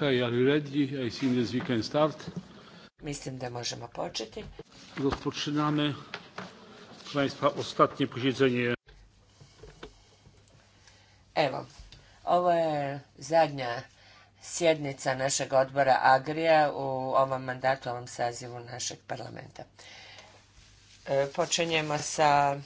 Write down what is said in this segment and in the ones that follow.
are you ready? start. Mislim da možemo početi. ostatnje Evo, ovo je zadnja sjednica našeg odbora Agrija u ovom mandatu, sazivu našeg parlamenta. E, počinjemo sa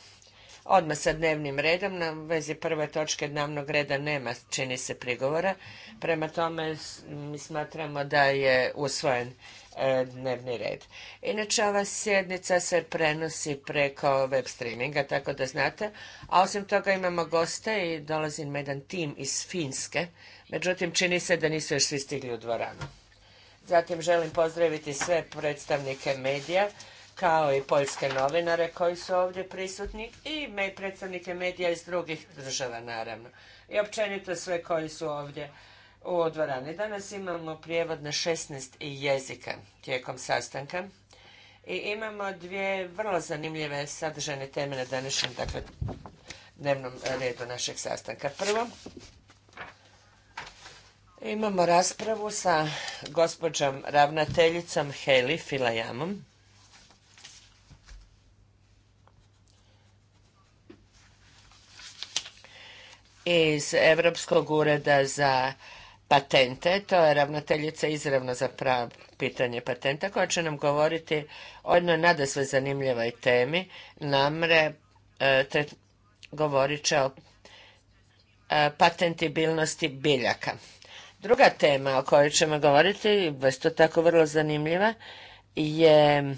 odmah sa dnevnim redom. Na vezi prve točke dnevnog reda nema, čini se, prigovora. Prema tome, mi smatramo da je usvojen e, dnevni red. Inače, ova sjednica se prenosi preko web streaminga, tako da znate. A osim toga imamo goste i dolazi nam jedan tim iz Finske. Međutim, čini se da nisu još svi stigli u dvoranu. Zatim želim pozdraviti sve predstavnike medija kao i poljske novinare koji su ovdje prisutni i predstavnike medija iz drugih država naravno. I općenito sve koji su ovdje u odvorani. Danas imamo prijevod na 16 jezika tijekom sastanka i imamo dvije vrlo zanimljive sadržane teme na današnjem dakle, dnevnom redu našeg sastanka. Prvo, imamo raspravu sa gospođom ravnateljicom Heli Filajamom iz Europskog ureda za patente, to je ravnateljica izravno za prav, pitanje patenta, koja će nam govoriti o jednoj nadasve zanimljivoj temi, namre e, te, govorit će o e, patentibilnosti biljaka. Druga tema o kojoj ćemo govoriti, isto tako vrlo zanimljiva, je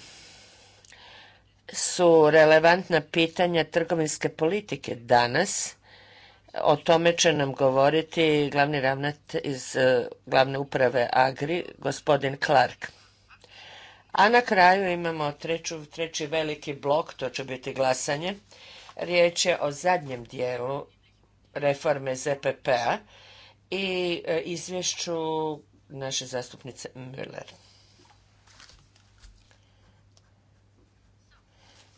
su relevantna pitanja trgovinske politike danas o tome će nam govoriti glavni ravnat iz e, glavne uprave Agri, gospodin Clark. A na kraju imamo treću, treći veliki blok, to će biti glasanje. Riječ je o zadnjem dijelu reforme ZPP-a i e, izvješću naše zastupnice Müller.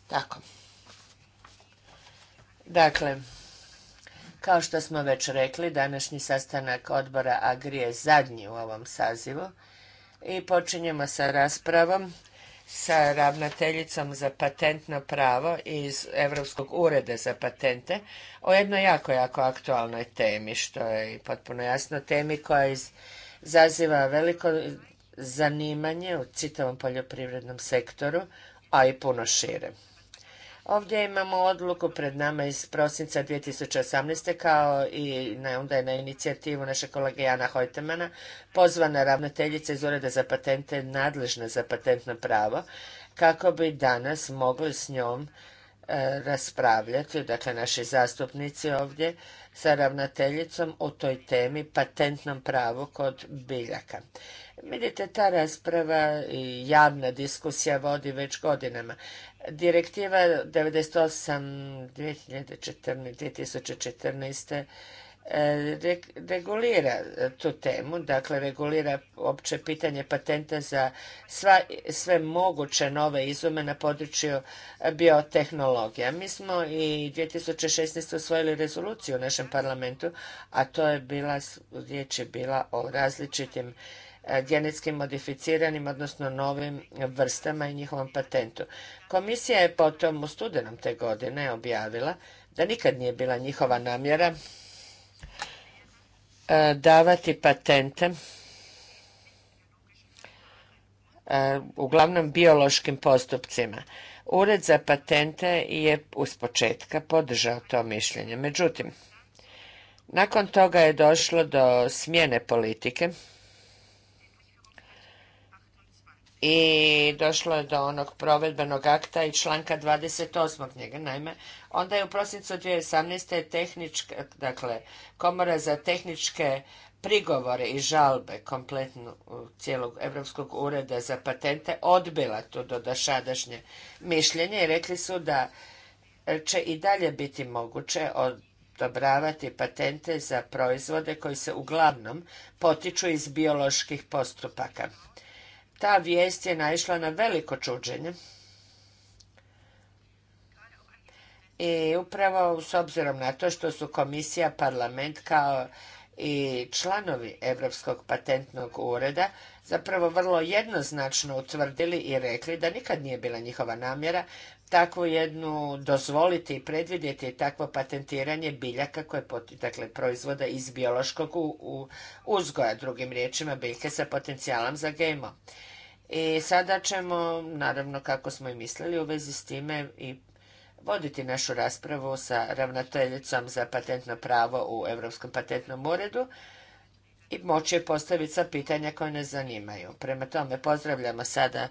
Tako. Dakle, kao što smo već rekli, današnji sastanak odbora Agri je zadnji u ovom sazivu i počinjemo sa raspravom sa ravnateljicom za patentno pravo iz Europskog ureda za patente o jednoj jako, jako aktualnoj temi, što je potpuno jasno, temi koja izaziva veliko zanimanje u čitavom poljoprivrednom sektoru, a i puno šire. Ovdje imamo odluku pred nama iz prosinca 2018. kao i onda je na inicijativu naše kolege Jana Hojtemana pozvana ravnateljica iz Ureda za patente nadležna za patentno pravo kako bi danas mogli s njom e, raspravljati, dakle naši zastupnici ovdje, sa ravnateljicom o toj temi patentnom pravu kod biljaka. Vidite, ta rasprava i javna diskusija vodi već godinama. Direktiva 98-2014 e, regulira tu temu, dakle regulira opće pitanje patenta za sve moguće nove izume na području biotehnologija. Mi smo i 2016. osvojili rezoluciju u našem parlamentu, a to je bila, riječ je bila o različitim E, genetski modificiranim, odnosno novim vrstama i njihovom patentu. Komisija je potom u studenom te godine objavila da nikad nije bila njihova namjera e, davati patente e, uglavnom biološkim postupcima. Ured za patente je uz početka podržao to mišljenje. Međutim, nakon toga je došlo do smjene politike i došlo je do onog provedbenog akta i članka 28. njega. Naime, onda je u prosincu 2018. tehnička, dakle, komora za tehničke prigovore i žalbe kompletnu cijelog Europskog ureda za patente odbila to do došadašnje mišljenje i rekli su da će i dalje biti moguće odobravati patente za proizvode koji se uglavnom potiču iz bioloških postupaka. Ta vijest je naišla na veliko čuđenje. I upravo s obzirom na to što su komisija, parlament kao i članovi Europskog patentnog ureda zapravo vrlo jednoznačno utvrdili i rekli da nikad nije bila njihova namjera takvu jednu dozvoliti i predvidjeti takvo patentiranje biljaka koje dakle proizvoda iz biološkog u, uzgoja drugim riječima biljke sa potencijalom za GMO. I sada ćemo, naravno kako smo i mislili u vezi s time, i voditi našu raspravu sa ravnateljicom za patentno pravo u Europskom patentnom uredu i moći je postaviti sva pitanja koja nas zanimaju. Prema tome, pozdravljamo sada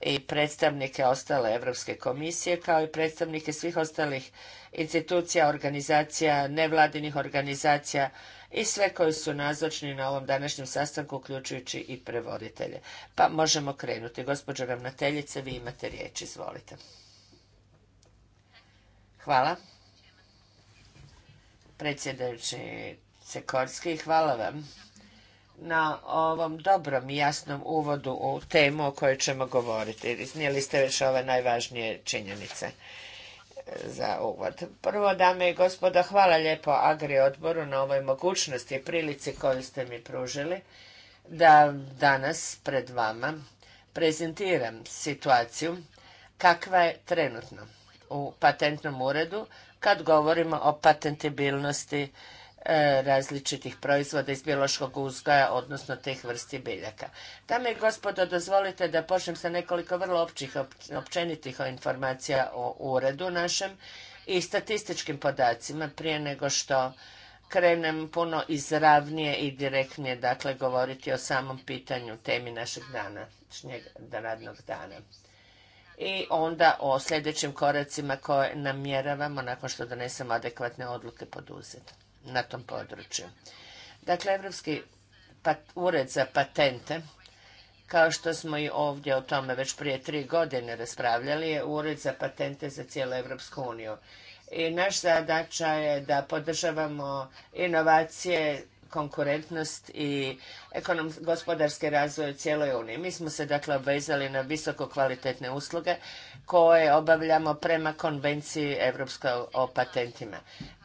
i predstavnike ostale Europske komisije kao i predstavnike svih ostalih institucija, organizacija, nevladinih organizacija i sve koji su nazočni na ovom današnjem sastanku uključujući i prevoditelje. Pa možemo krenuti. Gospođo ravnateljice, vi imate riječ, izvolite. Hvala. Predsjedajući Sekorski, hvala vam na ovom dobrom i jasnom uvodu u temu o kojoj ćemo govoriti. Iznijeli ste već ove najvažnije činjenice e, za uvod. Prvo, dame i gospodo, hvala lijepo Agri odboru na ovoj mogućnosti i prilici koju ste mi pružili da danas pred vama prezentiram situaciju kakva je trenutno u patentnom uredu kad govorimo o patentibilnosti E, različitih proizvoda iz biološkog uzgoja, odnosno teh vrsti biljaka. Dame i gospodo, dozvolite da počnem sa nekoliko vrlo općih, općenitih informacija o uredu našem i statističkim podacima prije nego što krenem puno izravnije i direktnije dakle govoriti o samom pitanju temi našeg dana, radnog dana. I onda o sljedećim koracima koje namjeravamo nakon što donesemo adekvatne odluke poduzeti na tom području. Dakle, Evropski ured za patente, kao što smo i ovdje o tome već prije tri godine raspravljali, je ured za patente za cijelu Evropsku uniju. I naša zadaća je da podržavamo inovacije konkurentnost i gospodarski razvoj u cijeloj Uniji. Mi smo se dakle obvezali na visoko kvalitetne usluge koje obavljamo prema konvenciji evropskoj o patentima.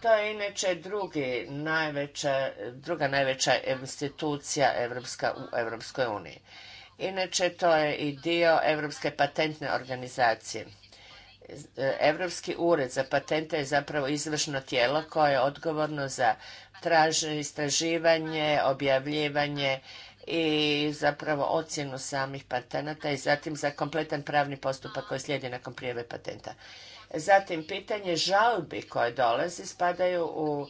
To je inače drugi druga najveća institucija Evropska, u Europskoj uniji. Inače to je i dio Europske patentne organizacije Europski ured za patente je zapravo izvršno tijelo koje je odgovorno za traženje, istraživanje, objavljivanje i zapravo ocjenu samih patenata i zatim za kompletan pravni postupak koji slijedi nakon prijave patenta. Zatim, pitanje žalbi koje dolazi spadaju u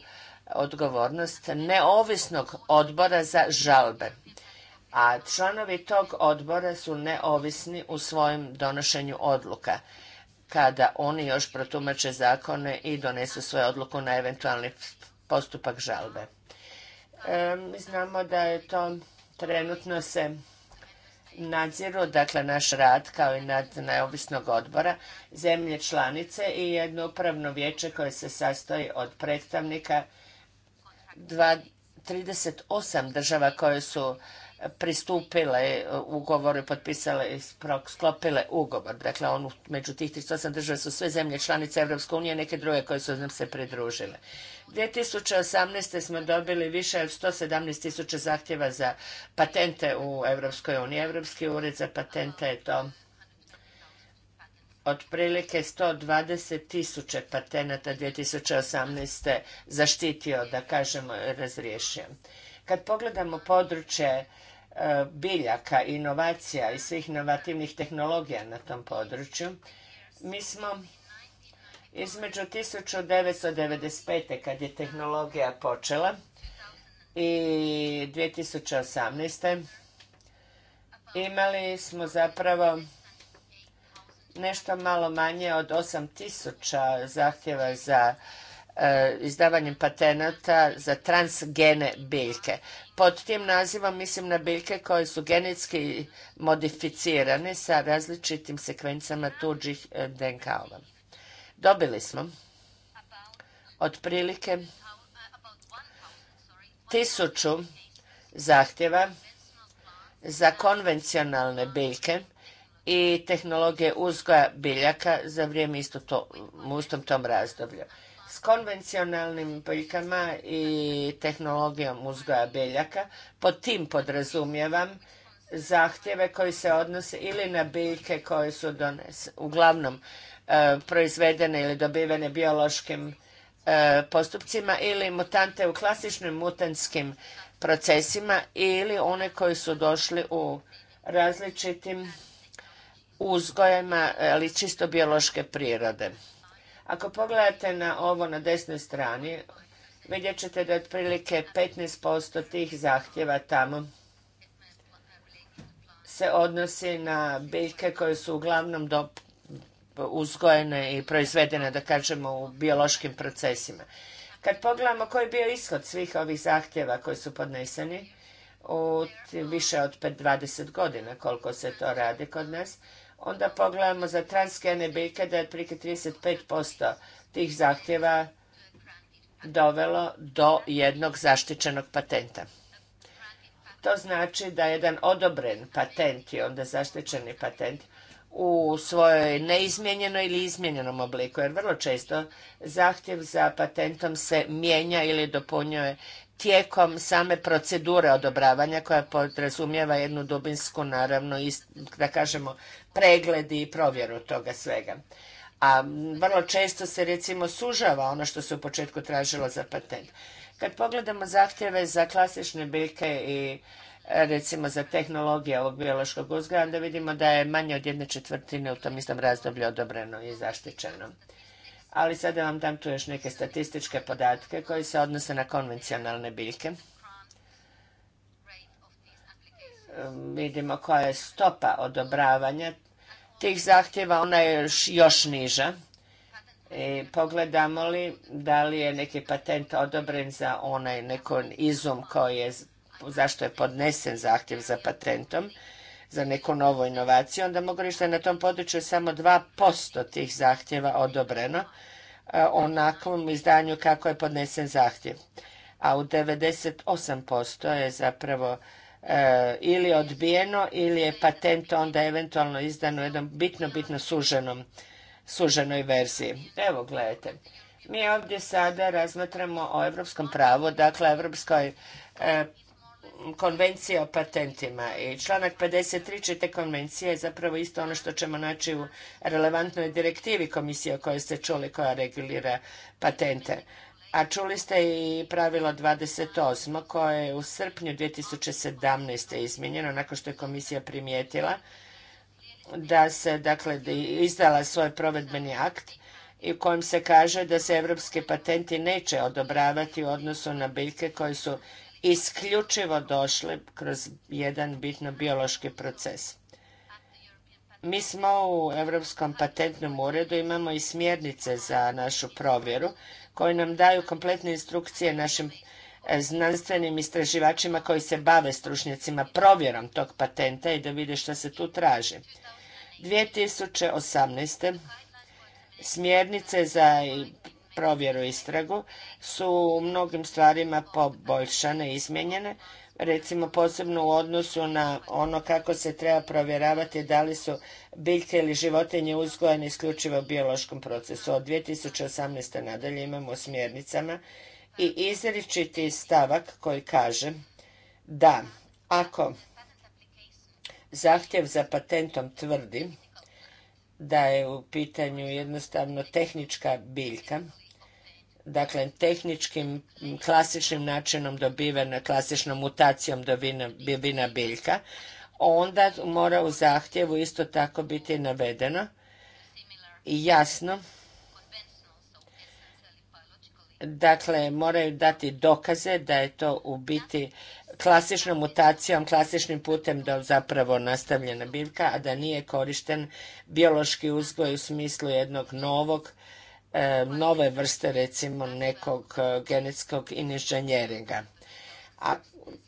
odgovornost neovisnog odbora za žalbe. A članovi tog odbora su neovisni u svojem donošenju odluka kada oni još protumače zakone i donesu svoju odluku na eventualni postupak žalbe. E, mi znamo da je to trenutno se nadziru, dakle naš rad kao i nad neovisnog odbora, zemlje članice i jedno upravno vijeće koje se sastoji od predstavnika 38 država koje su pristupile i e, potpisale i sklopile ugovor. Dakle, on, među tih 38 država su sve zemlje članice Europske unije, neke druge koje su nam se pridružile. 2018. smo dobili više od 117 tisuća zahtjeva za patente u Europskoj uniji. Europski ured za patente je to otprilike 120.000 patenata 2018. zaštitio, da kažemo, razriješio. Kad pogledamo područje E, biljaka, inovacija i svih inovativnih tehnologija na tom području, mi smo između 1995. kad je tehnologija počela i 2018. imali smo zapravo nešto malo manje od 8000 zahtjeva za E, izdavanjem patenata za transgene biljke. Pod tim nazivom mislim na biljke koje su genetski modificirane sa različitim sekvencama tuđih e, DNK-ova. Dobili smo otprilike tisuću zahtjeva za konvencionalne biljke i tehnologije uzgoja biljaka za vrijeme isto u istom tom razdoblju konvencionalnim biljkama i tehnologijom uzgoja biljaka. Pod tim podrazumijevam zahtjeve koji se odnose ili na biljke koje su uglavnom e, proizvedene ili dobivene biološkim e, postupcima ili mutante u klasičnim mutantskim procesima ili one koji su došli u različitim uzgojima, e, ali čisto biološke prirode. Ako pogledate na ovo na desnoj strani, vidjet ćete da otprilike 15% tih zahtjeva tamo se odnosi na biljke koje su uglavnom do uzgojene i proizvedene, da kažemo, u biološkim procesima. Kad pogledamo koji je bio ishod svih ovih zahtjeva koji su podneseni, u više od 20 godina koliko se to radi kod nas, onda pogledamo za transkene biljke da je prike 35% tih zahtjeva dovelo do jednog zaštićenog patenta. To znači da jedan odobren patent i onda zaštićeni patent u svojoj neizmijenjenoj ili izmijenjenom obliku, jer vrlo često zahtjev za patentom se mijenja ili dopunjuje tijekom same procedure odobravanja koja podrazumijeva jednu dubinsku naravno da kažemo pregled i provjeru toga svega. A vrlo često se recimo sužava ono što se u početku tražilo za patent. Kad pogledamo zahtjeve za klasične biljke i e, recimo za tehnologije ovog biološkog uzgoja, onda vidimo da je manje od jedne četvrtine u tom istom razdoblju odobreno i zaštićeno ali sada vam dam tu još neke statističke podatke koji se odnose na konvencionalne biljke. Ehm, vidimo koja je stopa odobravanja tih zahtjeva, ona je još niža. pogledamo li da li je neki patent odobren za onaj neko izum koji je, zašto je podnesen zahtjev za patentom za neku novu inovaciju, onda mogu reći da je na tom području samo 2% tih zahtjeva odobreno e, onakvom izdanju kako je podnesen zahtjev. A u 98% je zapravo e, ili odbijeno ili je patent onda eventualno izdan u jednom bitno, bitno suženom, suženoj verziji. Evo, gledajte. Mi ovdje sada razmatramo o evropskom pravu, dakle, evropskoj e, konvencije o patentima i članak 53 te konvencije je zapravo isto ono što ćemo naći u relevantnoj direktivi komisije o kojoj ste čuli koja regulira patente. A čuli ste i pravilo 28 koje je u srpnju 2017. izmijenjeno nakon što je komisija primijetila da se dakle izdala svoj provedbeni akt i u kojem se kaže da se europski patenti neće odobravati u odnosu na biljke koje su isključivo došli kroz jedan bitno biološki proces. Mi smo u Europskom patentnom uredu imamo i smjernice za našu provjeru koje nam daju kompletne instrukcije našim e, znanstvenim istraživačima koji se bave stručnjacima provjerom tog patenta i da vide što se tu traži. 2018. smjernice za provjeru istragu su u mnogim stvarima poboljšane, izmijenjene, recimo posebno u odnosu na ono kako se treba provjeravati da li su biljke ili životinje uzgojene isključivo u biološkom procesu. Od 2018. nadalje imamo smjernicama i izričiti stavak koji kaže da ako zahtjev za patentom tvrdi da je u pitanju jednostavno tehnička biljka dakle tehničkim klasičnim načinom dobivena klasičnom mutacijom dobivena biljka, onda mora u zahtjevu isto tako biti navedeno i jasno dakle moraju dati dokaze da je to u biti klasičnom mutacijom, klasičnim putem da zapravo nastavljena biljka, a da nije korišten biološki uzgoj u smislu jednog novog E, nove vrste recimo nekog e, genetskog inženjeringa. A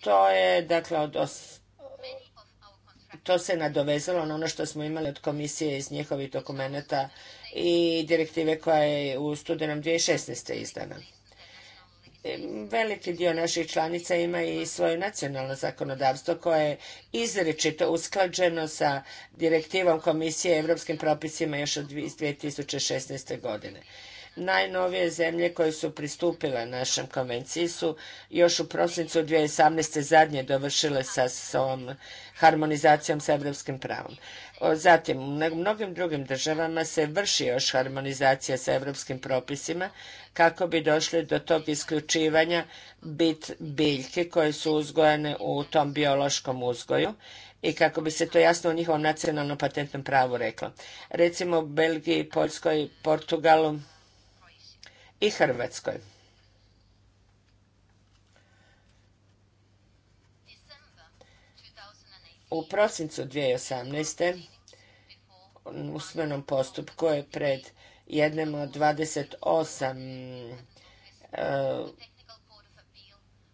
to je dakle od to se nadovezalo na ono što smo imali od komisije iz njihovih dokumenata i direktive koja je u studenom 2016. izdana veliki dio naših članica ima i svoje nacionalno zakonodavstvo koje je izričito usklađeno sa direktivom komisije i europskim propisima još od, 2016. godine. Najnovije zemlje koje su pristupile našem konvenciji su još u prosincu 2018. zadnje dovršile sa svojom harmonizacijom sa europskim pravom. Zatim, u mnogim drugim državama se vrši još harmonizacija sa europskim propisima kako bi došli do tog isključivanja bit biljke koje su uzgojene u tom biološkom uzgoju i kako bi se to jasno u njihovom nacionalnom patentnom pravu reklo. Recimo u Belgiji, Poljskoj, Portugalu i Hrvatskoj. U prosincu 2018. u usmenom postupku je pred jednom od 28 e,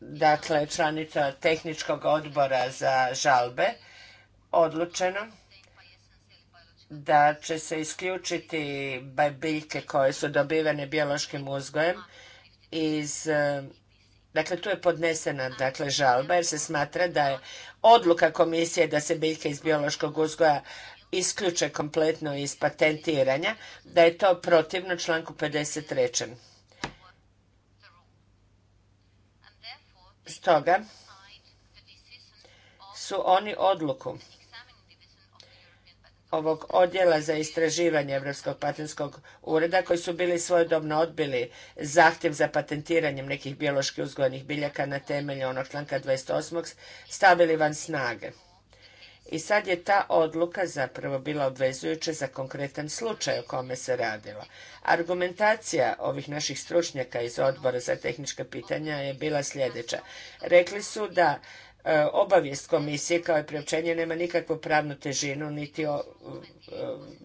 dakle članica tehničkog odbora za žalbe odlučeno da će se isključiti biljke koje su dobivene biološkim uzgojem iz e, Dakle, tu je podnesena dakle, žalba jer se smatra da je odluka komisije da se biljke iz biološkog uzgoja isključe kompletno iz patentiranja, da je to protivno članku 53. Stoga su oni odluku ovog odjela za istraživanje Europskog patentskog ureda koji su bili svojedobno odbili zahtjev za patentiranjem nekih biološki uzgojenih biljaka na temelju onog članka 28. stavili van snage. I sad je ta odluka zapravo bila obvezujuća za konkretan slučaj o kome se radilo. Argumentacija ovih naših stručnjaka iz odbora za tehnička pitanja je bila sljedeća. Rekli su da E, obavijest komisije kao i priopćenje nema nikakvu pravnu težinu niti e,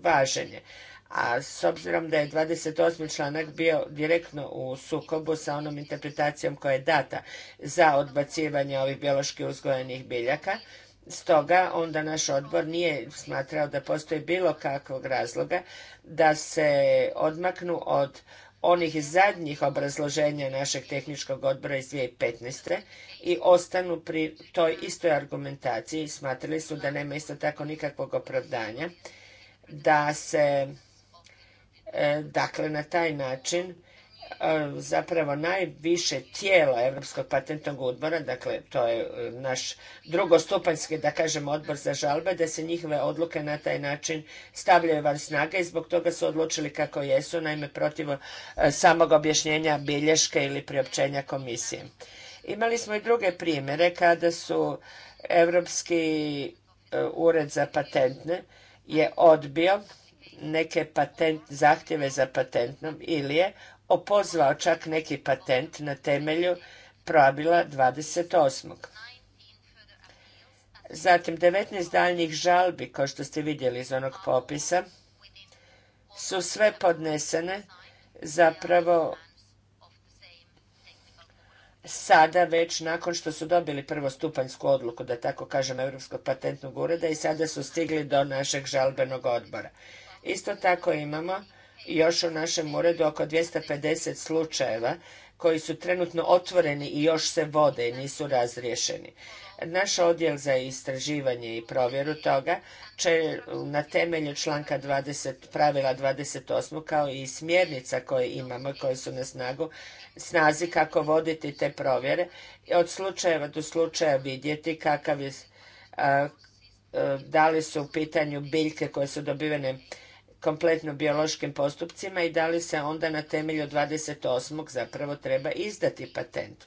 važenje. A s obzirom da je 28. članak bio direktno u sukobu sa onom interpretacijom koja je data za odbacivanje ovih biološki uzgojenih biljaka, Stoga onda naš odbor nije smatrao da postoji bilo kakvog razloga da se odmaknu od onih zadnjih obrazloženja našeg tehničkog odbora iz 2015. i ostanu pri toj istoj argumentaciji i smatrali su da nema isto tako nikakvog opravdanja da se e, dakle na taj način zapravo najviše tijelo Europskog patentnog odbora, dakle to je e, naš drugostupanjski, da kažem, odbor za žalbe, da se njihove odluke na taj način stavljaju van snage i zbog toga su odlučili kako jesu, naime protiv e, samog objašnjenja bilješke ili priopćenja komisije. Imali smo i druge primjere kada su Europski e, ured za patentne je odbio neke patent, zahtjeve za patentnom ili je opozvao čak neki patent na temelju pravila 28. Zatim 19 daljnjih žalbi, kao što ste vidjeli iz onog popisa, su sve podnesene zapravo sada već nakon što su dobili prvostupanjsku odluku, da tako kažem, Europskog patentnog ureda i sada su stigli do našeg žalbenog odbora. Isto tako imamo još u našem uredu oko 250 slučajeva koji su trenutno otvoreni i još se vode i nisu razriješeni. Naš odjel za istraživanje i provjeru toga će na temelju članka 20, pravila 28 kao i smjernica koje imamo koje su na snagu, snazi kako voditi te provjere i od slučajeva do slučaja vidjeti kakav je, da li su u pitanju biljke koje su dobivene kompletno biološkim postupcima i da li se onda na temelju 28. zapravo treba izdati patent.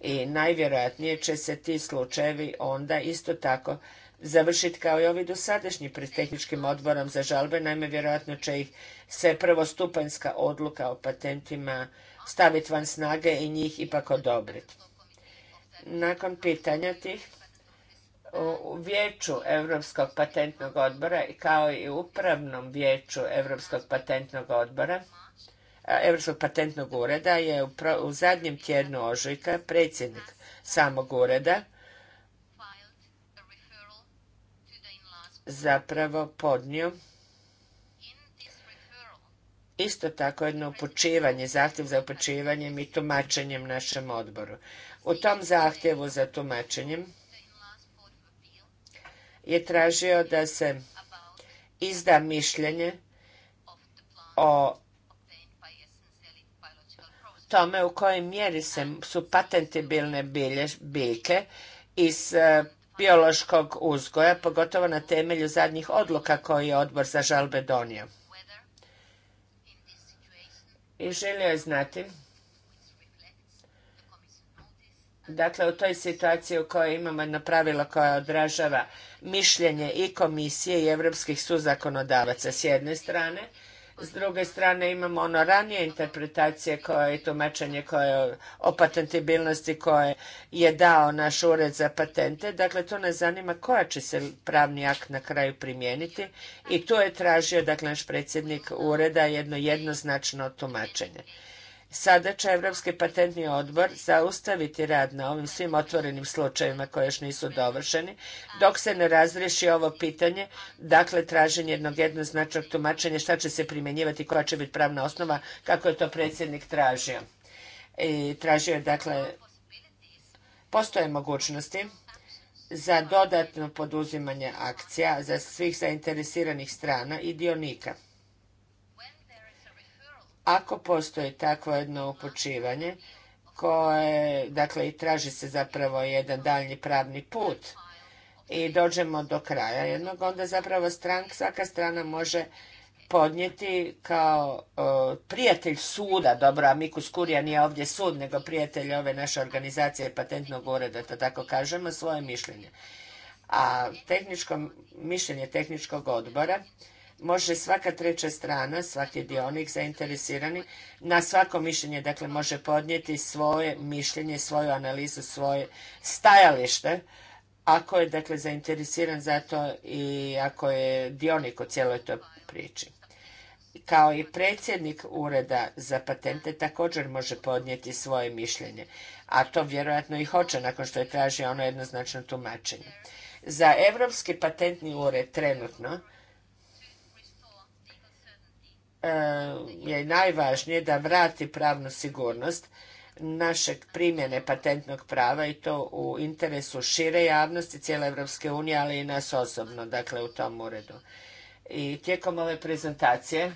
I najvjerojatnije će se ti slučajevi onda isto tako završiti kao i ovi dosadašnji pred tehničkim odborom za žalbe. Naime, vjerojatno će ih se prvostupanjska odluka o patentima staviti van snage i njih ipak odobriti. Nakon pitanja tih u vijeću Europskog patentnog odbora kao i u upravnom vijeću Europskog patentnog odbora Europskog patentnog ureda je u zadnjem tjednu ožujka predsjednik samog ureda zapravo podnio isto tako jedno upućivanje, zahtjev za upućivanjem i tumačenjem našem odboru. U tom zahtjevu za tumačenjem je tražio da se izda mišljenje o tome u kojoj mjeri su patentibilne biljke iz e, biološkog uzgoja, pogotovo na temelju zadnjih odluka koji je odbor za žalbe donio. I želio je znati Dakle, u toj situaciji u kojoj imamo jedna pravila koja odražava mišljenje i komisije i europskih suzakonodavaca s jedne strane, s druge strane imamo ono ranije interpretacije koje je tumačenje koje o patentibilnosti koje je dao naš ured za patente. Dakle, to nas zanima koja će se pravni akt na kraju primijeniti i tu je tražio dakle, naš predsjednik ureda jedno jednoznačno tumačenje. Sada će Evropski patentni odbor zaustaviti rad na ovim svim otvorenim slučajevima koji još nisu dovršeni, dok se ne razriješi ovo pitanje, dakle traženje jednog jednoznačnog tumačenja šta će se primjenjivati, koja će biti pravna osnova, kako je to predsjednik tražio. I tražio je, dakle, postoje mogućnosti za dodatno poduzimanje akcija za svih zainteresiranih strana i dionika. Ako postoji takvo jedno upućivanje koje, dakle i traži se zapravo jedan daljnji pravni put i dođemo do kraja jednog, onda zapravo strank, svaka strana može podnijeti kao e, prijatelj suda, dobro, a Mikus Kurija nije ovdje sud, nego prijatelj ove naše organizacije patentnog ureda, to tako kažemo, svoje mišljenje. A tehničko, mišljenje tehničkog odbora može svaka treća strana, svaki dionik zainteresirani na svako mišljenje, dakle može podnijeti svoje mišljenje, svoju analizu, svoje stajalište ako je dakle zainteresiran za to i ako je dionik u cijeloj toj priči. Kao i predsjednik ureda za patente također može podnijeti svoje mišljenje, a to vjerojatno i hoće nakon što je tražio ono jednoznačno tumačenje. Za Europski patentni ured trenutno Eh, je najvažnije da vrati pravnu sigurnost našeg primjene patentnog prava i to u interesu šire javnosti cijele Evropske unije, ali i nas osobno, dakle u tom uredu. I tijekom ove prezentacije,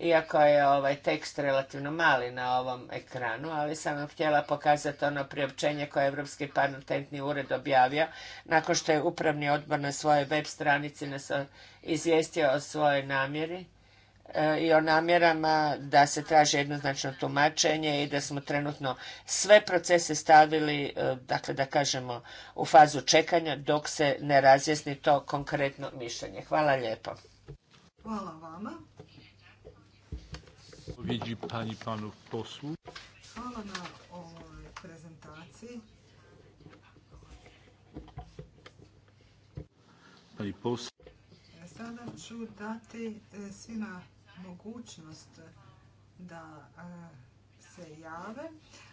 iako je ovaj tekst relativno mali na ovom ekranu, ali sam vam htjela pokazati ono priopćenje koje je Europski patentni ured objavio nakon što je upravni odbor na svojoj web stranici nas izvijestio o svojoj namjeri E, i o namjerama da se traži jednoznačno tumačenje i da smo trenutno sve procese stavili, e, dakle da kažemo, u fazu čekanja dok se ne razjasni to konkretno mišljenje. Hvala lijepo. Hvala vama. Hvala na ovoj prezentaciji. E, sada ću dati svima mogućnost da e, se jave,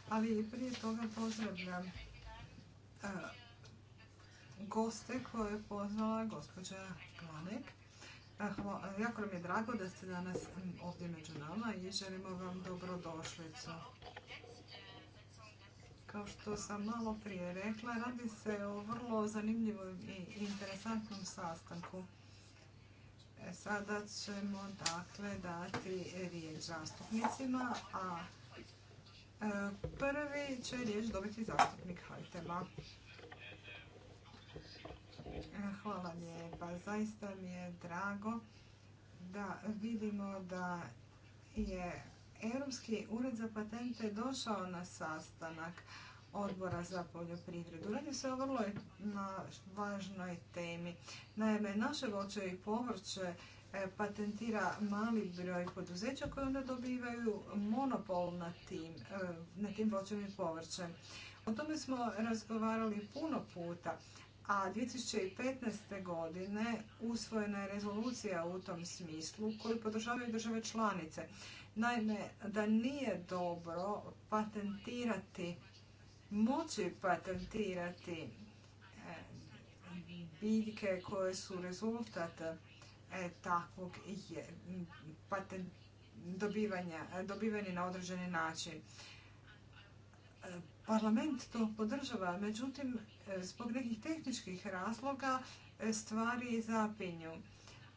ali prije toga pozdravljam e, goste koje je pozvala gospođa Glanek. E, jako nam je drago da ste danas ovdje među nama i želimo vam dobrodošlicu. Kao što sam malo prije rekla, radi se o vrlo zanimljivom i interesantnom sastanku. E, sada ćemo dakle dati riječ zastupnicima, a e, prvi će riječ dobiti zastupnik Hajteba. E, hvala lijepa. Zaista mi je drago da vidimo da je Europski ured za patente došao na sastanak, odbora za poljoprivredu. Radi se o vrlo važnoj temi. Naime, naše voće i povrće e, patentira mali broj poduzeća koje onda dobivaju monopol na tim, e, na tim voćem i povrćem. O tome smo razgovarali puno puta, a 2015. godine usvojena je rezolucija u tom smislu koju podržavaju države članice. Naime, da nije dobro patentirati moći patentirati e, biljke koje su rezultat e, takvog dobivanja, na određeni način. E, parlament to podržava, međutim, zbog nekih tehničkih razloga stvari zapinju.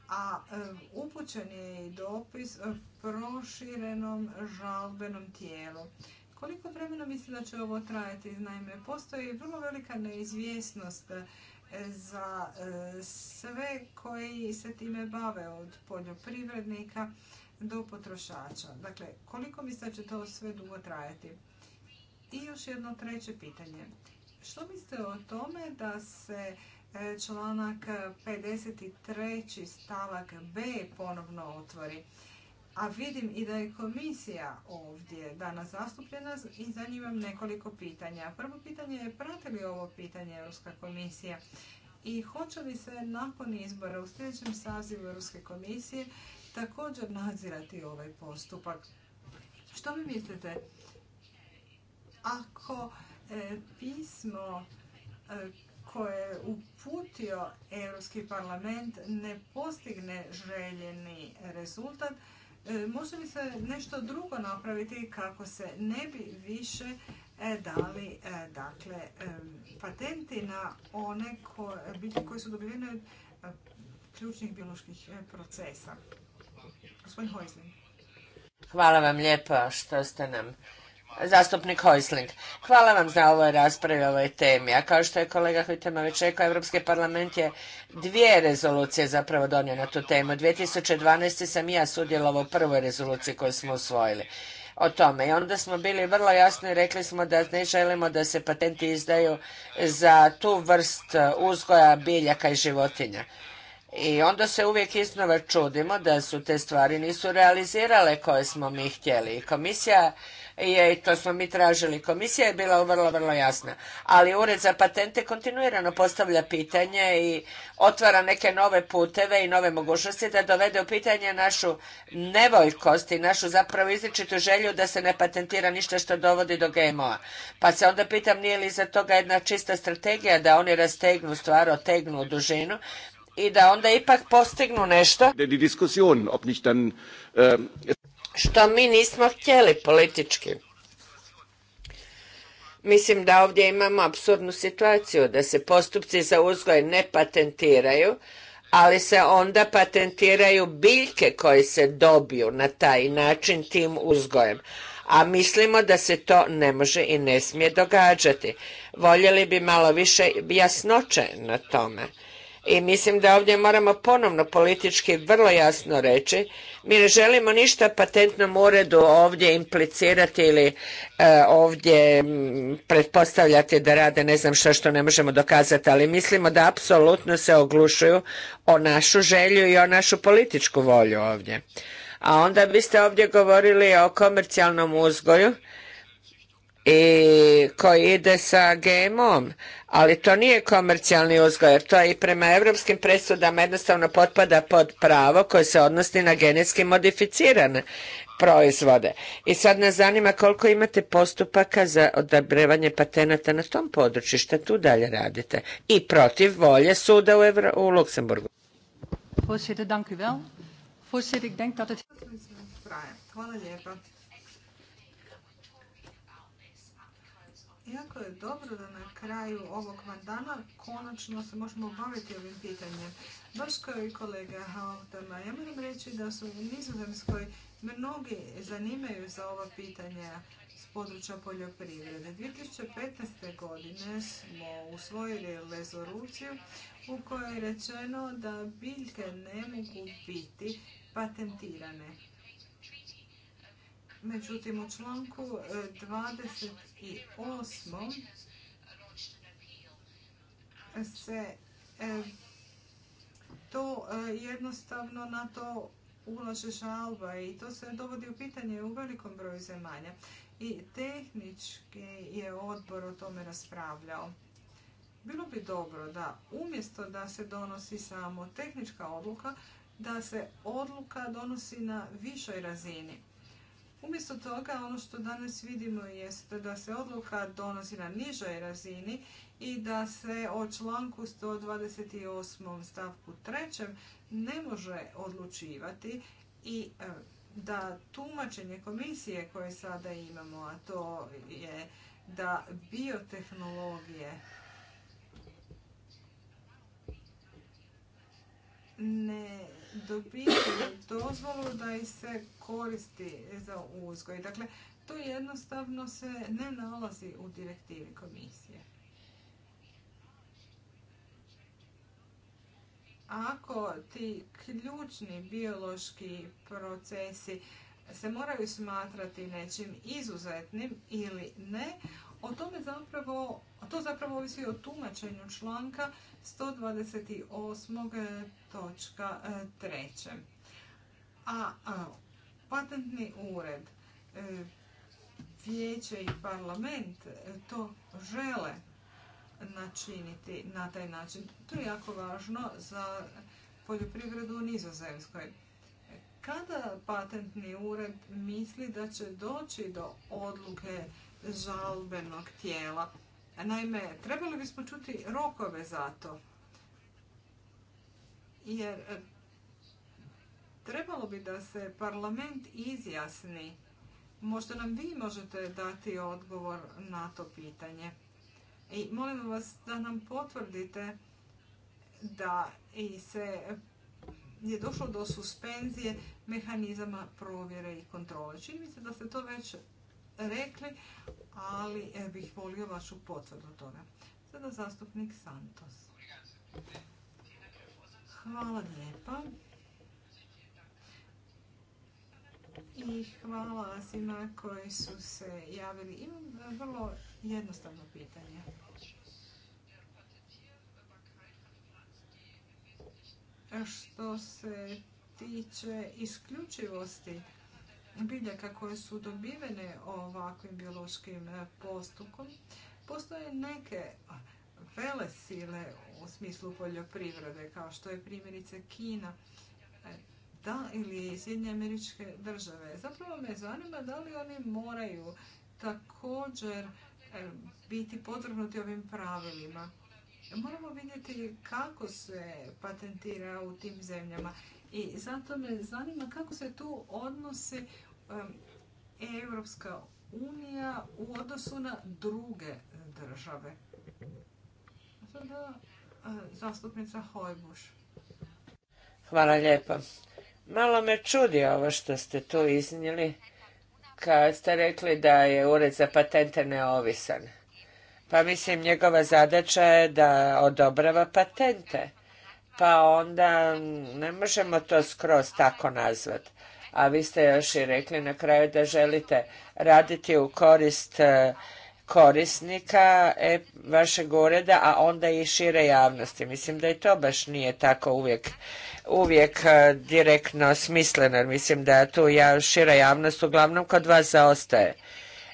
A upućen je i dopis proširenom žalbenom tijelu. Koliko vremena mislim da će ovo trajati? Naime, postoji vrlo velika neizvjesnost e, za e, sve koji se time bave od poljoprivrednika do potrošača. Dakle, koliko mislite da će to sve dugo trajati? I još jedno treće pitanje. Što mislite o tome da se e, članak 53. stavak B ponovno otvori? a vidim i da je komisija ovdje danas zastupljena i za imam nekoliko pitanja. Prvo pitanje je prati li ovo pitanje Europska komisija i hoće li se nakon izbora u sljedećem sazivu Europske komisije također nadzirati ovaj postupak. Što vi mislite? Ako e, pismo e, koje je uputio Europski parlament ne postigne željeni rezultat, E, može li se nešto drugo napraviti kako se ne bi više e, dali e, dakle, patenti na one koje su dobivene od ključnih bioloških procesa? Hvala vam lijepo što ste nam Zastupnik Hojsling. Hvala vam za ovoj raspravi, ovoj temi. A kao što je kolega Hvitema već rekao, Evropski parlament je dvije rezolucije zapravo donio na tu temu. 2012. sam i ja sudjelovao u prvoj rezoluciji koju smo usvojili o tome. I onda smo bili vrlo jasni, i rekli smo da ne želimo da se patenti izdaju za tu vrst uzgoja biljaka i životinja. I onda se uvijek iznova čudimo da su te stvari nisu realizirale koje smo mi htjeli. I komisija je, to smo mi tražili. Komisija je bila vrlo, vrlo jasna. Ali Ured za patente kontinuirano postavlja pitanje i otvara neke nove puteve i nove mogućnosti da dovede u pitanje našu nevoljkost i našu zapravo izričitu želju da se ne patentira ništa što dovodi do GMO-a. Pa se onda pitam nije li za toga jedna čista strategija da oni rastegnu stvar, otegnu dužinu i da onda ipak postignu nešto što mi nismo htjeli politički. Mislim da ovdje imamo absurdnu situaciju, da se postupci za uzgoj ne patentiraju, ali se onda patentiraju biljke koje se dobiju na taj način tim uzgojem. A mislimo da se to ne može i ne smije događati. Voljeli bi malo više jasnoće na tome. I mislim da ovdje moramo ponovno politički vrlo jasno reći, mi ne želimo ništa patentnom uredu ovdje implicirati ili e, ovdje pretpostavljati da rade ne znam što što ne možemo dokazati, ali mislimo da apsolutno se oglušuju o našu želju i o našu političku volju ovdje. A onda biste ovdje govorili o komercijalnom uzgoju i koji ide sa gmo ali to nije komercijalni uzgoj jer to i prema europskim presudama jednostavno potpada pod pravo koje se odnosi na genetski modificirane proizvode. I sad nas zanima koliko imate postupaka za odabrevanje patenata na tom području, Što tu dalje radite i protiv volje suda u, Luksemburgu. Voorzitter, dank u wel. Voorzitter, ik denk dat het... Hvala lijepo. je dobro da na kraju ovog mandana konačno se možemo baviti ovim pitanjem. Baš kao i kolega ja moram reći da su u Nizozemskoj mnogi zanimaju za ova pitanja s područja poljoprivrede. 2015. godine smo usvojili rezoluciju u kojoj je rečeno da biljke ne mogu biti patentirane. Međutim, u članku 28. E, se e, to e, jednostavno na to ulaže žalba i to se dovodi u pitanje u velikom broju zemalja. I tehnički je odbor o tome raspravljao. Bilo bi dobro da umjesto da se donosi samo tehnička odluka, da se odluka donosi na višoj razini. Umjesto toga, ono što danas vidimo je da se odluka donosi na nižoj razini i da se o članku 128. stavku 3. ne može odlučivati i e, da tumačenje komisije koje sada imamo, a to je da biotehnologije ne dobiti dozvolu da ih se koristi za uzgoj. Dakle, to jednostavno se ne nalazi u direktivi komisije. Ako ti ključni biološki procesi se moraju smatrati nečim izuzetnim ili ne, o tome zapravo, a to zapravo ovisi o tumačenju članka 128. E, točka 3. E, a, a patentni ured, e, vijeće i parlament to žele načiniti na taj način. To je jako važno za poljoprivredu u Nizozemskoj. Kada patentni ured misli da će doći do odluke žalbenog tijela. Naime, trebali bismo čuti rokove za to. Jer e, trebalo bi da se parlament izjasni. Možda nam vi možete dati odgovor na to pitanje. I molim vas da nam potvrdite da se je došlo do suspenzije mehanizama provjere i kontrole. Čini mi se da se to već rekli, ali e, bih volio vašu potvrdu toga. Sada zastupnik Santos. Hvala lijepa. I hvala svima koji su se javili. Imam vrlo jednostavno pitanje. Što se tiče isključivosti biljaka koje su dobivene ovakvim biološkim e, postupkom. Postoje neke vele sile u smislu poljoprivrede, kao što je primjerice Kina e, da, ili Sjedinje američke države. Zapravo me zanima da li oni moraju također e, biti podvrgnuti ovim pravilima. Moramo vidjeti kako se patentira u tim zemljama i zato me zanima kako se tu odnosi Europska unija u odnosu na druge države. E, zastupnica Hojbuš. Hvala lijepo. Malo me čudi ovo što ste tu iznijeli kad ste rekli da je ured za patente neovisan. Pa mislim njegova zadaća je da odobrava patente. Pa onda ne možemo to skroz tako nazvati a vi ste još i rekli na kraju da želite raditi u korist e, korisnika e, vašeg ureda, a onda i šire javnosti. Mislim da i to baš nije tako uvijek, uvijek e, direktno smisleno. Mislim da tu ja, šira javnost uglavnom kod vas zaostaje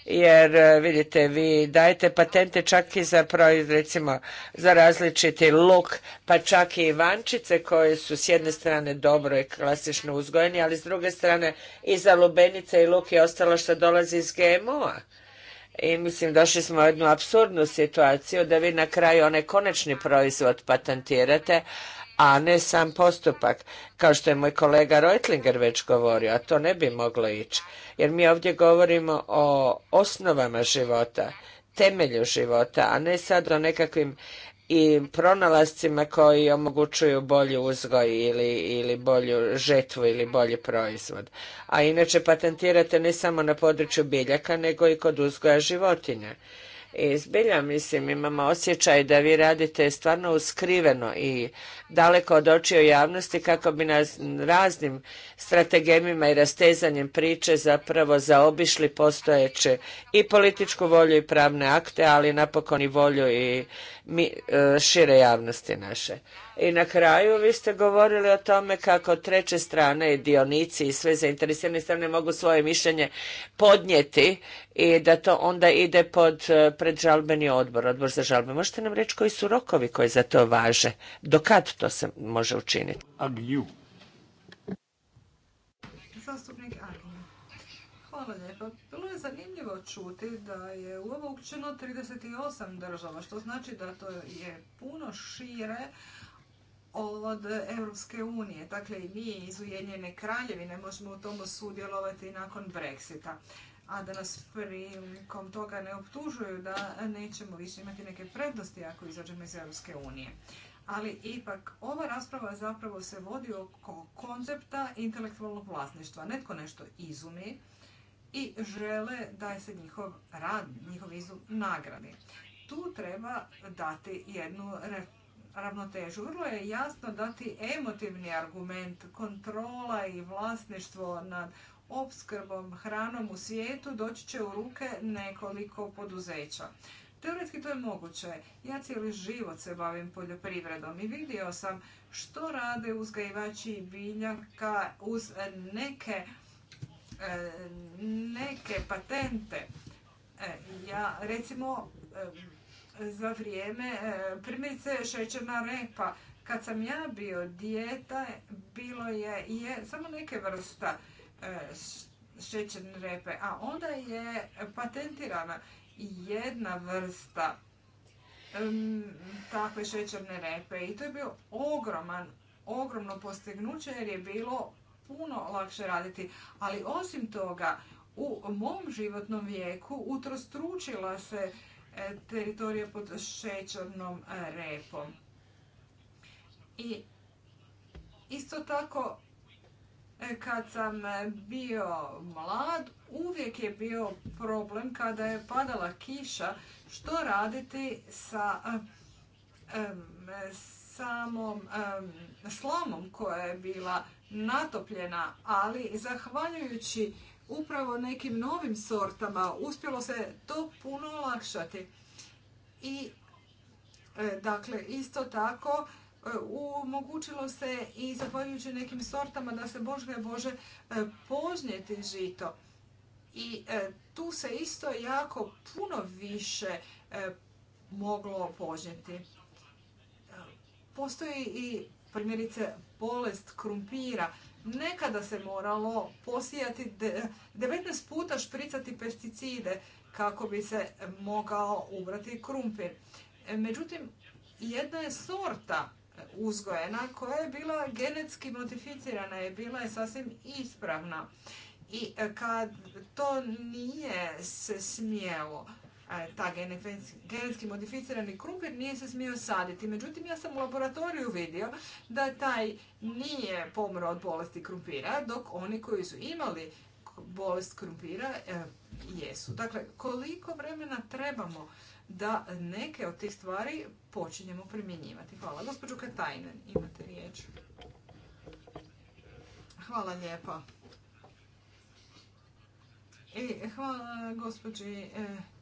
jer e, vidite vi dajete patente čak i za proizvod recimo za različiti luk pa čak i vančice koje su s jedne strane dobro i klasično uzgojeni ali s druge strane i za lubenice i luk i ostalo što dolazi iz GMO-a. I mislim, došli smo u jednu absurdnu situaciju da vi na kraju onaj konačni proizvod patentirate, a ne sam postupak, kao što je moj kolega Reutlinger već govorio, a to ne bi moglo ići. Jer mi ovdje govorimo o osnovama života, temelju života, a ne sad o nekakvim i pronalascima koji omogućuju bolji uzgoj ili, ili bolju žetvu ili bolji proizvod. A inače patentirate ne samo na području biljaka, nego i kod uzgoja životinja. I zbilja, mislim, imamo osjećaj da vi radite stvarno uskriveno i daleko od očiju javnosti kako bi nas raznim strategemima i rastezanjem priče zapravo zaobišli postojeće i političku volju i pravne akte, ali napokon i volju i e, šire javnosti naše. I na kraju vi ste govorili o tome kako treće strane i dionici i sve zainteresirane strane mogu svoje mišljenje podnijeti i da to onda ide pod e, predžalbeni odbor, odbor za žalbe. Možete nam reći koji su rokovi koji za to važe? Do kad to se može učiniti? Hvala lijepo Bilo je zanimljivo čuti da je u ovo uključeno 38 država, što znači da to je puno šire od Europske unije. Dakle, i mi iz Ujedinjene kraljevine možemo u tomu sudjelovati nakon Brexita. A da nas prilikom toga ne optužuju da nećemo više imati neke prednosti ako izađemo iz Europske unije. Ali ipak, ova rasprava zapravo se vodi oko koncepta intelektualnog vlasništva. Netko nešto izumi i žele da se njihov rad, njihov izum nagradi. Tu treba dati jednu ravnotežu. Vrlo je jasno dati emotivni argument kontrola i vlasništvo nad opskrbom hranom u svijetu doći će u ruke nekoliko poduzeća. Teoretski to je moguće. Ja cijeli život se bavim poljoprivredom i vidio sam što rade uzgajivači biljaka uz neke, e, neke patente. E, ja recimo e, za vrijeme e, primjerice šećerna repa. Kad sam ja bio dijeta, bilo je, je samo neke vrsta e, šećerne repe, a onda je patentirana jedna vrsta takve šećerne repe i to je bio ogroman, ogromno postignuće jer je bilo puno lakše raditi. Ali osim toga, u mom životnom vijeku utrostručila se E, teritorija pod šećernom e, repom. I isto tako e, kad sam bio mlad, uvijek je bio problem kada je padala kiša, što raditi sa samom slomom koja je bila natopljena, ali zahvaljujući upravo nekim novim sortama uspjelo se to puno olakšati. I e, dakle, isto tako e, omogućilo se i zahvaljujući nekim sortama da se Bože, Bože požnjeti žito. I e, tu se isto jako puno više moglo požnjeti. Postoji i primjerice bolest krumpira Nekada se moralo posijati 19 puta špricati pesticide kako bi se mogao ubrati krumpir. Međutim, jedna je sorta uzgojena koja je bila genetski modificirana, je bila je sasvim ispravna. I kad to nije se smjelo E, ta genetski modificirani krumpir nije se smio saditi. Međutim, ja sam u laboratoriju vidio da taj nije pomro od bolesti krumpira, dok oni koji su imali bolest krumpira e, jesu. Dakle, koliko vremena trebamo da neke od tih stvari počinjemo primjenjivati. Hvala. Gospodžu Katajnen, imate riječ. Hvala lijepa. E, hvala gospođi e,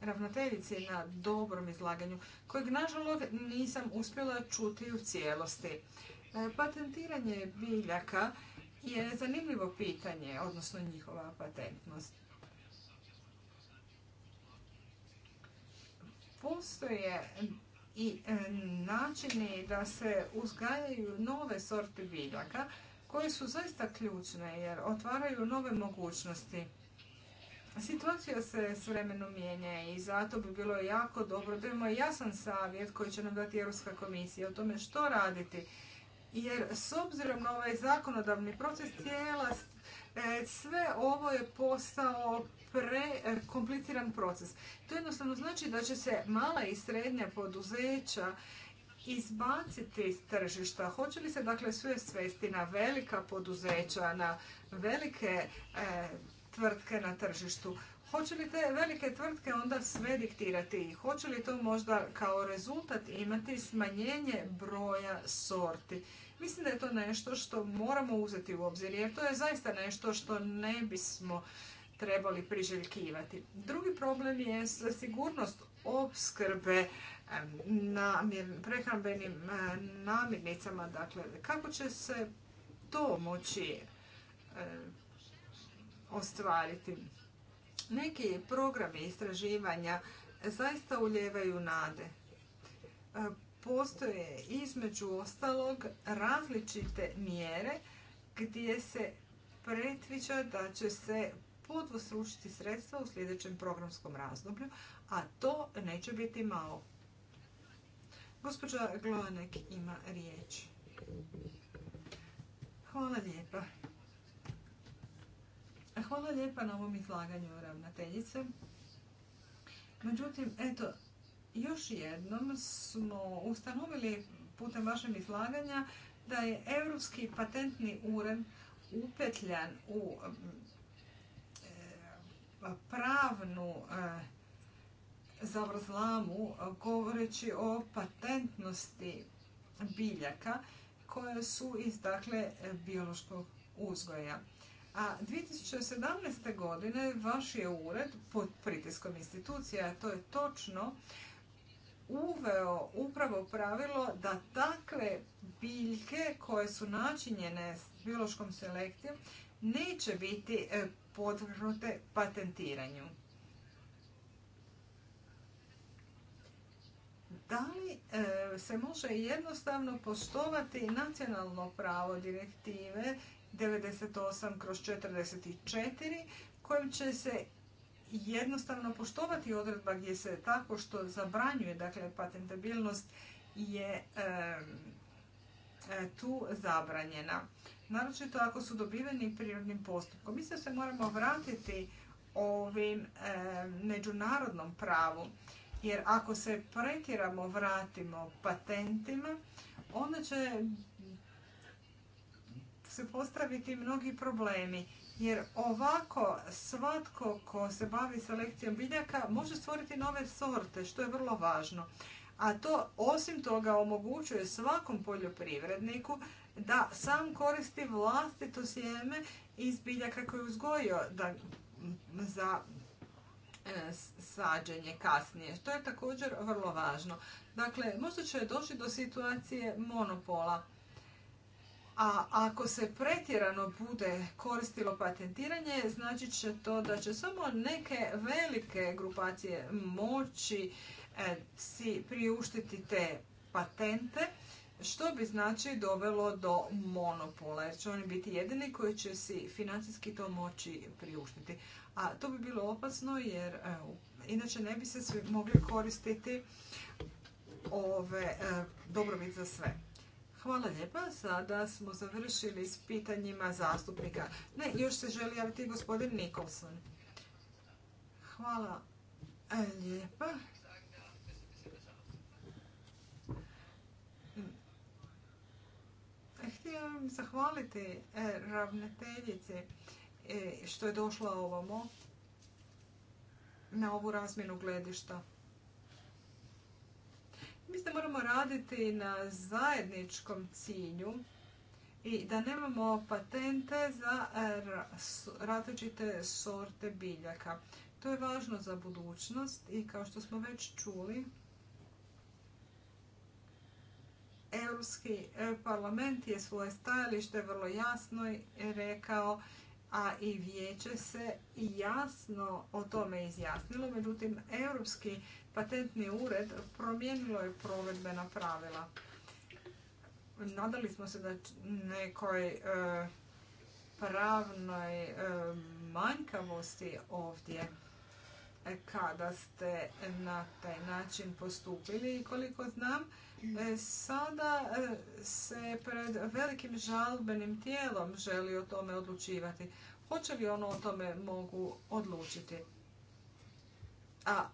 ravnateljici na dobrom izlaganju, kojeg nažalost nisam uspjela čuti u cijelosti. E, patentiranje biljaka je zanimljivo pitanje, odnosno njihova patentnost. Postoje i načini da se uzgajaju nove sorte biljaka koje su zaista ključne jer otvaraju nove mogućnosti. Situacija se s vremenom mijenja i zato bi bilo jako dobro da imamo jasan savjet koji će nam dati Europska komisija o tome što raditi. Jer s obzirom na ovaj zakonodavni proces cijela, e, sve ovo je postao prekompliciran proces. To jednostavno znači da će se mala i srednja poduzeća izbaciti iz tržišta. Hoće li se dakle sve svesti na velika poduzeća, na velike e, tvrtke na tržištu. Hoće li te velike tvrtke onda sve diktirati i hoće li to možda kao rezultat imati smanjenje broja sorti? Mislim da je to nešto što moramo uzeti u obzir jer to je zaista nešto što ne bismo trebali priželjkivati. Drugi problem je sigurnost opskrbe na prehrambenim namirnicama. Dakle, kako će se to moći ostvariti. Neki programi istraživanja zaista uljevaju nade. E, postoje između ostalog različite mjere gdje se pretviđa da će se podvosručiti sredstva u sljedećem programskom razdoblju, a to neće biti malo. Gospođa Glonek ima riječ. Hvala lijepa. Hvala lijepa na ovom izlaganju ravnateljice. Međutim, eto, još jednom smo ustanovili putem vašeg izlaganja da je Europski patentni ured upetljan u e, pravnu e, zavrzlamu govoreći o patentnosti biljaka koje su iz dakle biološkog uzgoja. A 2017. godine vaš je ured pod pritiskom institucija, to je točno, uveo upravo pravilo da takve biljke koje su načinjene s biološkom selekcijom neće biti e, podvrgnute patentiranju. Da li e, se može jednostavno poštovati nacionalno pravo direktive 98 kroz 44 kojim će se jednostavno poštovati odredba gdje se tako što zabranjuje, dakle patentabilnost je e, tu zabranjena. Naročito ako su dobiveni prirodnim postupkom. Mislim se moramo vratiti ovim međunarodnom pravu. Jer ako se pretjeramo vratimo patentima, onda će se postaviti mnogi problemi. Jer ovako svatko ko se bavi selekcijom biljaka može stvoriti nove sorte, što je vrlo važno. A to osim toga omogućuje svakom poljoprivredniku da sam koristi vlastito sjeme iz biljaka koje je uzgojio da, za e, sađenje kasnije. To je također vrlo važno. Dakle, možda će doći do situacije monopola a ako se pretjerano bude koristilo patentiranje, znači će to da će samo neke velike grupacije moći e, si priuštiti te patente, što bi znači dovelo do monopola, jer će oni biti jedini koji će si financijski to moći priuštiti. A to bi bilo opasno jer e, inače ne bi se svi mogli koristiti ove e, dobrobit za sve. Hvala lijepa. Sada smo završili s pitanjima zastupnika. Ne, još se želi javiti gospodin Nikolson. Hvala e, lijepa. E, htio zahvaliti e, ravnateljici što je došla ovamo na ovu razmjenu gledišta. Mislim da moramo raditi na zajedničkom cilju i da nemamo patente za e, različite sorte biljaka. To je važno za budućnost i kao što smo već čuli, Europski e, parlament je svoje stajalište vrlo jasno rekao a i vijeće se jasno o tome izjasnilo. Međutim, Europski patentni ured promijenilo je provedbena pravila. Nadali smo se da nekoj e, pravnoj e, manjkavosti ovdje E, kada ste na taj način postupili i koliko znam e, sada e, se pred velikim žalbenim tijelom želi o tome odlučivati. Hoće li ono o tome mogu odlučiti? A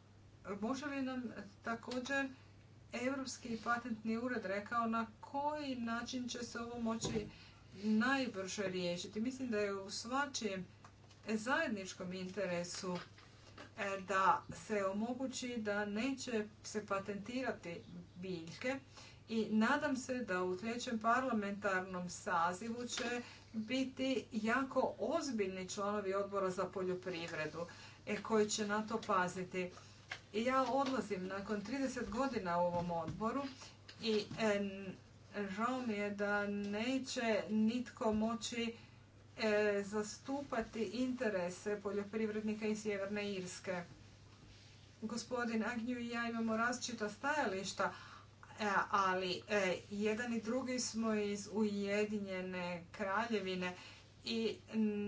može li nam također Europski patentni ured rekao na koji način će se ovo moći najbrže riješiti? Mislim da je u svačijem zajedničkom interesu E, da se omogući da neće se patentirati biljke i nadam se da u sljedećem parlamentarnom sazivu će biti jako ozbiljni članovi odbora za poljoprivredu e, koji će na to paziti. Ja odlazim nakon 30 godina u ovom odboru i e, žao mi je da neće nitko moći E, zastupati interese poljoprivrednika iz Sjeverne Irske. Gospodin Agnju i ja imamo različita stajališta, e, ali e, jedan i drugi smo iz Ujedinjene kraljevine i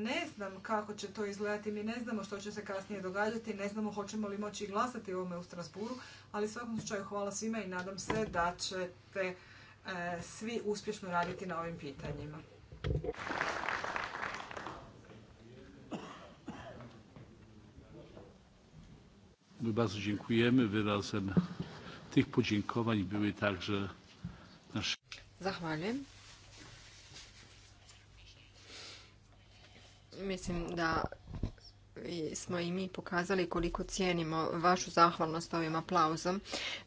ne znam kako će to izgledati, mi ne znamo što će se kasnije događati, ne znamo hoćemo li moći glasati ovome u Strasburu, ali svakom slučaju hvala svima i nadam se da ćete svi uspješno raditi na ovim pitanjima. My bardzo dziękujemy. Wyrazem tych podziękowań były także nasze... Zahvaljujem. Mislim da smo i mi pokazali koliko cijenimo vašu zahvalnost ovim aplauzom.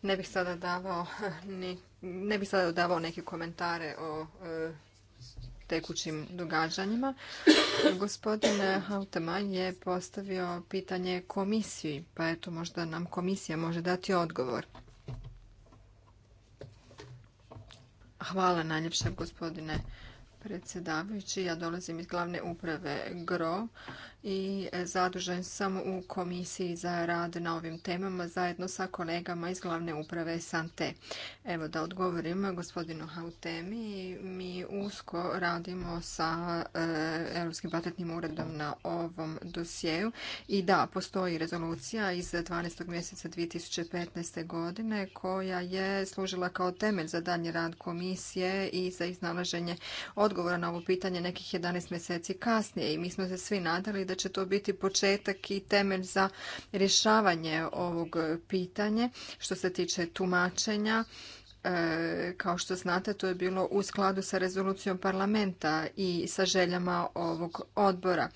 Ne ne, ne bih sada davao neke komentare o e, tekućim događanjima. Gospodin Hauteman je postavio pitanje komisiji, pa eto možda nam komisija može dati odgovor. Hvala najljepša gospodine predsjedavajući. Ja dolazim iz glavne uprave GRO i e, zadužen sam u komisiji za rad na ovim temama zajedno sa kolegama iz glavne uprave Sante. Evo da odgovorim gospodinu Hautemi, mi usko radimo sa e, Europskim patentnim uredom na ovom dosjeu i da, postoji rezolucija iz 12. mjeseca 2015. godine koja je služila kao temelj za danji rad komisije i za iznalaženje odgovora na ovo pitanje nekih 11 mjeseci kasnije i mi smo se svi nadali da da će to biti početak i temelj za rješavanje ovog pitanja što se tiče tumačenja E, kao što znate, to je bilo u skladu sa rezolucijom parlamenta i sa željama ovog odbora.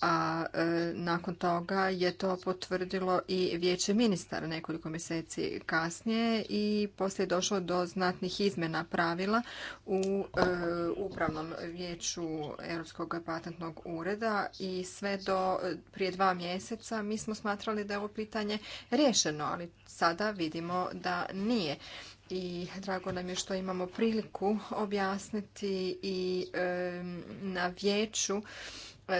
A e, nakon toga je to potvrdilo i vijeće ministara nekoliko mjeseci kasnije i poslije je došlo do znatnih izmjena pravila u e, upravnom vijeću Europskog patentnog ureda i sve do prije dva mjeseca mi smo smatrali da je ovo pitanje riješeno, ali sada vidimo da nije i drago nam je što imamo priliku objasniti i na vijeću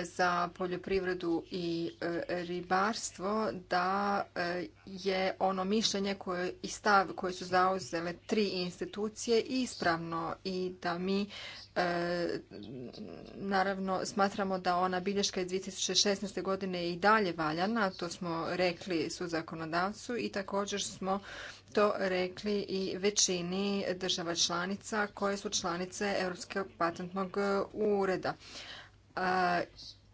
za poljoprivredu i e, ribarstvo da e, je ono mišljenje koje i stav koje su zauzele tri institucije ispravno i da mi e, naravno smatramo da ona bilješka iz 2016. godine je i dalje valjana, to smo rekli su zakonodavcu i također smo to rekli i većini država članica koje su članice Europskog patentnog ureda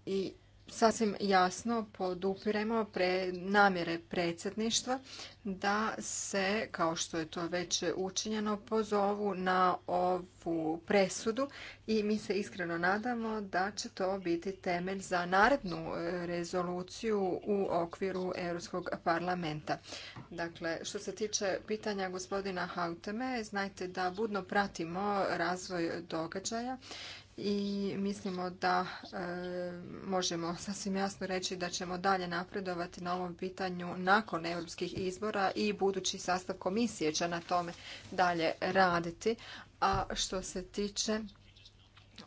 i sasvim jasno podupiremo pre namjere predsjedništva da se, kao što je to već učinjeno, pozovu na ovu presudu i mi se iskreno nadamo da će to biti temelj za narednu e, rezoluciju u okviru Europskog parlamenta. Dakle, što se tiče pitanja gospodina Hauteme, znajte da budno pratimo razvoj događaja i mislimo da e, možemo sasvim jasno reći da ćemo dalje napredovati na ovom pitanju nakon europskih izbora i budući sastav komisije će na tome dalje raditi. A što se tiče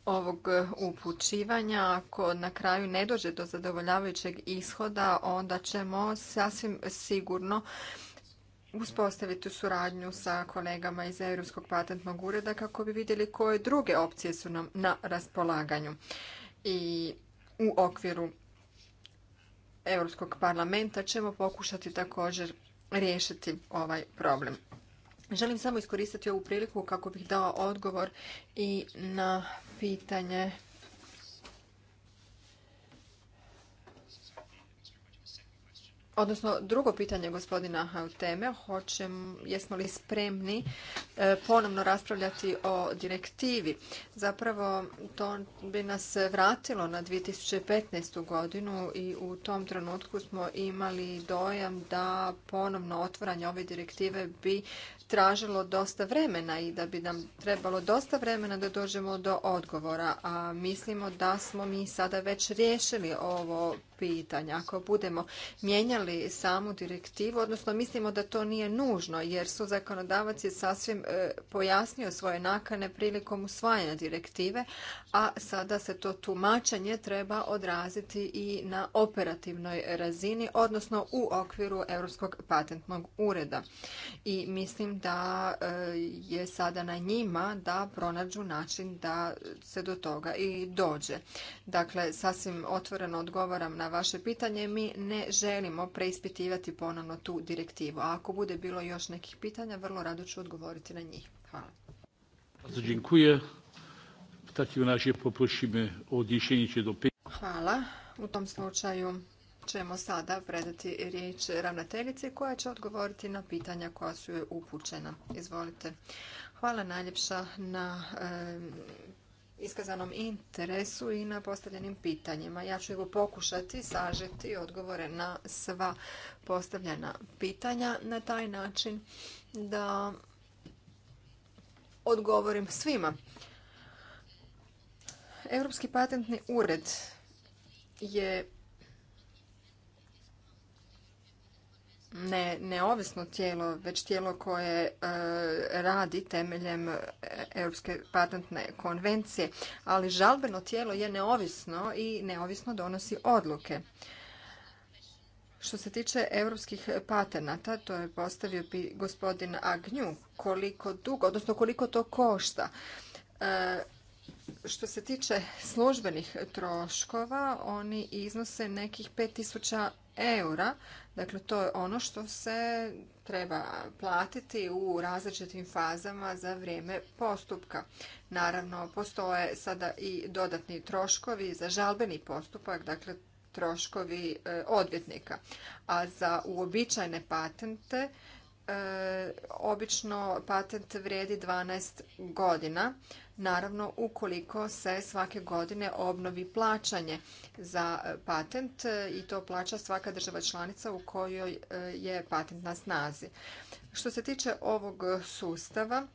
ovog upućivanja, ako na kraju ne dođe do zadovoljavajućeg ishoda, onda ćemo sasvim sigurno uspostaviti suradnju sa kolegama iz Europskog patentnog ureda kako bi vidjeli koje druge opcije su nam na raspolaganju. I u okviru Europskog parlamenta ćemo pokušati također riješiti ovaj problem. Želim samo iskoristiti ovu priliku kako bih dao odgovor i na pitanje Odnosno, drugo pitanje gospodina teme hoćem, jesmo li spremni e, ponovno raspravljati o direktivi. Zapravo, to bi nas vratilo na 2015. godinu i u tom trenutku smo imali dojam da ponovno otvoranje ove direktive bi tražilo dosta vremena i da bi nam trebalo dosta vremena da dođemo do odgovora. A mislimo da smo mi sada već riješili ovo pitanja. Ako budemo mijenjali samu direktivu, odnosno mislimo da to nije nužno jer su zakonodavac je sasvim e, pojasnio svoje nakane prilikom usvajanja direktive, a sada se to tumačenje treba odraziti i na operativnoj razini, odnosno u okviru Europskog patentnog ureda. I mislim da e, je sada na njima da pronađu način da se do toga i dođe. Dakle, sasvim otvoreno odgovaram na vaše pitanje. Mi ne želimo preispitivati ponovno tu direktivu. A ako bude bilo još nekih pitanja, vrlo rado ću odgovoriti na njih. Hvala. Hvala. U tom slučaju ćemo sada predati riječ ravnateljici koja će odgovoriti na pitanja koja su joj upućena. Izvolite. Hvala najljepša na iskazanom interesu i na postavljenim pitanjima. Ja ću evo pokušati sažeti odgovore na sva postavljena pitanja na taj način da odgovorim svima. Europski patentni ured je ne neovisno tijelo, već tijelo koje e, radi temeljem Europske patentne konvencije, ali žalbeno tijelo je neovisno i neovisno donosi odluke. Što se tiče europskih patenata, to je postavio bi gospodin Agnju, koliko dugo, odnosno koliko to košta. E, što se tiče službenih troškova, oni iznose nekih 5000 eura Dakle, to je ono što se treba platiti u različitim fazama za vrijeme postupka. Naravno, postoje sada i dodatni troškovi za žalbeni postupak, dakle troškovi e, odvjetnika. A za uobičajene patente, e, obično patent vrijedi 12 godina naravno ukoliko se svake godine obnovi plaćanje za e, patent e, i to plaća svaka država članica u kojoj e, je patent na snazi. Što se tiče ovog sustava,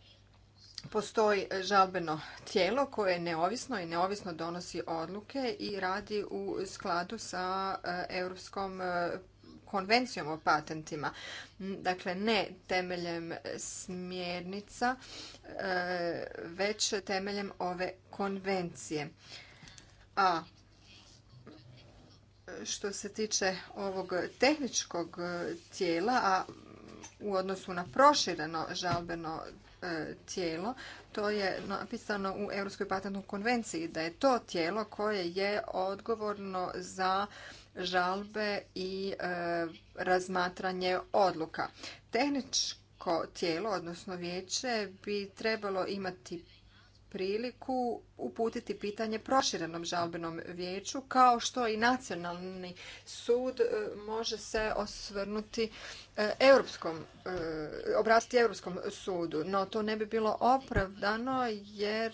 postoji žalbeno tijelo koje neovisno i neovisno donosi odluke i radi u skladu sa europskom konvencijom o patentima. Dakle, ne temeljem smjernica, e, već temeljem ove konvencije. A što se tiče ovog tehničkog e, tijela, a u odnosu na prošireno žalbeno e, tijelo, to je napisano u Europskoj patentnoj konvenciji, da je to tijelo koje je odgovorno za žalbe i e, razmatranje odluka. Tehničko tijelo, odnosno vijeće, bi trebalo imati priliku uputiti pitanje proširenom žalbenom vijeću, kao što i nacionalni sud e, može se osvrnuti e, europskom, obrasti Europskom sudu. No, to ne bi bilo opravdano jer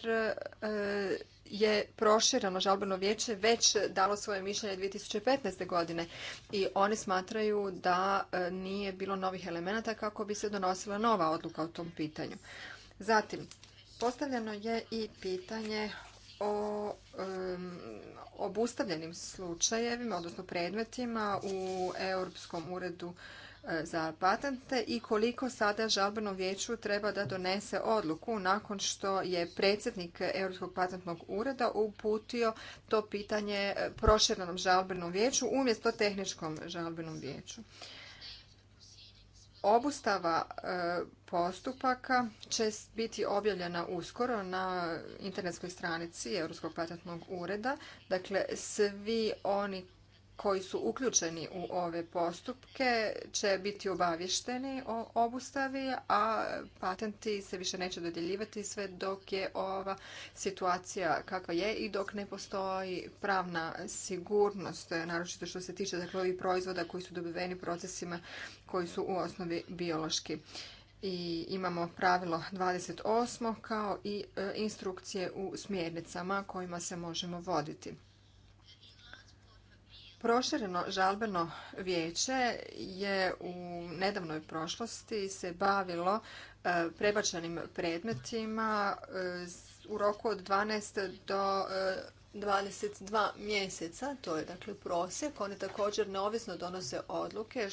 je prošireno žalbeno vijeće već dalo svoje mišljenje 2015. godine i oni smatraju da e, nije bilo novih elemenata kako bi se donosila nova odluka o tom pitanju. Zatim, postavljeno je i pitanje o obustavljenim slučajevima, odnosno predmetima u Europskom uredu E, za patente i koliko sada žalbenom vijeću treba da donese odluku nakon što je predsjednik Europskog patentnog ureda uputio to pitanje e, proširenom žalbenom vijeću umjesto tehničkom žalbenom vijeću. Obustava e, postupaka će biti objavljena uskoro na internetskoj stranici Europskog patentnog ureda. Dakle, svi oni koji su uključeni u ove postupke će biti obavješteni o obustavi, a patenti se više neće dodjeljivati sve dok je ova situacija kakva je i dok ne postoji pravna sigurnost, naročito što se tiče dakle, ovih proizvoda koji su dobiveni procesima koji su u osnovi biološki. I imamo pravilo 28. kao i e, instrukcije u smjernicama kojima se možemo voditi. Prošireno žalbeno vijeće je u nedavnoj prošlosti se bavilo e, prebačenim predmetima e, u roku od 12 do 22 e, mjeseca, to je dakle prosjek. Oni također neovisno donose odluke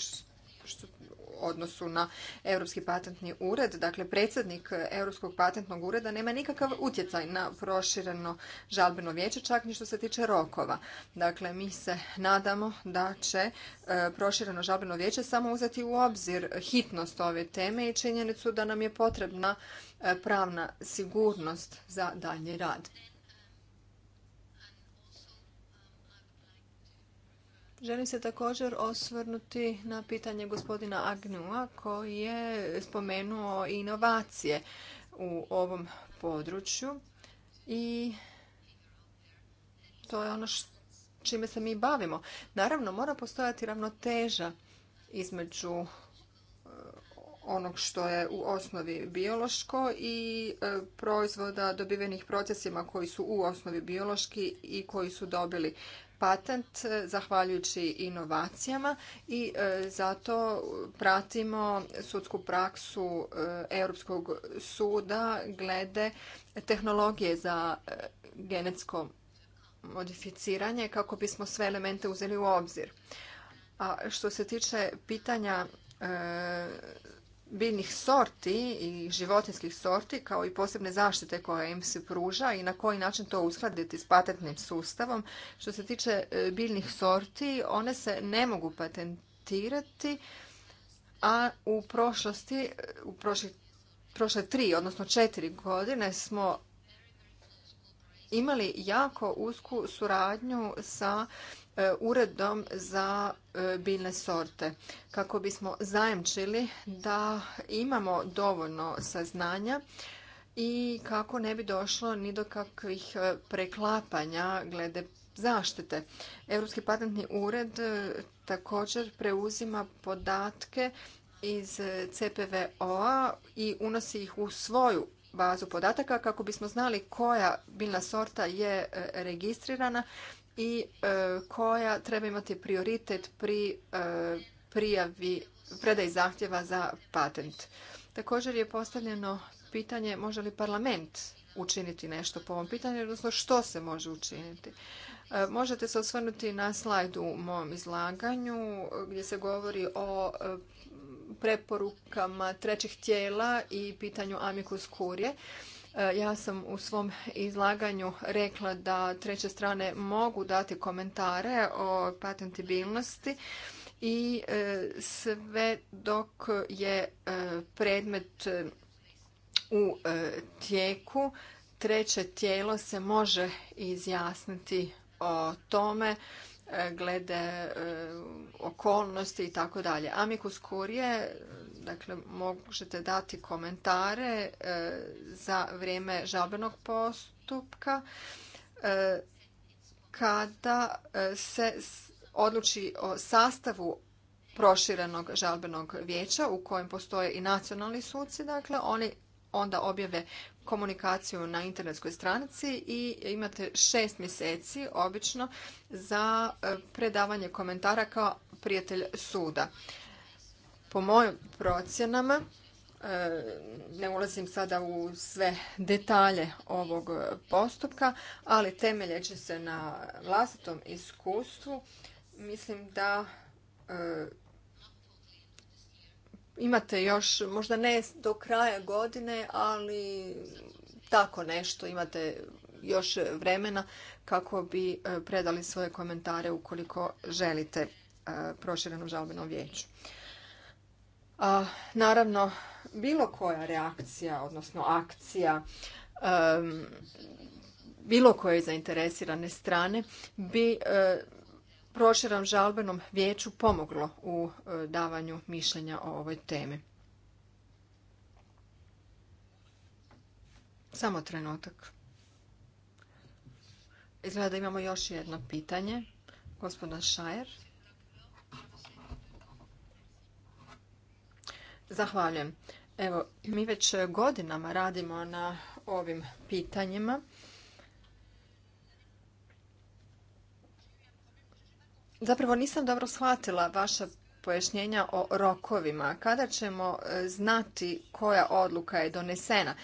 odnosu na Europski patentni ured. Dakle, predsjednik Europskog patentnog ureda nema nikakav utjecaj na prošireno žalbeno vijeće, čak ni što se tiče rokova. Dakle, mi se nadamo da će e, prošireno žalbeno vijeće samo uzeti u obzir hitnost ove teme i činjenicu da nam je potrebna e, pravna sigurnost za dalji rad. Želim se također osvrnuti na pitanje gospodina Agnua koji je spomenuo inovacije u ovom području i to je ono čime se mi bavimo. Naravno, mora postojati ravnoteža između e, onog što je u osnovi biološko i e, proizvoda dobivenih procesima koji su u osnovi biološki i koji su dobili patent e, zahvaljujući inovacijama i e, zato pratimo sudsku praksu e, Europskog suda glede tehnologije za genetsko modificiranje kako bismo sve elemente uzeli u obzir. A što se tiče pitanja biljnih sorti i životinskih sorti kao i posebne zaštite koja im se pruža i na koji način to uskladiti s patentnim sustavom. Što se tiče e, biljnih sorti, one se ne mogu patentirati, a u prošlosti, e, u prošli, prošle tri, odnosno četiri godine smo imali jako usku suradnju sa E, uredom za e, biljne sorte kako bismo zajamčili da imamo dovoljno saznanja i kako ne bi došlo ni do kakvih e, preklapanja glede zaštite. Europski patentni ured također preuzima podatke iz CPVO-a i unosi ih u svoju bazu podataka kako bismo znali koja biljna sorta je registrirana i e, koja treba imati prioritet pri e, prijavi predaji zahtjeva za patent. Također je postavljeno pitanje može li parlament učiniti nešto po ovom pitanju, odnosno što se može učiniti. E, možete se osvrnuti na slajdu u mom izlaganju gdje se govori o preporukama trećih tijela i pitanju amicus curie E, ja sam u svom izlaganju rekla da treće strane mogu dati komentare o patentibilnosti i e, sve dok je e, predmet u tijeku, treće tijelo se može izjasniti o tome glede okolnosti i tako dalje. amicus Dakle, možete dati komentare e, za vrijeme žalbenog postupka e, kada e, se odluči o sastavu proširenog žalbenog vijeća u kojem postoje i nacionalni suci, dakle oni onda objave komunikaciju na internetskoj stranici i imate šest mjeseci obično za predavanje komentara kao prijatelj suda po mojim procjenama, e, ne ulazim sada u sve detalje ovog postupka, ali temeljeći se na vlastitom iskustvu, mislim da e, imate još, možda ne do kraja godine, ali tako nešto imate još vremena kako bi e, predali svoje komentare ukoliko želite proširenom žalbenom vijeću. A, naravno, bilo koja reakcija, odnosno akcija bilo koje zainteresirane strane bi e, proširam žalbenom vijeću pomoglo u e, davanju mišljenja o ovoj temi. Samo trenutak. Izgleda da imamo još jedno pitanje. Gospodin Šajer. Zahvaljujem. Evo, mi već godinama radimo na ovim pitanjima. Zapravo nisam dobro shvatila vaša pojašnjenja o rokovima. Kada ćemo e, znati koja odluka je donesena?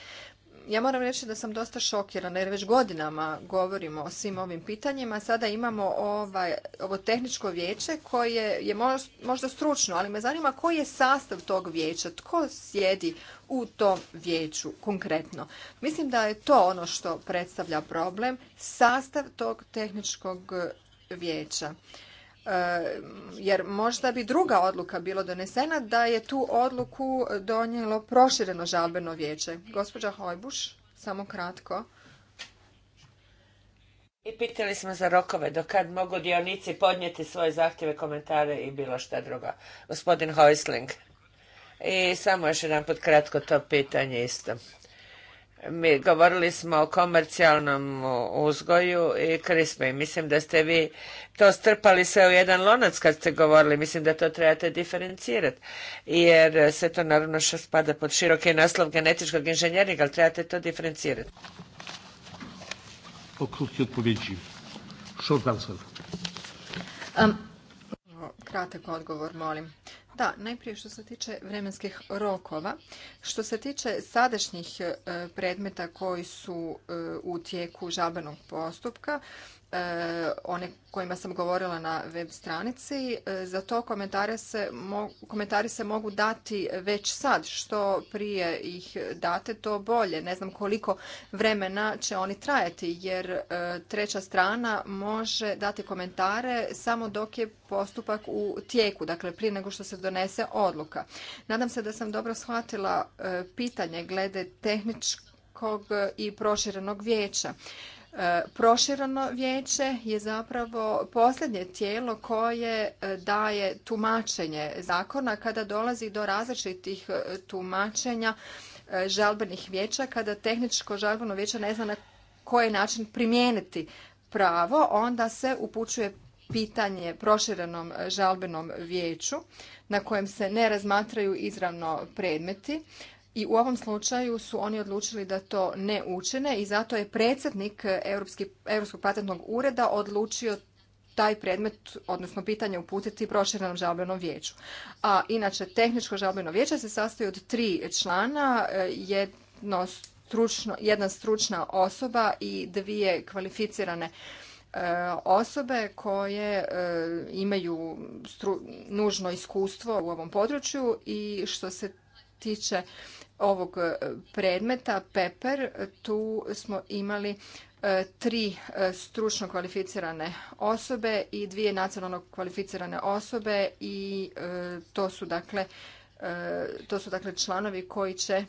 Ja moram reći da sam dosta šokirana jer već godinama govorimo o svim ovim pitanjima. Sada imamo ovaj, ovo tehničko vijeće koje je možda stručno, ali me zanima koji je sastav tog vijeća, tko sjedi u tom vijeću konkretno. Mislim da je to ono što predstavlja problem, sastav tog tehničkog vijeća jer možda bi druga odluka bila donesena da je tu odluku donijelo prošireno žalbeno vijeće. Gospođa Hojbuš, samo kratko. I pitali smo za rokove, do kad mogu dionici podnijeti svoje zahtjeve, komentare i bilo šta drugo. Gospodin Hojsling. I samo još jedan kratko to pitanje isto mi govorili smo o komercijalnom uzgoju i krispe. Mislim da ste vi to strpali sve u jedan lonac kad ste govorili. Mislim da to trebate diferencirati. Jer se to naravno što spada pod široki naslov genetičkog inženjeringa, ali trebate to diferencirati. O odpovjeđi kratak odgovor, molim. Da, najprije što se tiče vremenskih rokova. Što se tiče sadašnjih e, predmeta koji su e, u tijeku žalbenog postupka, E, one kojima sam govorila na web stranici. E, za to komentare se, komentari se mogu dati već sad. Što prije ih date, to bolje. Ne znam koliko vremena će oni trajati, jer e, treća strana može dati komentare samo dok je postupak u tijeku, dakle prije nego što se donese odluka. Nadam se da sam dobro shvatila pitanje glede tehničkog i proširenog vijeća. E, prošireno vijeće je zapravo posljednje tijelo koje e, daje tumačenje zakona kada dolazi do različitih e, tumačenja žalbenih vijeća, kada tehničko žalbeno vijeće ne zna na koji način primijeniti pravo, onda se upućuje pitanje proširenom žalbenom vijeću na kojem se ne razmatraju izravno predmeti i u ovom slučaju su oni odlučili da to ne učene i zato je predsjednik Europskog patentnog ureda odlučio taj predmet, odnosno pitanje uputiti proširenom žalbenom vijeću. A inače, tehničko žalbeno vijeće se sastoji od tri člana, jedno stručno, jedna stručna osoba i dvije kvalificirane e, osobe koje e, imaju nužno iskustvo u ovom području i što se tiče ovog e, predmeta PEPER tu smo imali e, tri e, stručno kvalificirane osobe i dvije nacionalno kvalificirane osobe i dakle, to su dakle članovi koji će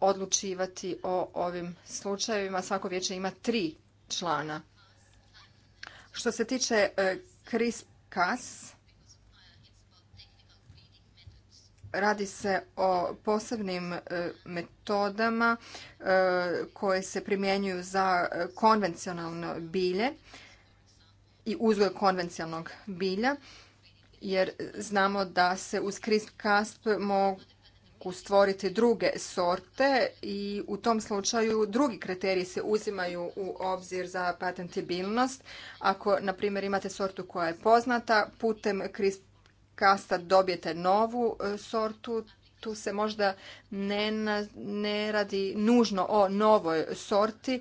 odlučivati o ovim slučajevima. Svako vijeće ima tri člana. Što se tiče crispr cas Radi se o posebnim e, metodama e, koje se primjenjuju za konvencionalno bilje i uzgoj konvencionalnog bilja, jer znamo da se uz crisp casp mogu stvoriti druge sorte i u tom slučaju drugi kriteriji se uzimaju u obzir za patentibilnost. Ako, na primjer, imate sortu koja je poznata, putem CRISP Kasta dobijete novu e, sortu, tu se možda ne, ne radi nužno o novoj sorti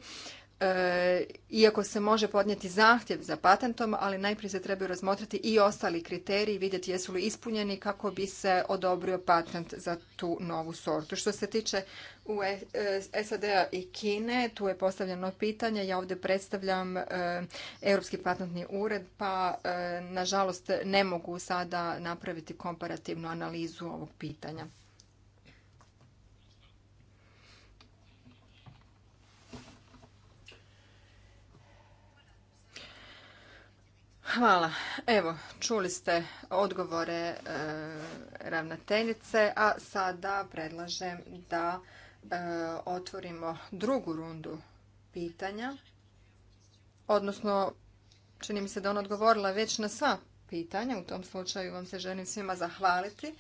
E, iako se može podnijeti zahtjev za patentom, ali najprije se trebaju razmotriti i ostali kriteriji, vidjeti jesu li ispunjeni kako bi se odobrio patent za tu novu sortu. Što se tiče e, e, SAD-a i Kine, tu je postavljeno pitanje, ja ovdje predstavljam Europski patentni ured, pa nažalost ne mogu sada napraviti komparativnu analizu ovog pitanja. Hvala. Evo, čuli ste odgovore e, ravnateljice, a sada predlažem da e, otvorimo drugu rundu pitanja. Odnosno, čini mi se da ona odgovorila već na sva pitanja. U tom slučaju vam se želim svima zahvaliti. E,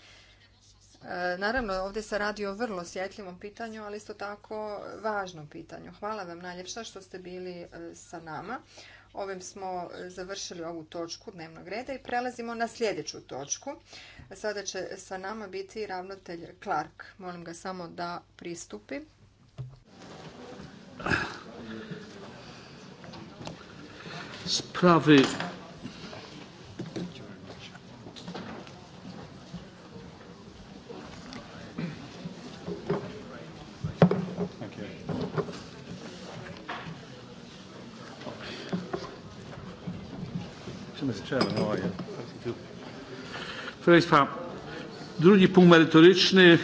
naravno, ovdje se radi o vrlo osjetljivom pitanju, ali isto tako važnom pitanju. Hvala vam najljepša što ste bili sa nama. Ovim smo e, završili ovu točku dnevnog reda i prelazimo na sljedeću točku. Sada će sa nama biti ravnatelj Clark. Molim ga samo da pristupi. Spravi... Mr. drugi punkt merytoryczny,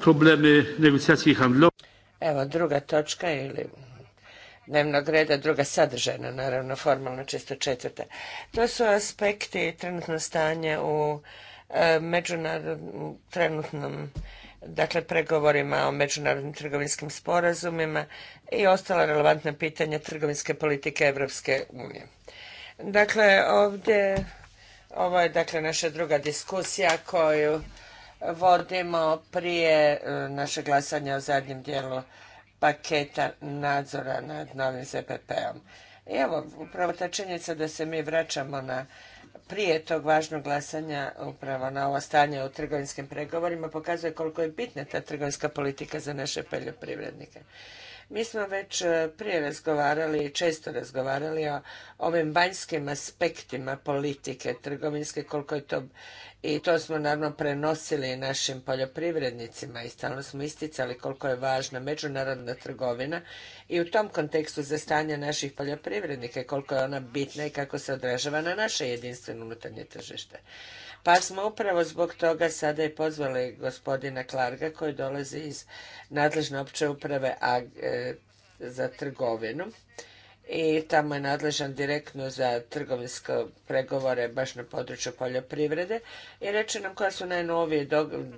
problemy negocjacji Evo, druga točka ili dnevnog reda, druga sadržajna, naravno formalno čisto četvrta. To su aspekti trenutno stanje u e, međunarodnom trenutnom dakle pregovorima o međunarodnim trgovinskim sporazumima i ostala relevantna pitanja trgovinske politike Evropske unije. Dakle, ovdje, ovo je dakle naša druga diskusija koju vodimo prije e, naše glasanja o zadnjem dijelu paketa nadzora nad novim ZPP-om. I evo, upravo ta činjenica da se mi vraćamo na prije tog važnog glasanja upravo na ovo stanje u trgovinskim pregovorima pokazuje koliko je bitna ta trgovinska politika za naše poljoprivrednike. Mi smo već e, prije razgovarali i često razgovarali o ovim vanjskim aspektima politike trgovinske, koliko je to i to smo naravno prenosili našim poljoprivrednicima i stalno smo isticali koliko je važna međunarodna trgovina i u tom kontekstu za stanje naših poljoprivrednika koliko je ona bitna i kako se odražava na naše jedinstveno unutarnje tržište. Pa smo upravo zbog toga sada i pozvali gospodina Klarga koji dolazi iz nadležne opće uprave e za trgovinu i tamo je nadležan direktno za trgovinske pregovore baš na području poljoprivrede i reče nam koja su najnovije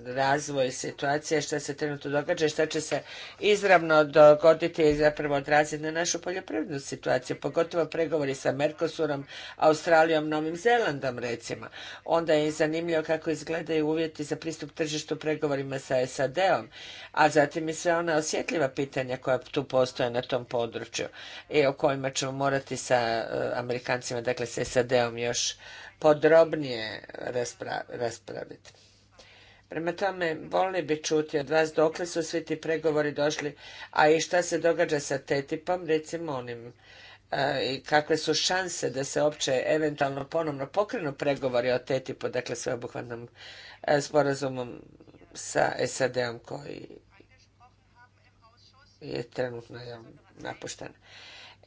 razvoj situacije, što se trenutno događa i šta će se izravno dogoditi i zapravo odraziti na našu poljoprivrednu situaciju, pogotovo pregovori sa Mercosurom, Australijom, Novim Zelandom recimo. Onda je zanimljivo kako izgledaju uvjeti za pristup tržištu pregovorima sa SAD-om, a zatim i sve ona osjetljiva pitanja koja tu postoje na tom području i o kojima ćemo morati sa e, Amerikancima, dakle s SAD-om još podrobnije raspraviti. Prema tome, volili bi čuti od vas dokle su svi ti pregovori došli, a i šta se događa sa TTIP-om, recimo onim e, i kakve su šanse da se opće eventualno ponovno pokrenu pregovori o TTIP-u, dakle sveobuhvatnom e, sporazumom sa SAD-om koji je trenutno napušten.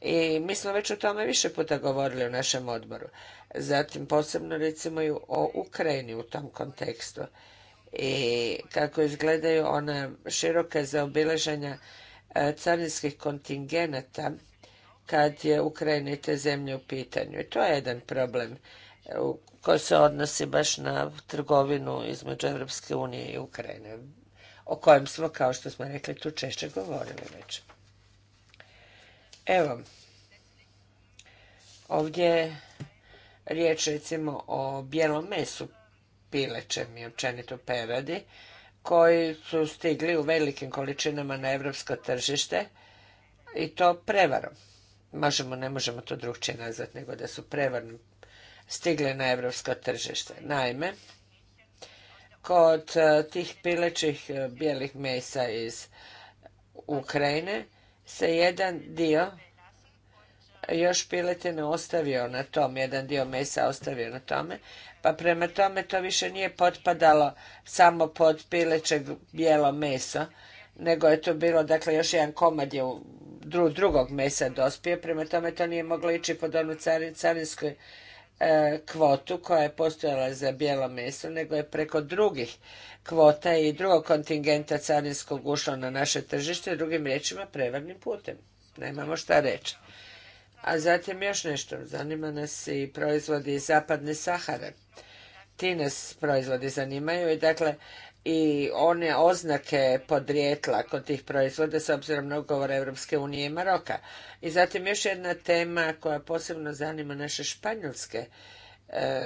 I mi smo već o tome više puta govorili u našem odboru. Zatim posebno recimo i o Ukrajini u tom kontekstu. I kako izgledaju ona široka zaobilaženja e, carinskih kontingenata kad je Ukrajina i te zemlje u pitanju. I to je jedan problem e, koji se odnosi baš na trgovinu između Europske unije i Ukrajine, o kojem smo, kao što smo rekli, tu češće govorili već. Evo, ovdje je riječ recimo o bijelom mesu, pilećem i općenito peradi, koji su stigli u velikim količinama na evropsko tržište i to prevarom. Možemo, ne možemo to drugčije nazvati nego da su prevarno stigle na evropsko tržište. Naime, kod eh, tih pilećih eh, bijelih mesa iz Ukrajine se jedan dio još ne ostavio na tom, jedan dio mesa ostavio na tome, pa prema tome to više nije potpadalo samo pod pileće bijelo meso, nego je to bilo, dakle, još jedan komad je drugog mesa dospio, prema tome to nije moglo ići pod onu carinskoj E, kvotu koja je postojala za bijelo meso, nego je preko drugih kvota i drugog kontingenta carinskog ušlo na naše tržište, drugim riječima prevarnim putem. Nemamo šta reći. A zatim još nešto, zanima nas i proizvodi iz zapadne Sahare. Ti nas proizvodi zanimaju i dakle i one oznake podrijetla kod tih proizvoda s obzirom na ugovor Europske unije i Maroka. I zatim još jedna tema koja posebno zanima naše španjolske e,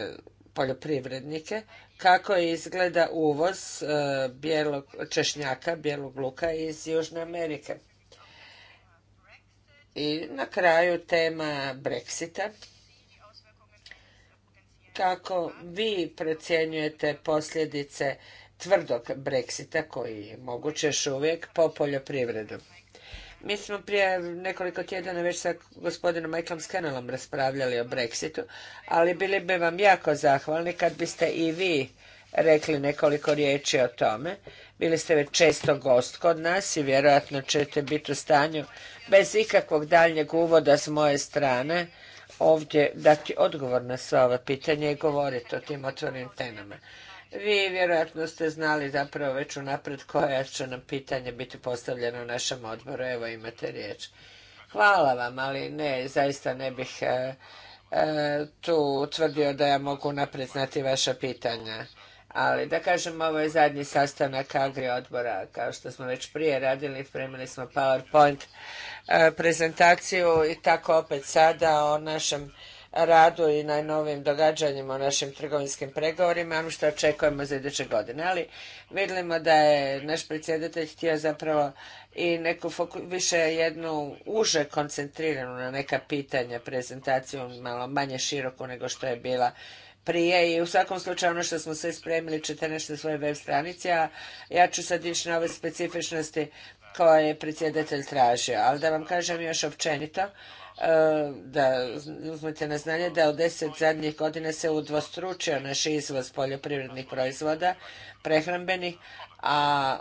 poljoprivrednike, kako izgleda uvoz e, bijelog češnjaka, bijelog luka iz Južne Amerike. I na kraju tema Brexita kako vi procjenjujete posljedice tvrdog breksita koji je moguće još uvijek po poljoprivredu. Mi smo prije nekoliko tjedana već sa gospodinom Michaelom Scannellom raspravljali o Brexitu, ali bili bi vam jako zahvalni kad biste i vi rekli nekoliko riječi o tome. Bili ste već često gost kod nas i vjerojatno ćete biti u stanju bez ikakvog daljnjeg uvoda s moje strane ovdje dati odgovor na sva ova pitanja i govoriti o tim otvorenim temama. Vi vjerojatno ste znali zapravo već napred koja će nam pitanje biti postavljeno u našem odboru. Evo imate riječ. Hvala vam, ali ne, zaista ne bih e, e, tu utvrdio da ja mogu unaprijed znati vaša pitanja. Ali da kažem, ovo je zadnji sastanak Agri odbora. Kao što smo već prije radili, spremili smo PowerPoint e, prezentaciju i tako opet sada o našem radu i najnovim događanjima u našim trgovinskim pregovorima, ono što očekujemo za iduće godine. Ali vidimo da je naš predsjedatelj htio zapravo i neku više jednu uže koncentriranu na neka pitanja prezentaciju, malo manje široku nego što je bila prije i u svakom slučaju ono što smo sve spremili ćete nešto na svoje web stranice a ja ću sad ići na ove specifičnosti koje je predsjedatelj tražio. Ali da vam kažem još općenito, Eh, da uzmete na znanje da od deset zadnjih godina se udvostručio naš izvoz poljoprivrednih proizvoda, prehrambenih, a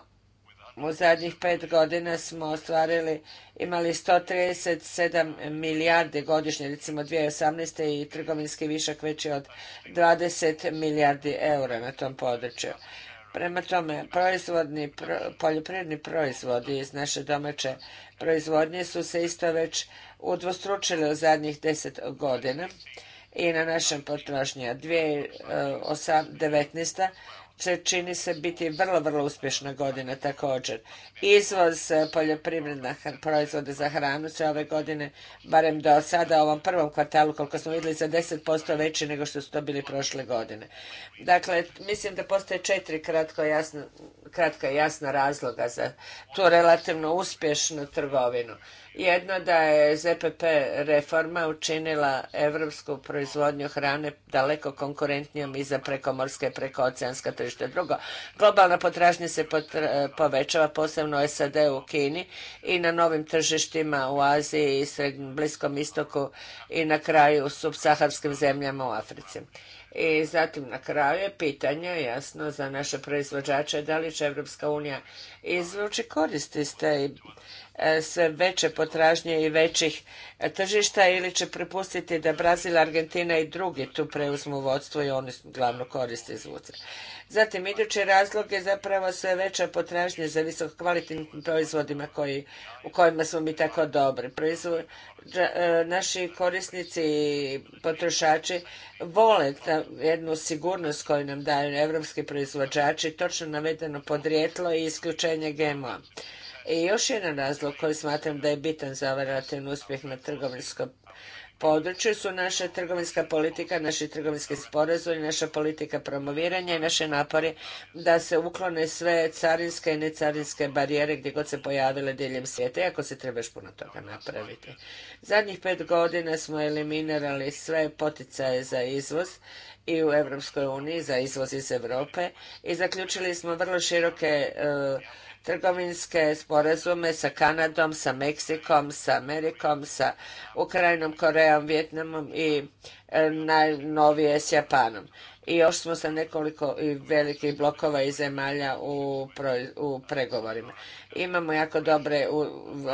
u zadnjih pet godina smo ostvarili, imali 137 milijarde godišnje, recimo 2018. i trgovinski višak veći od 20 milijardi eura na tom području. Prema tome, proizvodni, poljoprivredni proizvodi iz naše domaće proizvodnje su se isto već udvostručili u zadnjih deset godina i na našem potrošnji. 2019. Eh, će čini se biti vrlo, vrlo uspješna godina također. Izvoz e, poljoprivredna proizvoda za hranu se ove godine, barem do sada u ovom prvom kvartalu, koliko smo vidjeli, za 10% veći nego što su to bili prošle godine. Dakle, mislim da postoje četiri kratko kratka jasna razloga za tu relativno uspješnu trgovinu. Jedno da je ZPP reforma učinila evropsku proizvodnju hrane daleko konkurentnijom i za prekomorske, prekooceanska tržišta. Drugo, globalna potražnja se povećava, posebno u SAD u Kini i na novim tržištima u Aziji i Bliskom istoku i na kraju u subsaharskim zemljama u Africi. I zatim na kraju je pitanje jasno za naše proizvođače da li će Evropska unija izvući koristi. iz sve veće potražnje i većih tržišta ili će prepustiti da Brazil, Argentina i drugi tu preuzmu vodstvo i oni glavno koriste izvuce. Zatim, idući razlog je zapravo sve veća potražnja za visoko kvalitetnim proizvodima koji, u kojima smo mi tako dobri. E, naši korisnici i potrošači vole jednu sigurnost koju nam daju evropski proizvođači, točno navedeno podrijetlo i isključenje GMO. -a. I još jedan razlog koji smatram da je bitan za ovaj relativni uspjeh na trgovinskom području su naša trgovinska politika, naši trgovinski sporazumi, naša politika promoviranja i naše napori da se uklone sve carinske i necarinske barijere gdje god se pojavile diljem svijeta, iako se treba još puno toga napraviti. Zadnjih pet godina smo eliminirali sve poticaje za izvoz i u Europskoj uniji za izvoz iz Europe i zaključili smo vrlo široke e, trgovinske sporazume sa Kanadom, sa Meksikom, sa Amerikom, sa Ukrajinom, Korejom, Vjetnamom i e, najnovije s Japanom i još smo sa nekoliko velikih blokova i zemalja u, pregovorima. Imamo jako dobre,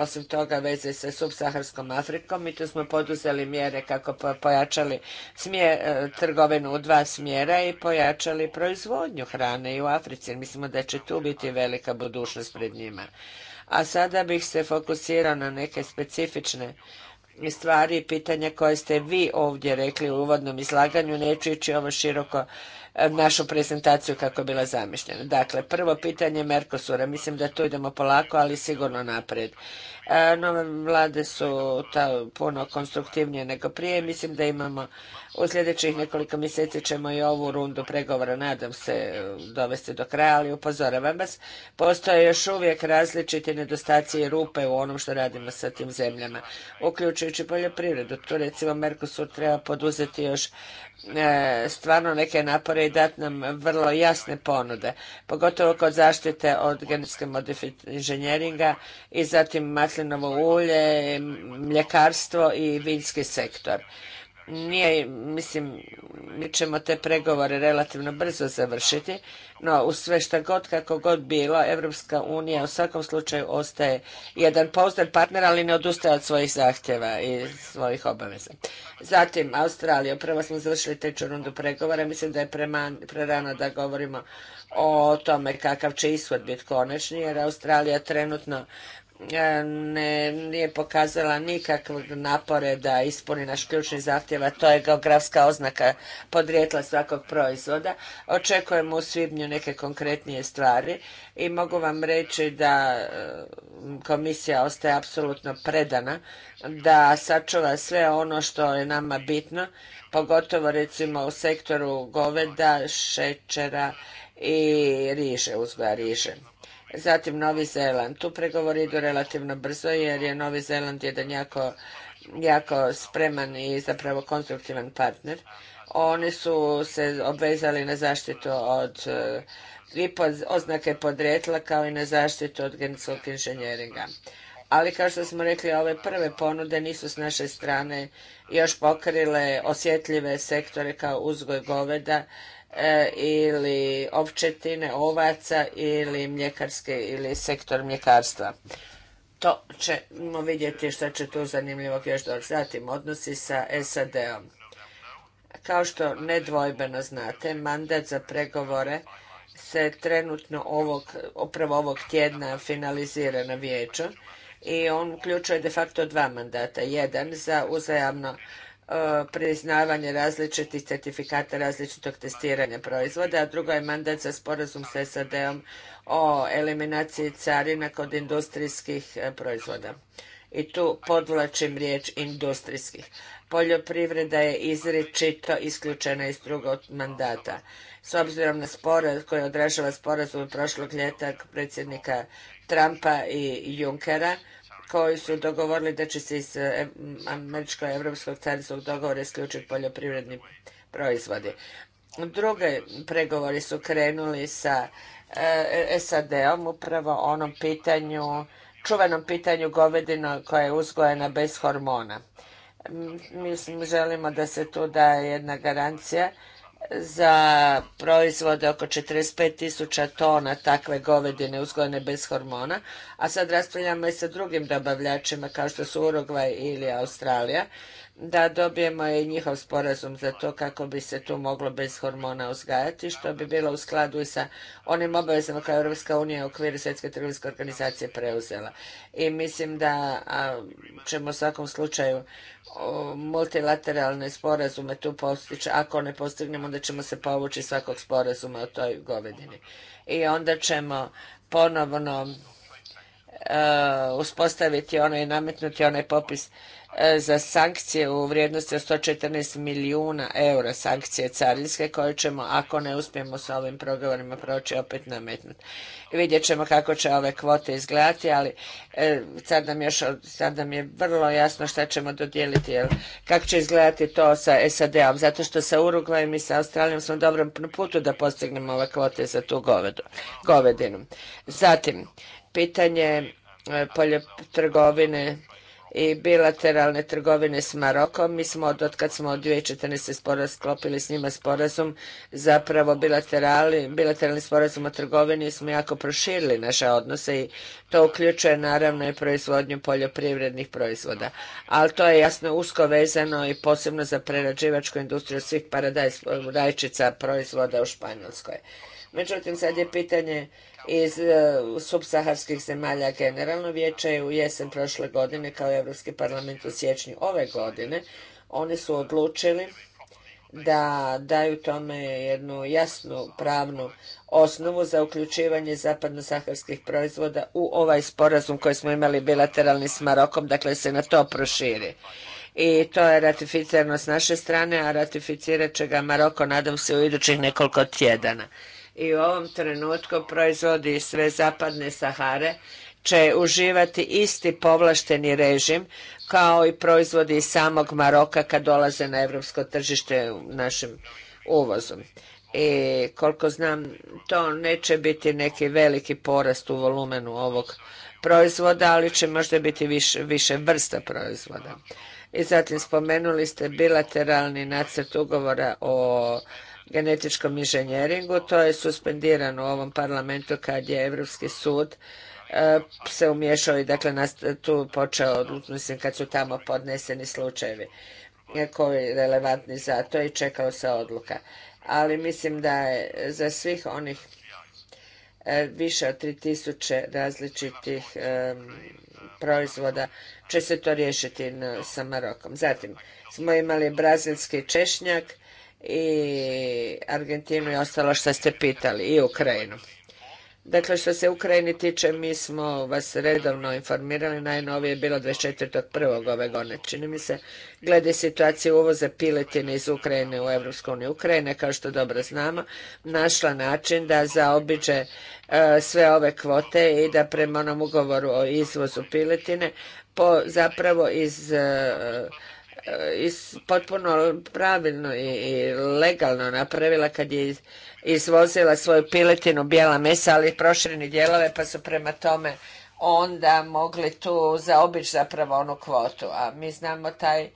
osim toga, veze sa subsaharskom Afrikom i tu smo poduzeli mjere kako pojačali e, trgovinu u dva smjera i pojačali proizvodnju hrane i u Africi. Mislimo da će tu biti velika budućnost pred njima. A sada bih se fokusirao na neke specifične stvari i pitanja koje ste vi ovdje rekli u uvodnom izlaganju. Neću ići ovo široko e, našu prezentaciju kako je bila zamišljena. Dakle, prvo pitanje Merkosura. Mislim da tu idemo polako, ali sigurno naprijed. E, nove vlade su ta puno konstruktivnije nego prije. Mislim da imamo u sljedećih nekoliko mjeseci ćemo i ovu rundu pregovora, nadam se, dovesti do kraja, ali upozoravam vas, postoje još uvijek različiti nedostaci i rupe u onom što radimo sa tim zemljama, uključujući poljoprivredu. Tu recimo Mercosur treba poduzeti još e, stvarno neke napore i dati nam vrlo jasne ponude, pogotovo kod zaštite od genetske inženjeringa i zatim maslinovo ulje, mljekarstvo i vinski sektor. Nije, mislim, mi ćemo te pregovore relativno brzo završiti, no uz sve šta god, kako god bilo, Evropska unija u svakom slučaju ostaje jedan pouzdan partner, ali ne odustaje od svojih zahtjeva i svojih obaveza. Zatim, Australija. Prvo smo završili treću rundu pregovora. Mislim da je prerano da govorimo o tome kakav će ishod biti konačni, jer Australija trenutno ne, nije pokazala nikakve napore da ispuni naš ključni zahtjev, a to je geografska oznaka podrijetla svakog proizvoda. Očekujemo u svibnju neke konkretnije stvari i mogu vam reći da e, komisija ostaje apsolutno predana da sačuva sve ono što je nama bitno, pogotovo recimo u sektoru goveda, šećera i riže, uzgoja riže. Zatim Novi Zeland. Tu pregovori idu relativno brzo jer je Novi Zeland jedan jako, jako spreman i zapravo konstruktivan partner. Oni su se obvezali na zaštitu od e, oznake podrijetla kao i na zaštitu od genetskog inženjeringa. Ali kao što smo rekli, ove prve ponude nisu s naše strane još pokrile osjetljive sektore kao uzgoj goveda E, ili ovčetine, ovaca ili mljekarske ili sektor mljekarstva. To ćemo vidjeti što će tu zanimljivog još Zatim, odnosi sa SAD-om. Kao što nedvojbeno znate, mandat za pregovore se trenutno ovog, upravo ovog tjedna finalizira na vijeću i on uključuje de facto dva mandata. Jedan za uzajamno E, priznavanje različitih certifikata različitog testiranja proizvoda, a drugo je mandat za sporazum s SAD-om o eliminaciji carina kod industrijskih e, proizvoda. I tu podvlačim riječ industrijskih. Poljoprivreda je izričito isključena iz drugog mandata. S obzirom na spor koji odražava sporazum prošlog ljeta predsjednika Trumpa i Junckera, koji su dogovorili da će se iz eh, američko-evropskog carinskog dogovora isključiti poljoprivredni proizvodi. Druge pregovori su krenuli sa eh, SAD-om upravo onom pitanju, čuvenom pitanju govedina koja je uzgojena bez hormona. Mi želimo da se tu daje jedna garancija za proizvode oko 45 tisuća tona takve govedine uzgojene bez hormona, a sad raspravljamo i sa drugim dobavljačima kao što su Urugvaj ili Australija, da dobijemo i njihov sporazum za to kako bi se tu moglo bez hormona uzgajati, što bi bilo u skladu i sa onim obavezama koje Europska unija u okviru Svjetske trgovinske organizacije preuzela. I mislim da ćemo u svakom slučaju multilateralne sporazume tu postići. Ako ne postignemo, onda ćemo se povući svakog sporazuma o toj govedini. I onda ćemo ponovno e, uspostaviti onaj, i nametnuti onaj popis E, za sankcije u vrijednosti od 114 milijuna eura sankcije carinske koje ćemo, ako ne uspijemo sa ovim progovorima proći, opet nametnuti. Vidjet ćemo kako će ove kvote izgledati, ali e, sad, nam još, je vrlo jasno šta ćemo dodijeliti, jer kako će izgledati to sa SAD-om, zato što sa Uruguayom i sa Australijom smo dobrom putu da postignemo ove kvote za tu govedu, govedinu. Zatim, pitanje e, polje i bilateralne trgovine s Marokom. Mi smo od kad smo od 2014. sporaz sklopili s njima sporazum, zapravo bilateralni, bilateralni sporazum o trgovini smo jako proširili naše odnose i to uključuje naravno i proizvodnju poljoprivrednih proizvoda. Ali to je jasno usko vezano i posebno za prerađivačku industriju svih paradajčica proizvoda u Španjolskoj. Međutim, sad je pitanje iz e, subsaharskih zemalja generalno. Vijeće u jesen prošle godine, kao i Europski parlament u siječnju ove godine, oni su odlučili da daju tome jednu jasnu pravnu osnovu za uključivanje zapadno-saharskih proizvoda u ovaj sporazum koji smo imali bilateralni s Marokom, dakle se na to proširi. I to je ratificirano s naše strane, a ratificirat će ga Maroko, nadam se, u idućih nekoliko tjedana i u ovom trenutku proizvodi sve zapadne Sahare će uživati isti povlašteni režim kao i proizvodi samog Maroka kad dolaze na evropsko tržište u našem uvozu. I koliko znam, to neće biti neki veliki porast u volumenu ovog proizvoda, ali će možda biti više, više vrsta proizvoda. I zatim spomenuli ste bilateralni nacrt ugovora o genetičkom inženjeringu. To je suspendirano u ovom parlamentu kad je Europski sud e, se umješao i dakle tu počeo, mislim kad su tamo podneseni slučajevi koji relevantni za to i čekao se odluka. Ali mislim da je za svih onih e, više od 3000 različitih e, proizvoda će se to riješiti sa Marokom. Zatim smo imali brazilski češnjak, i Argentinu i ostalo što ste pitali i Ukrajinu. Dakle, što se Ukrajini tiče, mi smo vas redovno informirali, najnovije je bilo 24.1. ove godine, čini mi se, glede situacije uvoza piletine iz Ukrajine u EU. uniju. Ukrajina, kao što dobro znamo, našla način da zaobiđe e, sve ove kvote i da prema onom ugovoru o izvozu piletine zapravo iz e, is, potpuno pravilno i legalno napravila kad je izvozila svoju piletinu bijela mesa, ali proširene dijelove, pa su prema tome onda mogli tu zaobići zapravo onu kvotu. A mi znamo taj, e,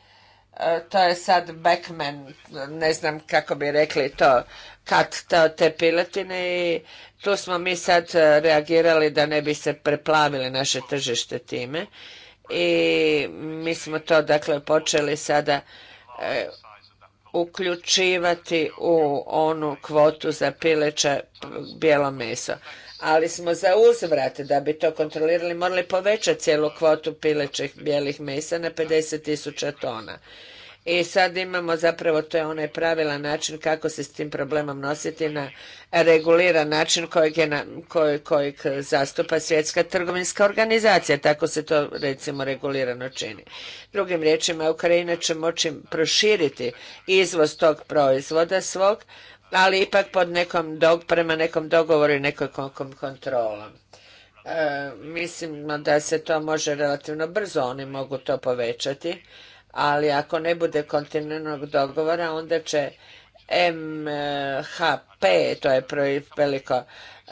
to je sad backman, ne znam kako bi rekli to, kad te piletine i tu smo mi sad e, reagirali da ne bi se preplavili naše tržište time i mi smo to dakle počeli sada e, uključivati u onu kvotu za pileće bijelo meso. Ali smo za uzvrat da bi to kontrolirali morali povećati cijelu kvotu pilećih bijelih mesa na 50 tisuća tona i sad imamo zapravo, to je onaj pravilan način kako se s tim problemom nositi na reguliran način kojeg, je na, zastupa svjetska trgovinska organizacija. Tako se to recimo regulirano čini. Drugim riječima, Ukrajina će moći proširiti izvoz tog proizvoda svog, ali ipak pod nekom dog, prema nekom dogovoru i nekom kontrolom. E, mislimo da se to može relativno brzo, oni mogu to povećati ali ako ne bude kontinuiranog dogovora onda će MHP, to je veliko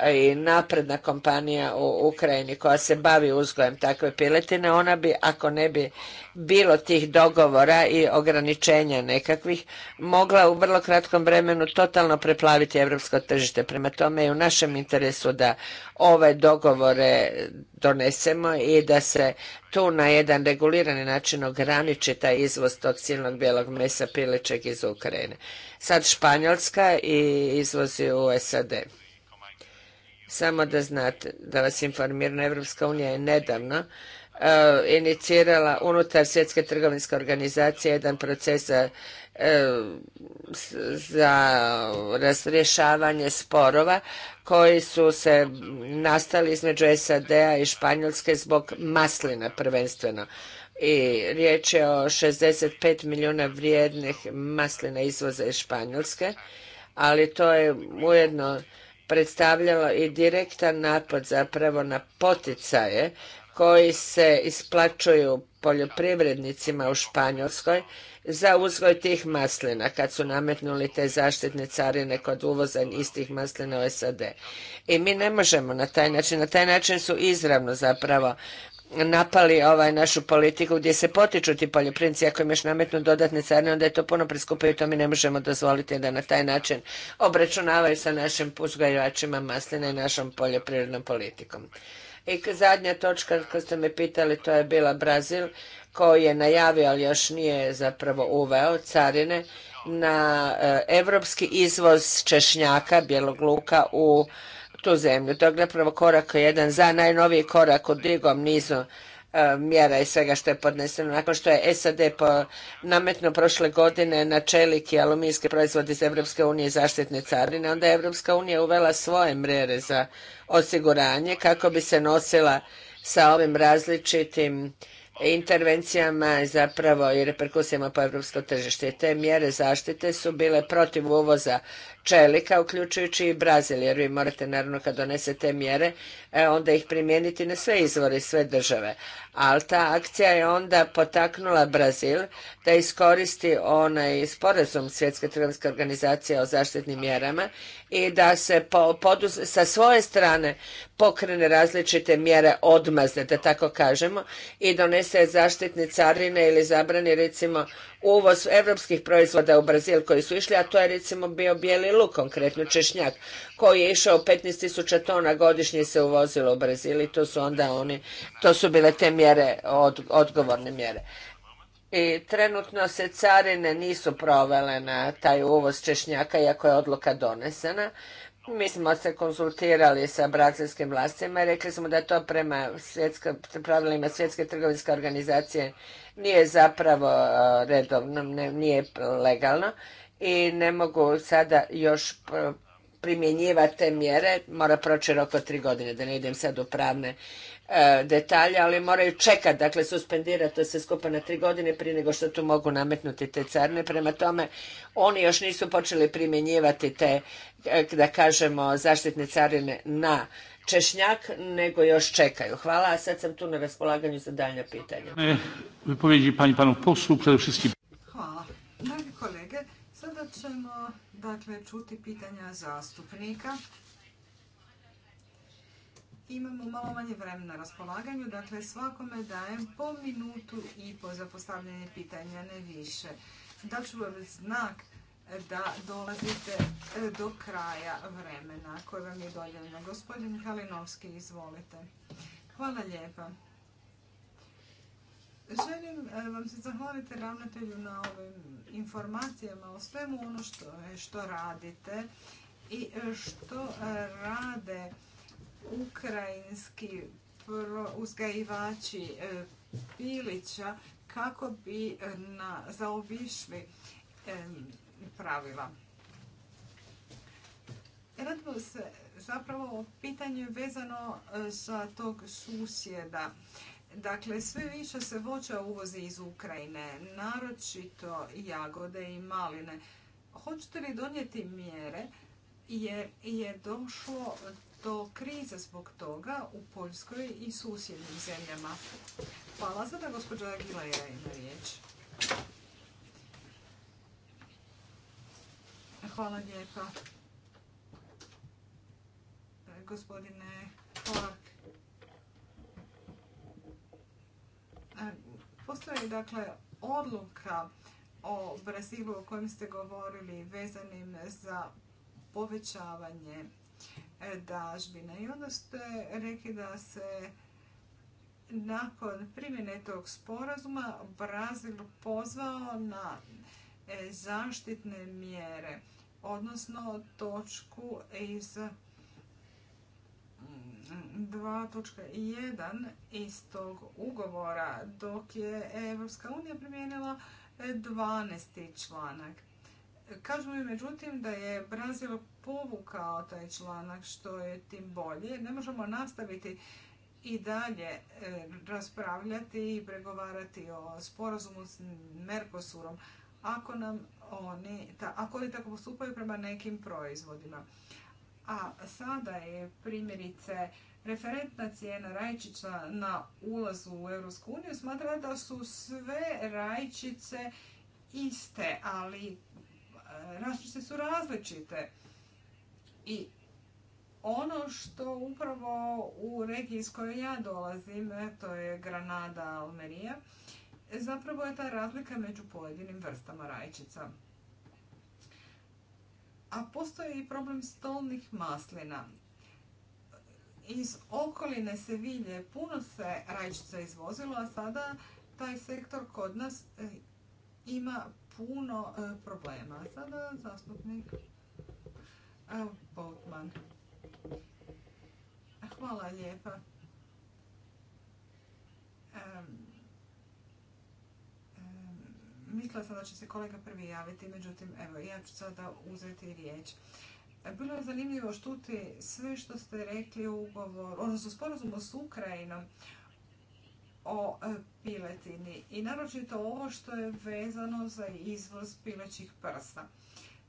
i napredna kompanija u Ukrajini koja se bavi uzgojem takve piletine, ona bi, ako ne bi bilo tih dogovora i ograničenja nekakvih, mogla u vrlo kratkom vremenu totalno preplaviti evropsko tržište. Prema tome je u našem interesu da ove dogovore donesemo i da se tu na jedan regulirani način ograniči taj izvoz tog silnog bijelog mesa pilećeg iz Ukrajine. Sad Španjolska i izvozi u SAD. Samo da znate, da vas informiram, Evropska unija je nedavno e, inicirala unutar svjetske trgovinske organizacije jedan proces za, razrješavanje e, sporova koji su se nastali između SAD-a i Španjolske zbog maslina prvenstveno i riječ je o 65 milijuna vrijednih maslina izvoza iz Španjolske, ali to je ujedno predstavljalo i direktan napad zapravo na poticaje koji se isplaćuju poljoprivrednicima u Španjolskoj za uzgoj tih maslina kad su nametnuli te zaštitne carine kod uvoza istih maslina u SAD. I mi ne možemo na taj način, na taj način su izravno zapravo napali ovaj našu politiku gdje se potiču ti poljoprivrednici ako im još nametnu dodatne carine onda je to puno preskupo i to mi ne možemo dozvoliti da na taj način obračunavaju sa našim uzgajivačima maslina i našom poljoprivrednom politikom. I zadnja točka koju ste me pitali to je bila Brazil koji je najavio ali još nije zapravo uveo carine na europski izvoz češnjaka, bijelog luka u tu zemlju. tog je zapravo korak jedan za najnoviji korak u drugom nizu e, mjera i svega što je podneseno. Nakon što je SAD nametno prošle godine na čeliki i proizvod iz Europske unije zaštitne carine, onda je EU unija uvela svoje mjere za osiguranje kako bi se nosila sa ovim različitim intervencijama zapravo i reperkusijama po europsko tržište. Te mjere zaštite su bile protiv uvoza čelika, uključujući i Brazil, jer vi morate naravno kad donesete mjere, e, onda ih primijeniti na sve izvore, sve države. Ali ta akcija je onda potaknula Brazil da iskoristi onaj sporazum Svjetske trgovinske organizacije o zaštitnim mjerama i da se sa svoje strane pokrene različite mjere odmazde, da tako kažemo, i donese zaštitne carine ili zabrani recimo uvoz evropskih proizvoda u Brazil koji su išli, a to je recimo bio bijeli luk, konkretno češnjak, koji je išao 15.000 tona godišnje se uvozilo u Brazil i to su onda oni, to su bile te mjere, od, odgovorne mjere. I trenutno se carine nisu provele na taj uvoz češnjaka, iako je odluka donesena. Mi smo se konsultirali sa brazilskim vlastima i rekli smo da to prema pravilima Svjetske trgovinske organizacije nije zapravo redovno, nije legalno i ne mogu sada još primjenjivati te mjere, mora proći rok od tri godine, da ne idem sad u pravne detalje, ali moraju čekati, dakle suspendirati to se skupa na tri godine prije nego što tu mogu nametnuti te carne. Prema tome, oni još nisu počeli primjenjivati te, da kažemo, zaštitne carine na češnjak, nego još čekaju. Hvala, a sad sam tu na raspolaganju za daljnja pitanja. E, Hvala. Dragi kolege, sada ćemo dakle, čuti pitanja zastupnika. Imamo malo manje vremena na raspolaganju, dakle svakome dajem po minutu i po za pitanja, ne više. Daću vam znak da dolazite e, do kraja vremena koje vam je dodijeljeno. Gospodin Kalinovski. izvolite. Hvala lijepa. Želim e, vam se zahvaliti ravnatelju na ovim informacijama o svemu ono što, e, što radite i što rade ukrajinski uzgajivači pilića kako bi zaobišli pravila. Radilo se zapravo pitanju vezano e, za tog susjeda. Dakle, sve više se voća uvozi iz Ukrajine, naročito jagode i maline. Hoćete li donijeti mjere jer je došlo do krize zbog toga u Poljskoj i susjednim zemljama? Hvala da gospođa Agila na riječ. Hvala lijepa. E, gospodine Polak. E, postoji dakle odluka o Brazilu o kojem ste govorili vezanim za povećavanje e, dažbine. I onda ste rekli da se nakon primjene tog sporazuma Brazil pozvao na zaštitne mjere odnosno točku iz 2.1 mm, iz tog ugovora, dok je Evropska unija primijenila 12. članak. Kažu mi međutim da je Brazil povukao taj članak što je tim bolje. Ne možemo nastaviti i dalje eh, raspravljati i pregovarati o sporazumu s Mercosurom ako nam oni, ta, ako oni tako postupaju prema nekim proizvodima. A sada je primjerice referentna cijena rajčica na ulazu u EU smatra da su sve rajčice iste, ali e, različite su različite. I ono što upravo u regiji iz koje ja dolazim, e, to je Granada, Almerija, zapravo je ta razlika među pojedinim vrstama rajčica. A postoji i problem stolnih maslina. Iz okoline se Sevilje puno se rajčica izvozilo, a sada taj sektor kod nas e, ima puno e, problema. Sada zastupnik e, Boltman. Hvala lijepa. Mislila sam da će se kolega prvi javiti, međutim, evo, ja ću sada uzeti riječ. E, bilo je zanimljivo štuti sve što ste rekli u ugovoru, odnosno sporazumu s Ukrajinom o e, piletini i naročito ovo što je vezano za izvoz pilećih prsa.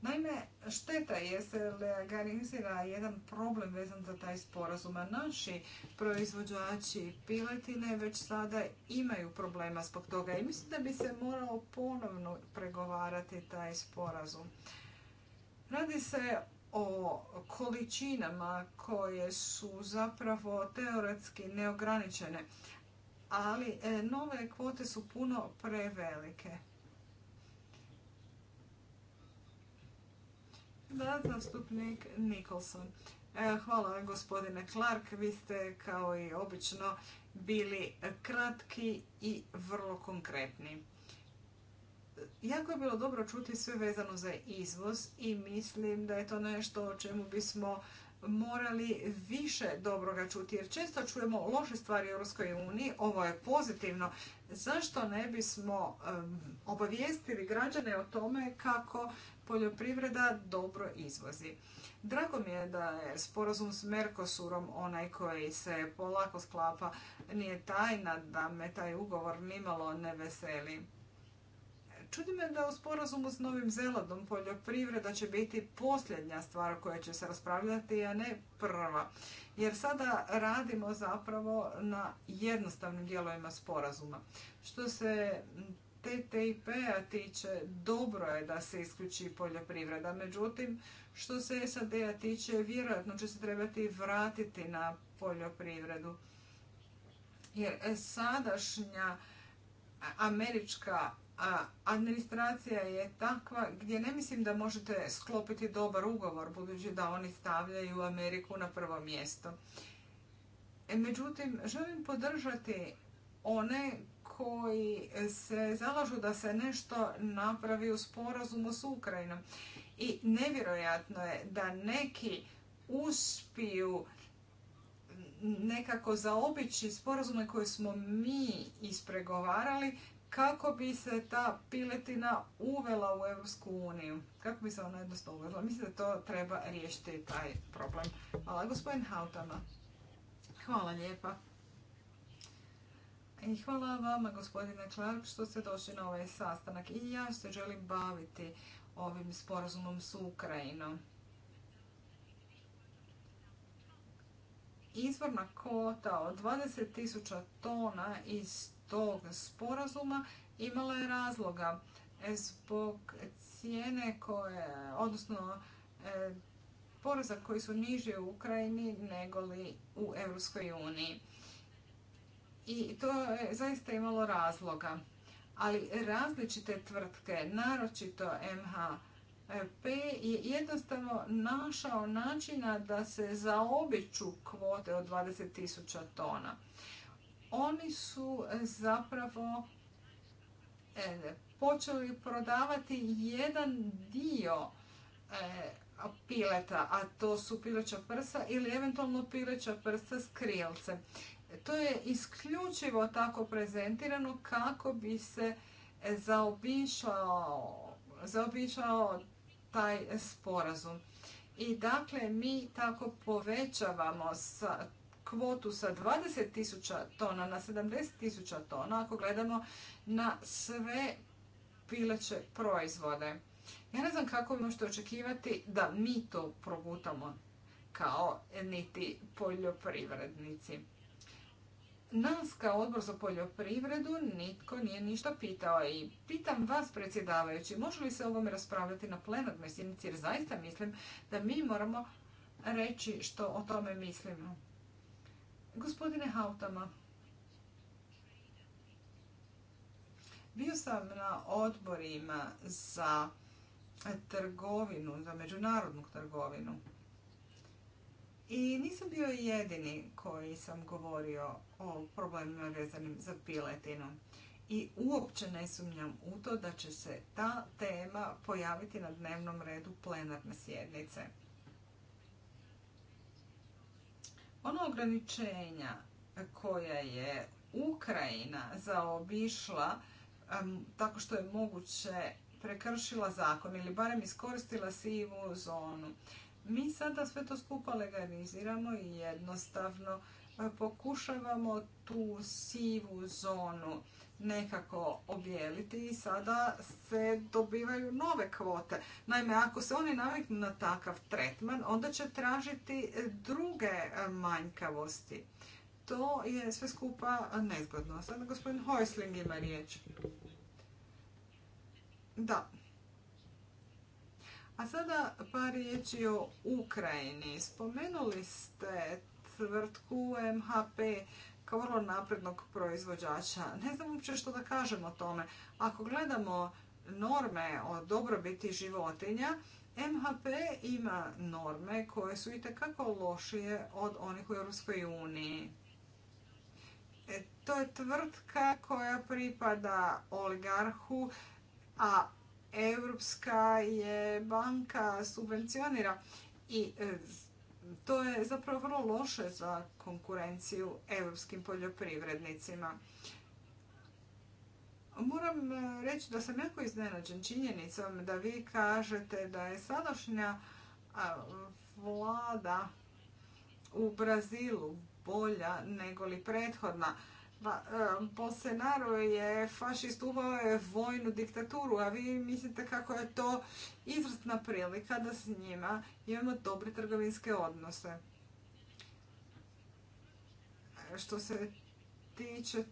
Naime, šteta je se legalizira jedan problem vezan za taj sporazum, a naši proizvođači piletine već sada imaju problema zbog toga i mislim da bi se moralo ponovno pregovarati taj sporazum. Radi se o količinama koje su zapravo teoretski neograničene, ali e, nove kvote su puno prevelike. Da, zastupnik Nikolson. E, hvala gospodine Clark, vi ste kao i obično bili kratki i vrlo konkretni. Jako je bilo dobro čuti sve vezano za izvoz i mislim da je to nešto o čemu bismo morali više dobroga čuti, jer često čujemo loše stvari u EU, ovo je pozitivno. Zašto ne bismo obavijestili građane o tome kako poljoprivreda dobro izvozi? Drago mi je da je sporazum s Mercosurom, onaj koji se polako sklapa, nije tajna da me taj ugovor nimalo ne veseli. Čudi me da u sporazumu s Novim Zelandom poljoprivreda će biti posljednja stvar koja će se raspravljati, a ne prva. Jer sada radimo zapravo na jednostavnim dijelovima sporazuma. Što se TTIP-a tiče, dobro je da se isključi poljoprivreda. Međutim, što se SAD-a tiče, vjerojatno će se trebati vratiti na poljoprivredu. Jer sadašnja američka administracija je takva gdje ne mislim da možete sklopiti dobar ugovor budući da oni stavljaju Ameriku na prvo mjesto. E, međutim, želim podržati one koji se zalažu da se nešto napravi u sporazumu s Ukrajinom. I nevjerojatno je da neki uspiju nekako zaobići sporazume koje smo mi ispregovarali kako bi se ta piletina uvela u Europsku uniju. Kako bi se ona jednostavno uvela? Mislim da to treba riješiti taj problem. Hvala gospodin Hautama. Hvala lijepa. I hvala vama gospodine Clark što ste došli na ovaj sastanak. I ja se želim baviti ovim sporazumom s Ukrajinom. Izvorna kota od 20.000 tona iz tog sporazuma imala je razloga e, zbog cijene koje, odnosno e, poreza koji su niže u Ukrajini nego li u Europskoj uniji. I to je zaista imalo razloga. Ali različite tvrtke, naročito MHP, je jednostavno našao načina da se zaobiču kvote od 20.000 tona oni su e, zapravo e, počeli prodavati jedan dio e, pileta, a to su pileća prsa ili eventualno pileća prsa s To je isključivo tako prezentirano kako bi se zaobišao, zaobišao taj sporazum. I dakle, mi tako povećavamo sa kvotu sa 20.000 tona na 70.000 tona ako gledamo na sve pileće proizvode. Ja ne znam kako vi možete očekivati da mi to progutamo kao niti poljoprivrednici. Nas kao odbor za poljoprivredu nitko nije ništa pitao i pitam vas predsjedavajući može li se ovome raspravljati na plenarnoj sjednici jer zaista mislim da mi moramo reći što o tome mislimo. Gospodine Hautama, bio sam na odborima za trgovinu, za međunarodnu trgovinu. I nisam bio jedini koji sam govorio o problemima vezanim za piletinu. I uopće ne sumnjam u to da će se ta tema pojaviti na dnevnom redu plenarne sjednice. Ono ograničenja koja je Ukrajina zaobišla tako što je moguće prekršila zakon ili barem iskoristila sivu zonu. Mi sada sve to skupa legaliziramo i jednostavno pokušavamo tu sivu zonu nekako objeliti i sada se dobivaju nove kvote. Naime, ako se oni naviknu na takav tretman, onda će tražiti druge e, manjkavosti. To je sve skupa nezgodno. Sada gospodin Hojsling ima riječ. Da. A sada par riječi o Ukrajini. Spomenuli ste tvrtku MHP kao vrlo naprednog proizvođača. Ne znam uopće što da kažem o tome. Ako gledamo norme o dobrobiti životinja, MHP ima norme koje su itekako lošije od onih u Europskoj uniji. E, to je tvrtka koja pripada oligarhu, a Europska je banka subvencionira i e, to je zapravo vrlo loše za konkurenciju europskim poljoprivrednicima. Moram e, reći da sam jako iznenađen činjenicom da vi kažete da je sadašnja vlada u Brazilu bolja nego li prethodna po Bolsonaro je fašist, uvao je vojnu diktaturu, a vi mislite kako je to izvrsna prilika da s njima imamo dobre trgovinske odnose. Što se tiče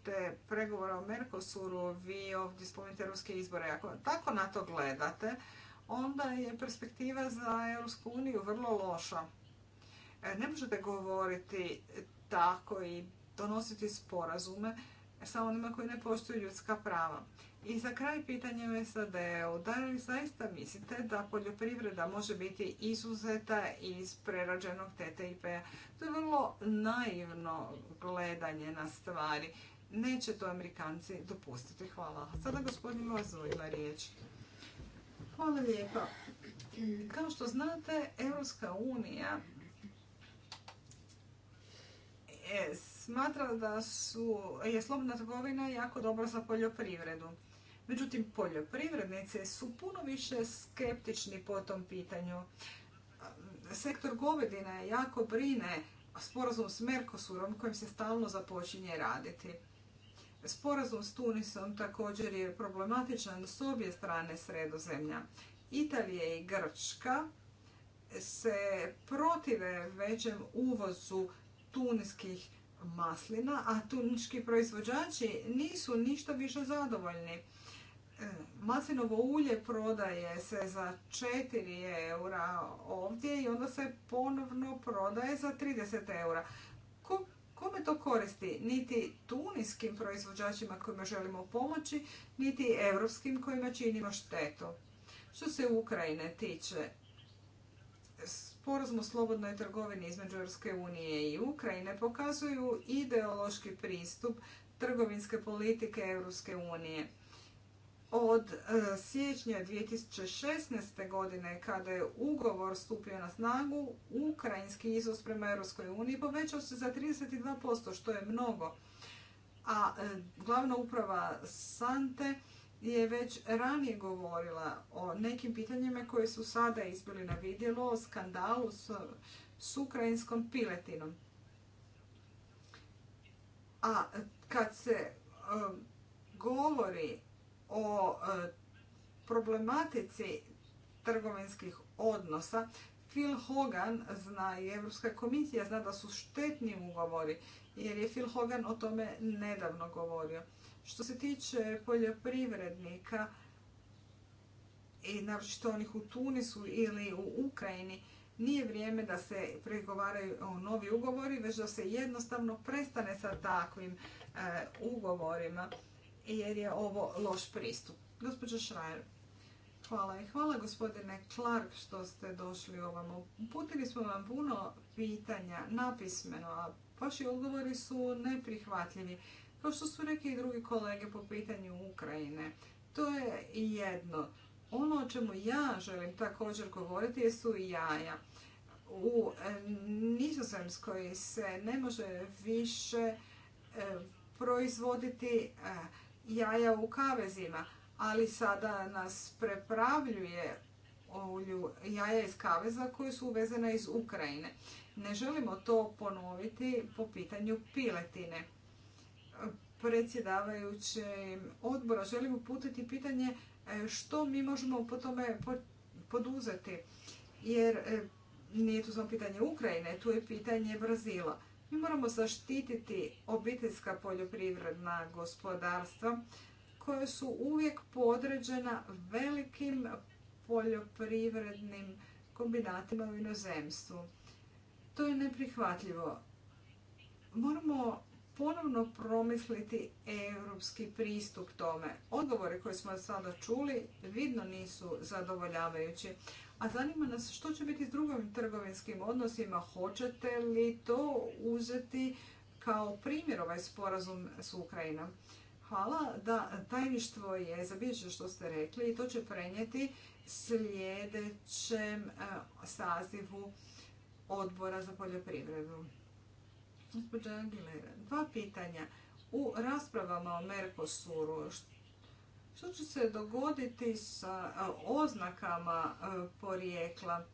pregovora o Mercosuru, vi ovdje spomenite europske izbore, ako tako na to gledate, onda je perspektiva za Europsku uniju vrlo loša. E, ne možete govoriti tako i donositi sporazume sa onima koji ne poštuju ljudska prava. I za kraj pitanje SAD-u, da li zaista mislite da poljoprivreda može biti izuzeta iz prerađenog TTIP-a? To je vrlo naivno gledanje na stvari. Neće to Amerikanci dopustiti. Hvala. Sada gospodin Lazo riječ. Hvala lijepa. Kao što znate, Europska unija smatra da su, je slobodna trgovina jako dobra za poljoprivredu. Međutim, poljoprivrednice su puno više skeptični po tom pitanju. Sektor govedina jako brine sporazum s Merkosurom, kojim se stalno započinje raditi. Sporazum s Tunisom također je problematičan s obje strane sredozemlja. Italija i Grčka se protive većem uvozu tuniskih maslina, a tunički proizvođači nisu ništa više zadovoljni. E, maslinovo ulje prodaje se za 4 eura ovdje i onda se ponovno prodaje za 30 eura. kome to koristi? Niti tuniskim proizvođačima kojima želimo pomoći, niti europskim kojima činimo štetu. Što se Ukrajine tiče, sporazum o slobodnoj trgovini između Europske unije i Ukrajine pokazuju ideološki pristup trgovinske politike Europske unije. Od e, siječnja 2016. godine, kada je ugovor stupio na snagu, ukrajinski izvoz prema Europskoj uniji povećao se za 32%, što je mnogo. A e, glavna uprava Sante je već ranije govorila o nekim pitanjima koje su sada izbili na vidjelo, o skandalu s, ukrajinskom piletinom. A kad se um, govori o uh, problematici trgovinskih odnosa, Phil Hogan zna i Europska komisija zna da su štetni ugovori, jer je Phil Hogan o tome nedavno govorio. Što se tiče poljoprivrednika, i naročito onih u Tunisu ili u Ukrajini, nije vrijeme da se pregovaraju o novi ugovori, već da se jednostavno prestane sa takvim e, ugovorima, jer je ovo loš pristup. Gospodin Šrajer, hvala i hvala gospodine Clark što ste došli ovamo. Uputili smo vam puno pitanja napismeno, a vaši ugovori su neprihvatljivi. Kao što su neki i drugi kolege po pitanju Ukrajine, to je jedno. Ono o čemu ja želim također govoriti su jaja. U e, Nizozemskoj se ne može više e, proizvoditi e, jaja u kavezima, ali sada nas prepravljuje jaja iz kaveza koje su uvezene iz Ukrajine. Ne želimo to ponoviti po pitanju piletine predsjedavajućem odbora želim uputiti pitanje e, što mi možemo po tome poduzeti. Jer e, nije tu samo pitanje Ukrajine, tu je pitanje Brazila. Mi moramo zaštititi obiteljska poljoprivredna gospodarstva koja su uvijek podređena velikim poljoprivrednim kombinatima u inozemstvu. To je neprihvatljivo. Moramo ponovno promisliti europski pristup tome. Odgovore koje smo sada čuli vidno nisu zadovoljavajući. A zanima nas što će biti s drugim trgovinskim odnosima. Hoćete li to uzeti kao primjer ovaj sporazum s Ukrajinom? Hvala. Da, tajništvo je zabilježeno što ste rekli i to će prenijeti sljedećem e, sazivu odbora za poljoprivredu dva pitanja. U raspravama o Merkosuru, što će se dogoditi sa e, oznakama e, porijekla?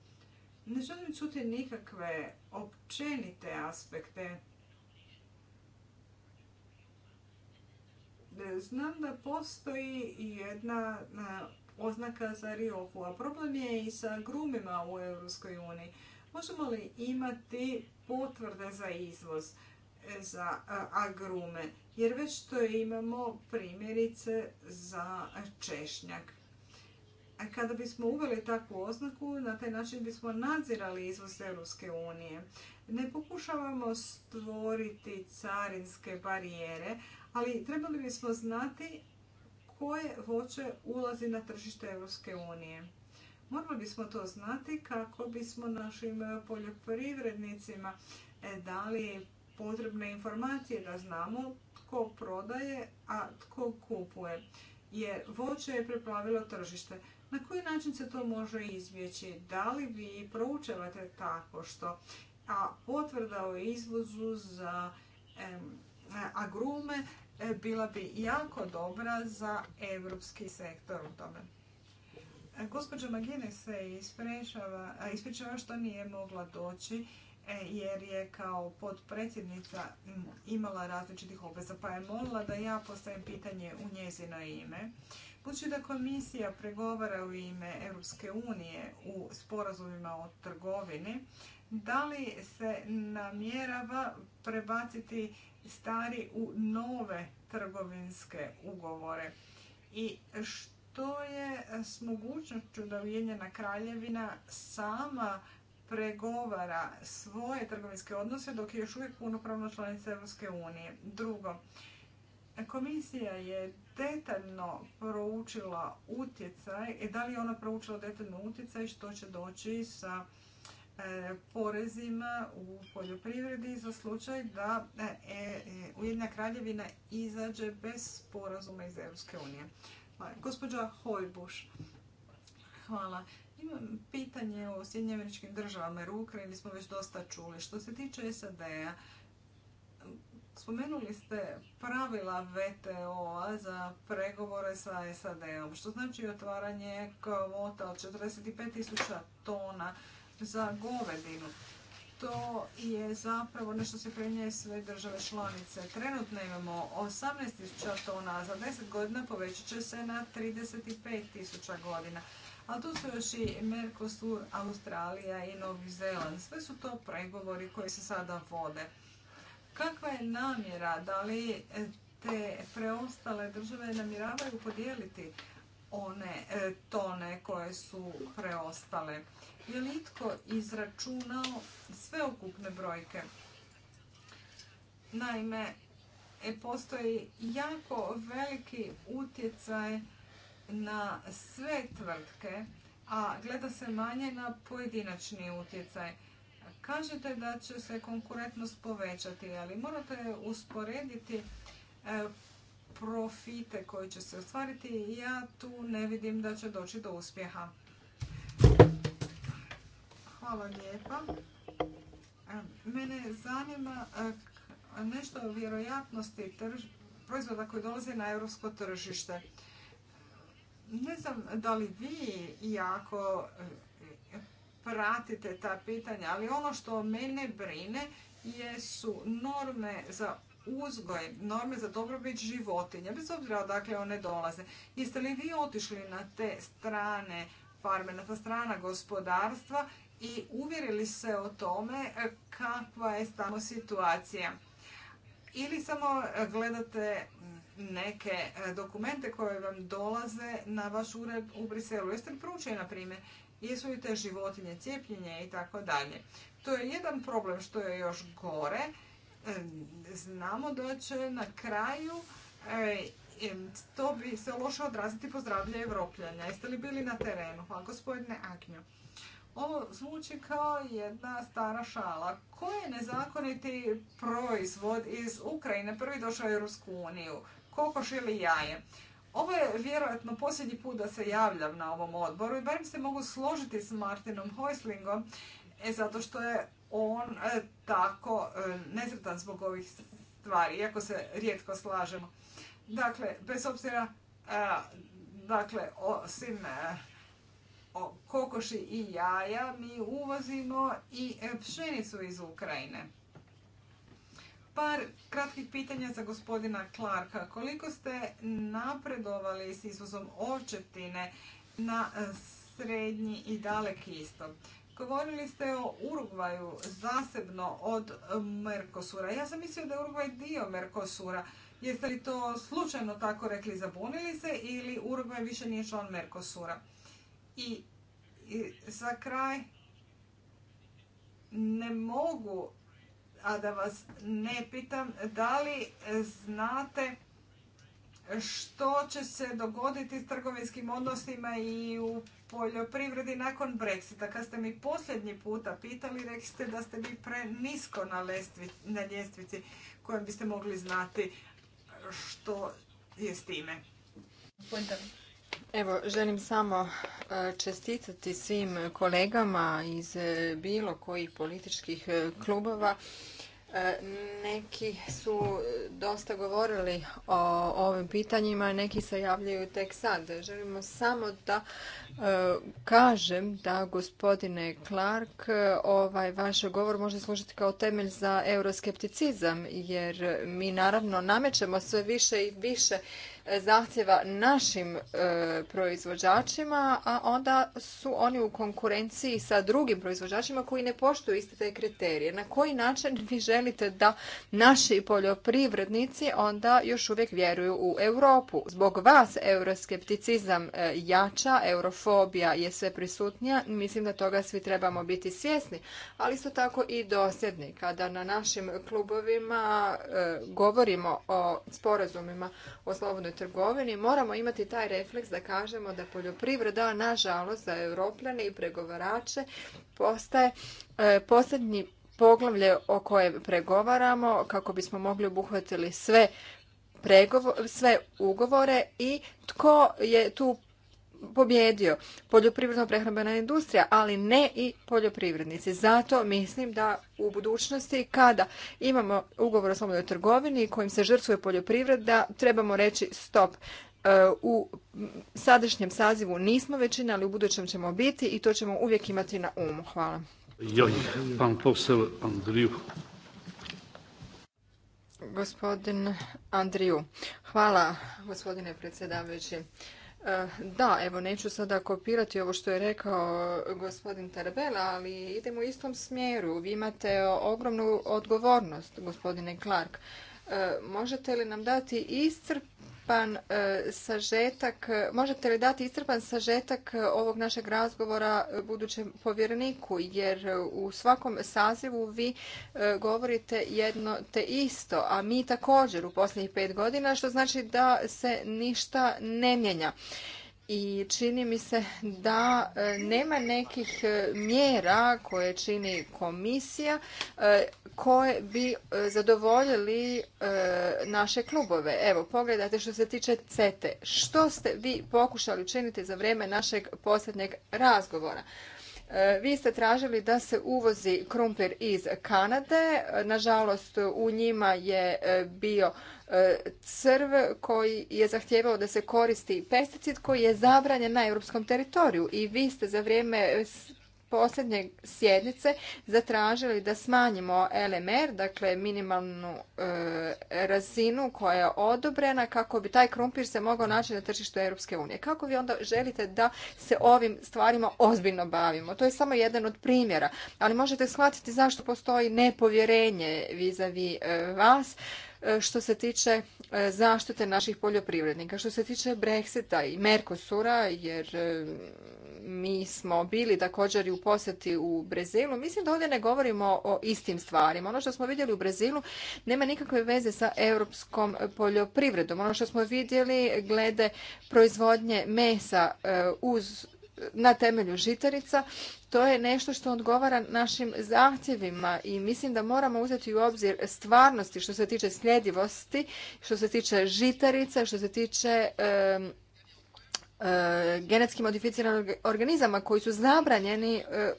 Ne želim čuti nikakve općenite aspekte. E, znam da postoji jedna oznaka za rioku, a problem je i sa grumima u EU. Možemo li imati potvrde za izvoz e, za e, agrume, jer već to imamo primjerice za češnjak. kada bismo uveli takvu oznaku, na taj način bismo nadzirali izvoz Europske unije. Ne pokušavamo stvoriti carinske barijere, ali trebali bismo znati koje voće ulazi na tržište Europske unije. Morali bismo to znati kako bismo našim poljoprivrednicima e, dali potrebne informacije da znamo tko prodaje, a tko kupuje. Jer voće je preplavilo tržište. Na koji način se to može izbjeći? Da li vi proučavate tako što? A potvrda o izvozu za agrume e, bila bi jako dobra za evropski sektor u tome. Gospođa Magine se ispričava, ispričava što nije mogla doći e, jer je kao podpredsjednica imala različitih obveza, pa je molila da ja postavim pitanje u njezino ime. Budući da komisija pregovara u ime Europske unije u sporazumima o trgovini, da li se namjerava prebaciti stari u nove trgovinske ugovore i što to je e, s mogućnošću da Ujedinjena kraljevina sama pregovara svoje trgovinske odnose dok je još uvijek punopravna članica Europske unije. Drugo, komisija je detaljno proučila utjecaj, e, da li je ona proučila detaljno utjecaj što će doći sa e, porezima u poljoprivredi za slučaj da Ujedinjena kraljevina izađe bez sporazuma iz Europske unije. Gospođa Hojbuš, hvala. Imam pitanje o Sjedinjim američkim državama jer u Ukrajini smo već dosta čuli. Što se tiče SAD-a, spomenuli ste pravila VTO-a za pregovore sa SAD-om, što znači otvaranje kvota od 45.000 tona za govedinu to je zapravo nešto ono se prenije sve države članice. Trenutno imamo 18.000 tona, za 10 godina povećat će se na 35.000 godina. A tu su još i Mercosur, Australija i Novi Zeland. Sve su to pregovori koji se sada vode. Kakva je namjera? Da li te preostale države namjeravaju podijeliti one e, tone koje su preostale? Je li itko izračunao okupne brojke? Naime, e, postoji jako veliki utjecaj na sve tvrtke, a gleda se manje na pojedinačni utjecaj. Kažete da će se konkurentnost povećati, ali morate usporediti e, profite koji će se ostvariti i ja tu ne vidim da će doći do uspjeha. Hvala lijepa. E, mene zanima e, nešto o vjerojatnosti proizvoda koji dolaze na europsko tržište. Ne znam da li vi jako e, pratite ta pitanja, ali ono što mene brine jesu norme za uzgoj, norme za dobrobit životinja, bez obzira odakle one dolaze. Jeste li vi otišli na te strane farme, na ta strana gospodarstva i uvjerili se o tome e, kakva je tamo situacija. Ili samo e, gledate neke e, dokumente koje vam dolaze na vaš ured u Briselu. Jeste li proučili, na primjer, jesu li te životinje cijepljenje i tako dalje. To je jedan problem što je još gore. Znamo da će na kraju to bi se loše odraziti po zdravlje Evropljanja. Jeste li bili na terenu? Hvala gospodine Aknju. Ovo zvuči kao jedna stara šala. Koji je nezakoniti proizvod iz Ukrajine prvi došao u Europsku uniju? Kokoš ili jaje? Ovo je vjerojatno posljednji put da se javljam na ovom odboru i barem se mogu složiti s Martinom Hojslingom e, zato što je on e, tako e, nesretan zbog ovih stvari, iako se rijetko slažemo. Dakle, bez obzira, dakle, osim kokoši i jaja mi uvozimo i e, pšenicu iz Ukrajine. Par kratkih pitanja za gospodina Clarka. Koliko ste napredovali s izvozom ovčetine na e, srednji i daleki istok? Govorili ste o Urugvaju zasebno od e, Merkosura. Ja sam mislio da je Urugvaj dio Merkosura. Jeste li to slučajno tako rekli, zabunili se ili Urugvaj više nije član Merkosura? I, za kraj ne mogu, a da vas ne pitam, da li znate što će se dogoditi s trgovinskim odnosima i u poljoprivredi nakon Brexita. Kad ste mi posljednji puta pitali, rekli ste da ste vi pre nisko na, lestvi, na ljestvici kojom biste mogli znati što je s time. Evo, želim samo e, čestitati svim kolegama iz bilo kojih političkih e, klubova. E, neki su dosta govorili o ovim pitanjima, neki se javljaju tek sad. Želimo samo da kažem da, gospodine Clark, ovaj vaš govor može služiti kao temelj za euroskepticizam, jer mi naravno namećemo sve više i više zahtjeva našim e, proizvođačima, a onda su oni u konkurenciji sa drugim proizvođačima koji ne poštuju iste te kriterije. Na koji način vi želite da naši poljoprivrednici onda još uvijek vjeruju u Europu? Zbog vas euroskepticizam e, jača, eurofobija je sve prisutnija, mislim da toga svi trebamo biti svjesni, ali isto tako i dosjedni kada na našim klubovima e, govorimo o sporazumima o slobodnoj trgovini moramo imati taj refleks da kažemo da poljoprivreda, nažalost, za europljane i pregovarače postaje e, posljednji poglavlje o kojem pregovaramo kako bismo mogli obuhvatili sve, sve ugovore i tko je tu pobjedio poljoprivredno prehrambena industrija, ali ne i poljoprivrednici. Zato mislim da u budućnosti kada imamo ugovor o slobodnoj trgovini kojim se žrtvuje poljoprivreda, trebamo reći stop. E, u sadašnjem sazivu nismo većina, ali u budućem ćemo biti i to ćemo uvijek imati na umu. Hvala. Gospodin Andriju. Hvala, gospodine predsjedavajući. Eh, da, evo neću sada kopirati ovo što je rekao gospodin Tarabela, ali idemo u istom smjeru. Vi imate ogromnu odgovornost, gospodine Clark. E, možete li nam dati iscrpan e, sažetak, možete li dati iscrpan sažetak ovog našeg razgovora budućem povjereniku, jer u svakom sazivu vi e, govorite jedno te isto, a mi također u posljednjih pet godina, što znači da se ništa ne mijenja i čini mi se da e, nema nekih e, mjera koje čini komisija e, koje bi zadovoljili naše klubove. Evo, pogledajte što se tiče CETE. Što ste vi pokušali učiniti za vrijeme našeg posljednjeg razgovora? Vi ste tražili da se uvozi krumpir iz Kanade. Nažalost, u njima je bio E, crv koji je zahtijevao da se koristi pesticid koji je zabranjen na europskom teritoriju i vi ste za vrijeme posljednje sjednice zatražili da smanjimo LMR, dakle minimalnu e, razinu koja je odobrena kako bi taj krumpir se mogao naći na tržištu Europske unije. Kako vi onda želite da se ovim stvarima ozbiljno bavimo? To je samo jedan od primjera, ali možete shvatiti zašto postoji nepovjerenje vis-a-vis e, vas. E, što se tiče e, zaštite naših poljoprivrednika. Što se tiče Brexita i Mercosura, jer e, mi smo bili također i u posjeti u Brazilu, mislim da ovdje ne govorimo o istim stvarima. Ono što smo vidjeli u Brazilu nema nikakve veze sa europskom poljoprivredom. Ono što smo vidjeli glede proizvodnje mesa uz na temelju žitarica, to je nešto što odgovara našim zahtjevima i mislim da moramo uzeti u obzir stvarnosti što se tiče sljedivosti, što se tiče žitarica, što se tiče e, genetski modificiranog organizama koji su zabranjeni e,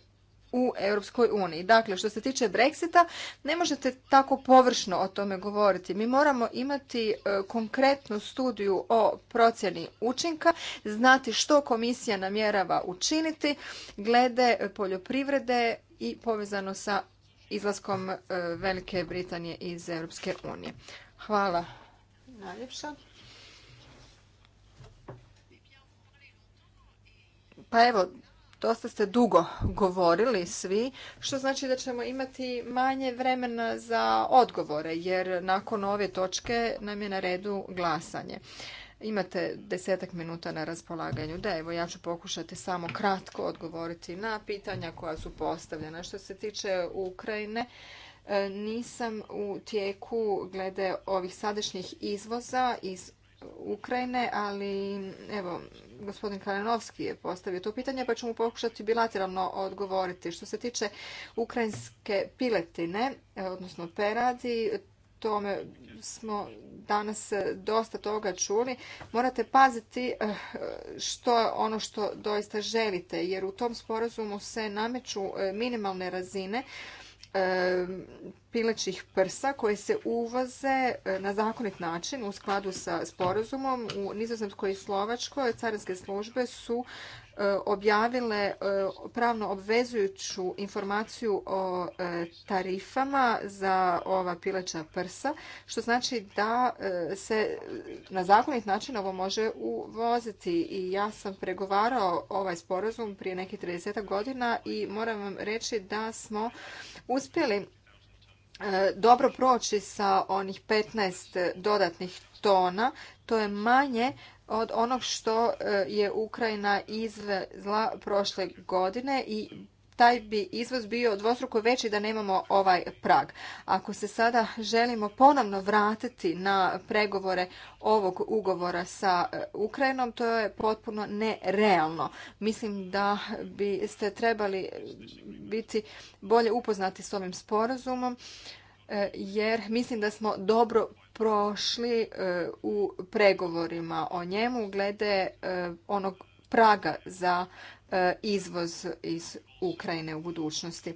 u Europskoj uniji. Dakle, što se tiče Brexita, ne možete tako površno o tome govoriti. Mi moramo imati e, konkretnu studiju o procjeni učinka, znati što komisija namjerava učiniti glede poljoprivrede i povezano sa izlaskom e, Velike Britanije iz Europske unije. Hvala najljepša. Pa evo, dosta ste dugo govorili svi, što znači da ćemo imati manje vremena za odgovore, jer nakon ove točke nam je na redu glasanje. Imate desetak minuta na raspolaganju. Da, evo, ja ću pokušati samo kratko odgovoriti na pitanja koja su postavljena. Što se tiče Ukrajine, e, nisam u tijeku glede ovih sadašnjih izvoza iz Ukrajine, ali evo, gospodin Kalinovski je postavio to pitanje, pa ćemo pokušati bilateralno odgovoriti. Što se tiče ukrajinske piletine, e, odnosno peradi, tome smo danas dosta toga čuli. Morate paziti eh, što je ono što doista želite, jer u tom sporazumu se nameću eh, minimalne razine pilećih prsa koje se uvoze e, na zakonit način u skladu sa sporazumom. U Nizozemskoj i Slovačkoj carinske službe su e, objavile e, pravno obvezujuću informaciju o tarifama za ova pileća prsa, što znači da se na zakonit način ovo može uvoziti. I ja sam pregovarao ovaj sporazum prije nekih 30 godina i moram vam reći da smo uspjeli e, dobro proći sa onih 15 dodatnih tona, to je manje od onog što e, je Ukrajina izvezla prošle godine i taj bi izvoz bio dvostruko veći da nemamo ovaj prag. Ako se sada želimo ponovno vratiti na pregovore ovog ugovora sa e, Ukrajinom, to je potpuno nerealno. Mislim da biste trebali biti bolje upoznati s ovim sporazumom e, jer mislim da smo dobro prošli e, u pregovorima o njemu glede onog praga za izvoz iz Ukrajine u budućnosti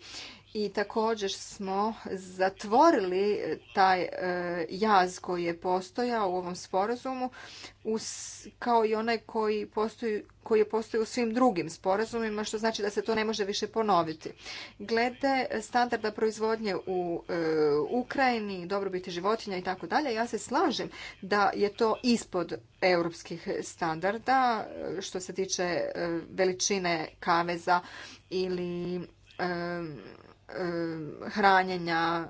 i također smo zatvorili taj e, jaz koji je postojao u ovom sporazumu kao i onaj koji, postoji, koji je postojao u svim drugim sporazumima, što znači da se to ne može više ponoviti. Glede standarda proizvodnje u e, Ukrajini, dobrobiti životinja i tako dalje, ja se slažem da je to ispod europskih standarda što se tiče e, veličine kaveza ili hranjenja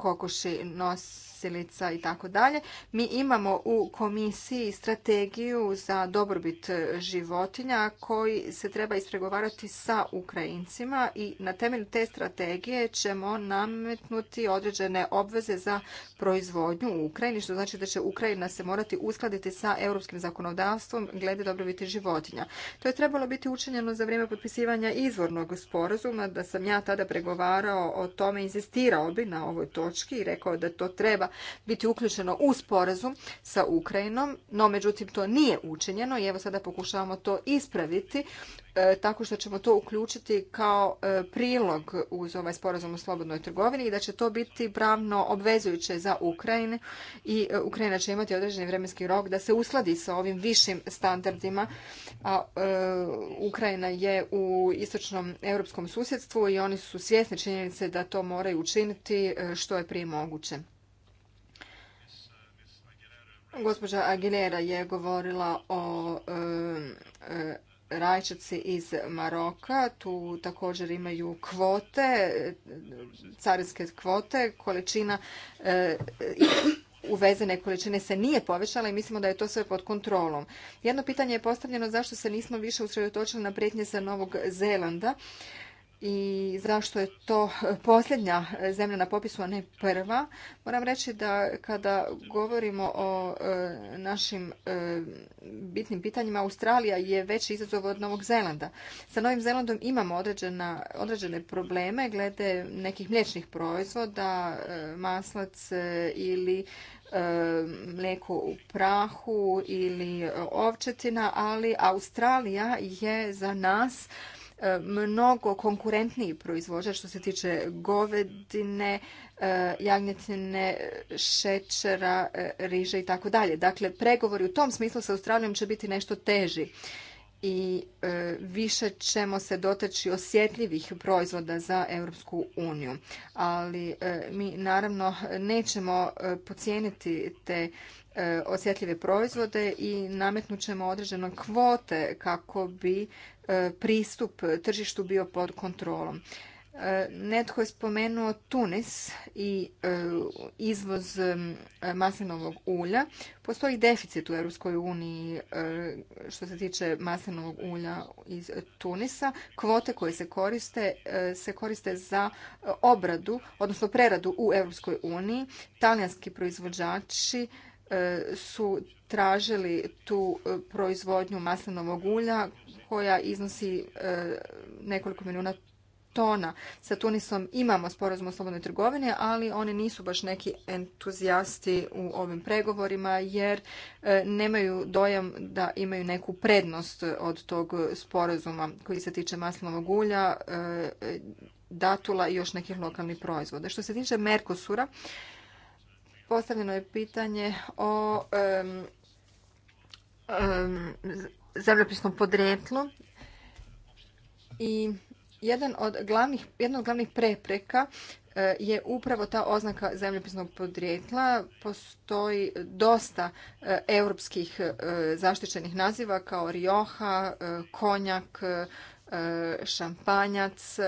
kokoši nosilica i tako dalje. Mi imamo u komisiji strategiju za dobrobit životinja koji se treba ispregovarati sa Ukrajincima i na temelju te strategije ćemo nametnuti određene obveze za proizvodnju u Ukrajini, što znači da će Ukrajina se morati uskladiti sa europskim zakonodavstvom glede dobrobiti životinja. To je trebalo biti učinjeno za vrijeme potpisivanja izvornog sporazuma, da sam ja tada pregovarao o tome, inzistirao bi na ovoj točki i rekao da to treba biti uključeno u sporazum sa Ukrajinom, no međutim to nije učinjeno i evo sada pokušavamo to ispraviti E, tako što ćemo to uključiti kao e, prilog uz ovaj sporazum o slobodnoj trgovini i da će to biti pravno obvezujuće za Ukrajinu i e, Ukrajina će imati određeni vremenski rok da se uskladi sa ovim višim standardima. A Ukrajina je u istočnom europskom susjedstvu i oni su svjesni činjenice da to moraju učiniti što je prije moguće. Gospođa Aguilera je govorila o rajčaci iz Maroka. Tu također imaju kvote, carinske kvote, količina e, uvezene količine se nije povećala i mislimo da je to sve pod kontrolom. Jedno pitanje je postavljeno zašto se nismo više usredotočili na prijetnje sa Novog Zelanda i zašto je to posljednja zemlja na popisu, a ne prva. Moram reći da kada govorimo o e, našim e, bitnim pitanjima, Australija je veći izazov od Novog Zelanda. Sa Novim Zelandom imamo određene probleme glede nekih mliječnih proizvoda, e, maslac ili mlijeko u prahu ili ovčetina, ali Australija je za nas E, mnogo konkurentniji proizvođač što se tiče govedine, e, jagnjetine, šećera, e, riže i tako dalje. Dakle, pregovori u tom smislu sa Australijom će biti nešto teži i više ćemo se doteći osjetljivih proizvoda za Europsku uniju. Ali mi naravno nećemo pocijeniti te osjetljive proizvode i nametnut ćemo određene kvote kako bi E, pristup tržištu bio pod kontrolom. E, netko je spomenuo Tunis i e, izvoz maslinovog ulja. Postoji deficit u Europskoj uniji što se tiče maslinovog ulja iz Tunisa. Kvote koje se koriste se koriste za obradu, odnosno preradu u Europskoj uniji. Talijanski proizvođači su tražili tu proizvodnju maslinovog ulja koja iznosi e, nekoliko milijuna tona. Sa Tunisom imamo sporazum o slobodnoj trgovini, ali oni nisu baš neki entuzijasti u ovim pregovorima jer e, nemaju dojam da imaju neku prednost od tog sporazuma koji se tiče maslinovog ulja, e, datula i još nekih lokalnih proizvoda. Što se tiče Merkosura, postavljeno je pitanje o zemljopisnom podrijetlu i jedan od glavnih, jedna od glavnih prepreka e, je upravo ta oznaka zemljopisnog podrijetla. Postoji dosta e, europskih e, zaštićenih naziva kao Rioja, Konjak, Šampanjac,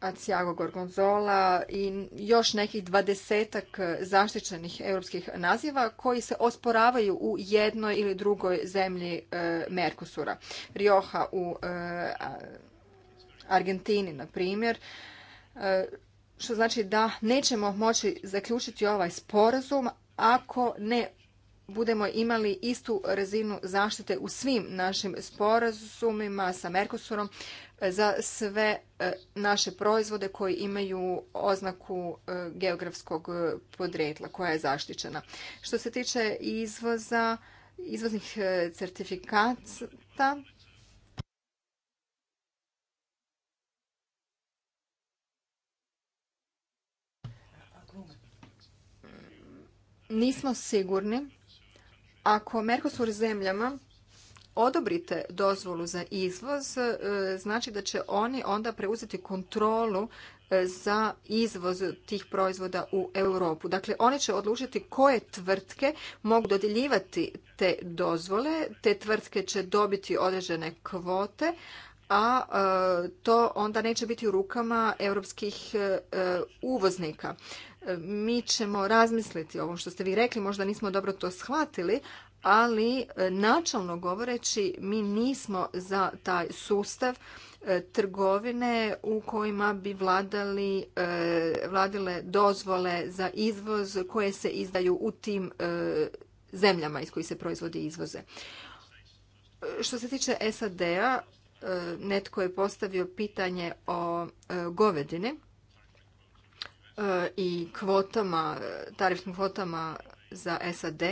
Aciago Gorgonzola i još nekih dvadesetak zaštićenih europskih naziva koji se osporavaju u jednoj ili drugoj zemlji e, Merkusura. Rioja u e, Argentini, na primjer, e, što znači da nećemo moći zaključiti ovaj sporazum ako ne budemo imali istu razinu zaštite u svim našim sporazumima sa Mercosurom za sve e, naše proizvode koji imaju oznaku e, geografskog e, podrijetla koja je zaštićena. Što se tiče izvoza, izvoznih certifikata, nismo sigurni ako Mercosur zemljama odobrite dozvolu za izvoz, e, znači da će oni onda preuzeti kontrolu e, za izvoz tih proizvoda u Europu. Dakle, oni će odlučiti koje tvrtke mogu dodjeljivati te dozvole, te tvrtke će dobiti određene kvote, a e, to onda neće biti u rukama europskih uvoznika. Mi ćemo razmisliti o ovom što ste vi rekli, možda nismo dobro to shvatili, ali e, načalno govoreći mi nismo za taj sustav e, trgovine u kojima bi vladali, e, vladile dozvole za izvoz koje se izdaju u tim zemljama iz kojih se proizvodi izvoze. Što se tiče SAD-a, netko je postavio pitanje o govedini i kvotama, tarifnim kvotama za SAD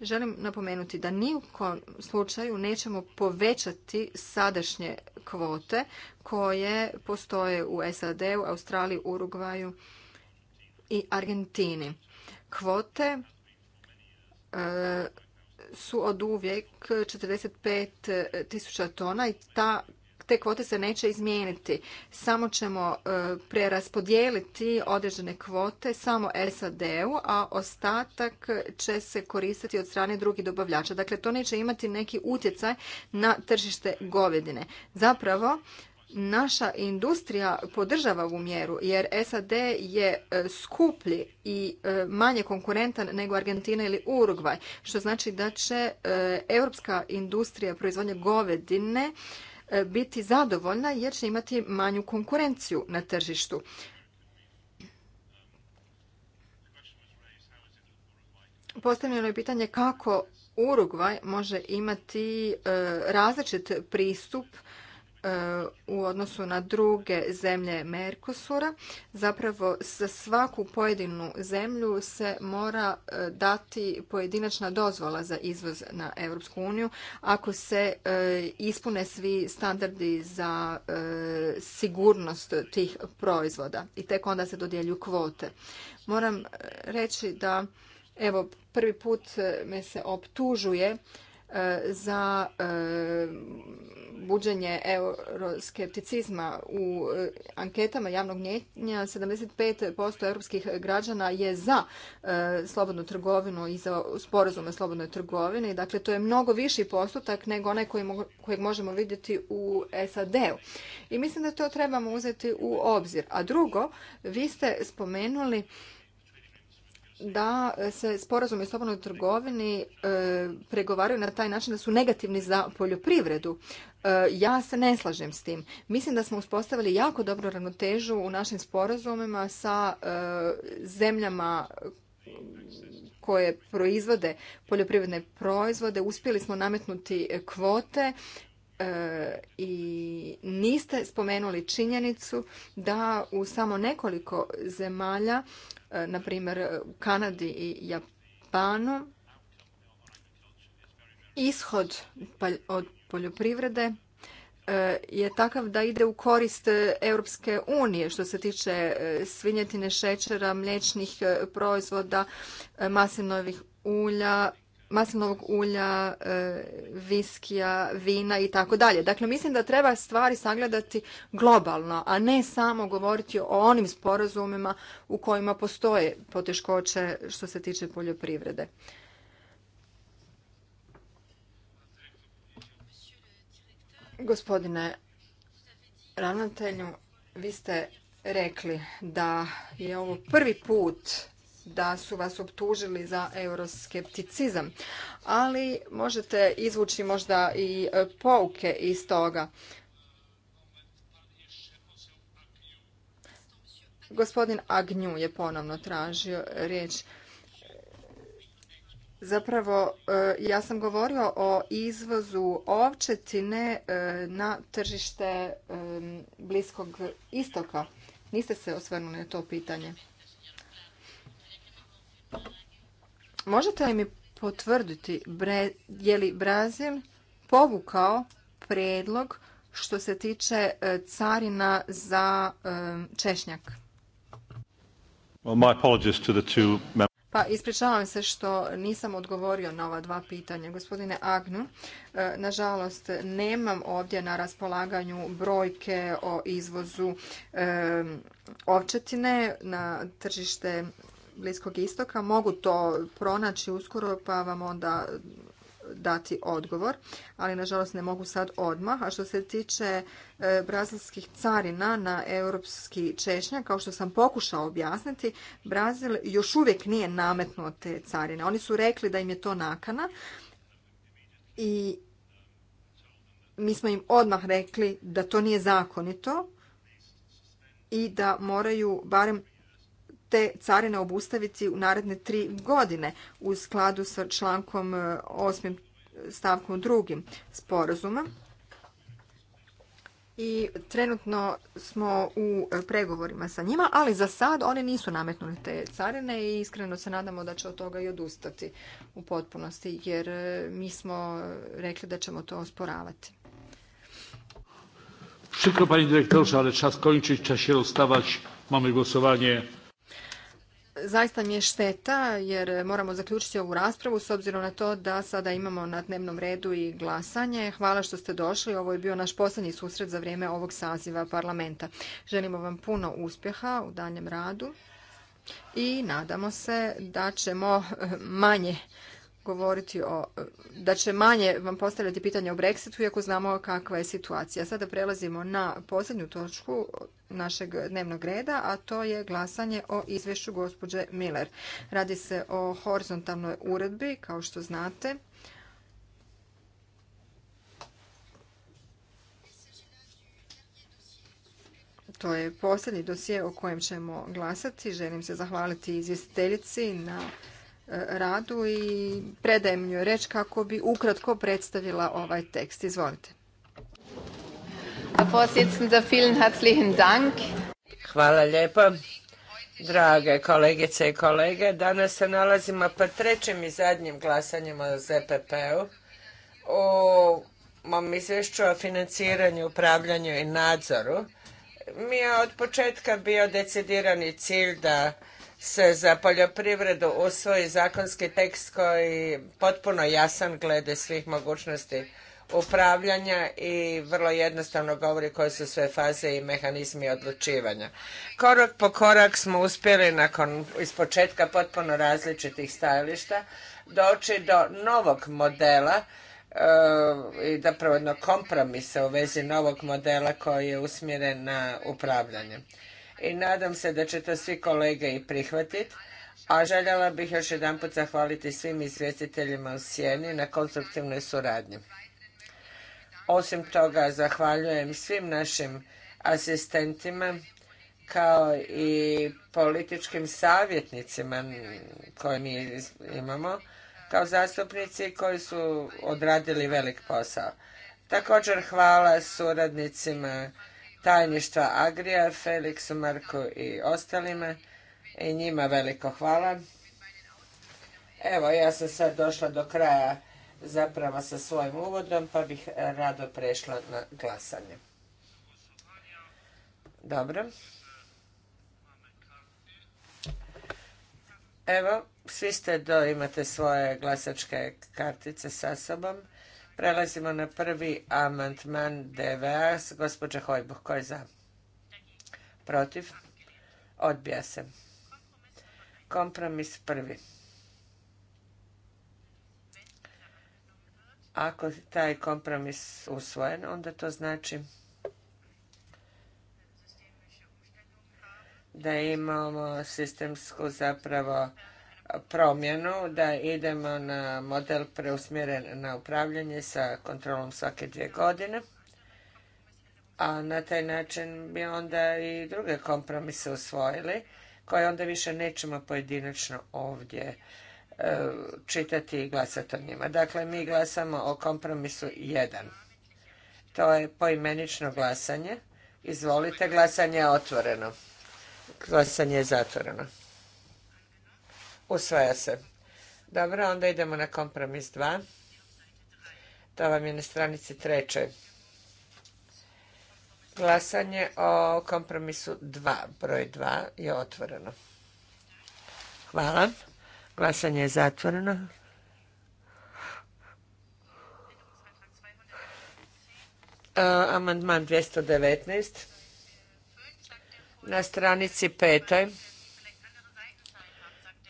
želim napomenuti da ni u kom slučaju nećemo povećati sadašnje kvote koje postoje u SAD-u, Australiji, Urugvaju i Argentini. Kvote e, su od uvijek 45 tisuća tona i ta te kvote se neće izmijeniti. Samo ćemo e, preraspodijeliti određene kvote samo SAD-u, a ostatak će se koristiti od strane drugih dobavljača. Dakle, to neće imati neki utjecaj na tržište govedine. Zapravo, naša industrija podržava ovu mjeru jer SAD je e, skuplji i e, manje konkurentan nego Argentina ili Urugvaj, što znači da će europska industrija proizvodnje govedine E, biti zadovoljna jer će imati manju konkurenciju na tržištu. Postavljeno je pitanje kako Urugvaj može imati e, različit pristup E, u odnosu na druge zemlje Merkosura. Zapravo za svaku pojedinu zemlju se mora e, dati pojedinačna dozvola za izvoz na Europsku uniju ako se e, ispune svi standardi za sigurnost tih proizvoda i tek onda se dodjelju kvote. Moram reći da evo prvi put me se optužuje za e, buđenje euroskepticizma. U e, anketama javnog pet 75% europskih građana je za e, slobodnu trgovinu i za sporazume o slobodnoj trgovini. Dakle, to je mnogo viši postotak nego onaj kojeg možemo vidjeti u SAD-u. I mislim da to trebamo uzeti u obzir. A drugo, vi ste spomenuli da se sporazumi o slobodnoj trgovini e, pregovaraju na taj način da su negativni za poljoprivredu. E, ja se ne slažem s tim. Mislim da smo uspostavili jako dobru ravnotežu u našim sporazumima sa e, zemljama koje proizvode poljoprivredne proizvode. Uspjeli smo nametnuti kvote i niste spomenuli činjenicu da u samo nekoliko zemalja E, na primjer e, u Kanadi i Japanu, ishod od poljoprivrede e, je takav da ide u korist Europske unije što se tiče svinjetine, šećera, mliječnih proizvoda, maslinovih ulja, maslinovog ulja, e, viskija, vina i tako dalje. Dakle, mislim da treba stvari sagledati globalno, a ne samo govoriti o onim sporazumima u kojima postoje poteškoće što se tiče poljoprivrede. Gospodine ravnatelju, vi ste rekli da je ovo prvi put da su vas optužili za euroskepticizam, ali možete izvući možda i e, pouke iz toga. Gospodin Agnju je ponovno tražio riječ. Zapravo, e, ja sam govorio o izvozu ovčetine e, na tržište Bliskog istoka. Niste se osvrnuli na to pitanje. Možete li mi potvrditi je li Brazil povukao predlog što se tiče e, carina za e, češnjak? Pa ispričavam se što nisam odgovorio na ova dva pitanja. Gospodine Agnu, e, nažalost nemam ovdje na raspolaganju brojke o izvozu ovčetine na tržište Bliskog istoka. Mogu to pronaći uskoro pa vam onda dati odgovor, ali nažalost ne mogu sad odmah. A što se tiče e, brazilskih carina na europski Češnja, kao što sam pokušao objasniti, Brazil još uvijek nije nametnuo te carine. Oni su rekli da im je to nakana i mi smo im odmah rekli da to nije zakonito i da moraju barem te carine obustaviti u naredne tri godine u skladu sa člankom 8. E, stavkom 2. sporazuma. I trenutno smo u e, pregovorima sa njima, ali za sad one nisu nametnuli te carine i iskreno se nadamo da će od toga i odustati u potpunosti, jer e, mi smo rekli da ćemo to osporavati. Pani Dyrektorze, ale czas kończyć, się rozstawać. Mamy Zaista mi je šteta jer moramo zaključiti ovu raspravu s obzirom na to da sada imamo na dnevnom redu i glasanje. Hvala što ste došli. Ovo je bio naš posljednji susret za vrijeme ovog saziva parlamenta. Želimo vam puno uspjeha u danjem radu i nadamo se da ćemo eh, manje govoriti o, da će manje vam postavljati pitanje o Brexitu, iako znamo kakva je situacija. Sada prelazimo na posljednju točku našeg dnevnog reda, a to je glasanje o izvješću gospođe Miller. Radi se o horizontalnoj uredbi, kao što znate. To je posljednji dosije o kojem ćemo glasati. Želim se zahvaliti izvjestiteljici na E, radu i predajem joj reč kako bi ukratko predstavila ovaj tekst. Izvolite. Hvala lijepa. Drage kolegice i kolege, danas se nalazimo po trećim i zadnjim glasanjem o ZPP-u, o mom izvješću o financiranju, upravljanju i nadzoru. Mi je od početka bio decidirani cilj da se za poljoprivredu usvoji zakonski tekst koji potpuno jasan glede svih mogućnosti upravljanja i vrlo jednostavno govori koje su sve faze i mehanizmi odlučivanja. Korak po korak smo uspjeli nakon ispočetka potpuno različitih stajališta doći do novog modela e, i da jednog kompromisa u vezi novog modela koji je usmjeren na upravljanje i nadam se da će to svi kolege i prihvatiti. A željela bih još jedanput zahvaliti svim izvjestiteljima u Sjeni na konstruktivnoj suradnji. Osim toga, zahvaljujem svim našim asistentima kao i političkim savjetnicima koje mi imamo kao zastupnici koji su odradili velik posao. Također hvala suradnicima tajništva Agrija, Felixu Marku i ostalima. I njima veliko hvala. Evo, ja sam sad došla do kraja zapravo sa svojim uvodom, pa bih rado prešla na glasanje. Dobro. Evo, svi ste do, imate svoje glasačke kartice sa sobom. Prelazimo na prvi amantman DVA. Gospođa Hojbuh, ko je za? Protiv? Odbija se. Kompromis prvi. Ako je taj kompromis usvojen, onda to znači da imamo sistemsku zapravo promjenu da idemo na model preusmjeren na upravljanje sa kontrolom svake dvije godine, a na taj način bi onda i druge kompromise usvojili koje onda više nećemo pojedinačno ovdje e, čitati i glasati o njima. Dakle, mi glasamo o kompromisu 1. To je poimenično glasanje. Izvolite, glasanje je otvoreno. Glasanje je zatvoreno. Usvaja se. Dobro, onda idemo na kompromis 2. To vam je na stranici trećoj. Glasanje o kompromisu 2, broj 2, je otvoreno. Hvala. Glasanje je zatvoreno. E, amandman 219. Na stranici petoj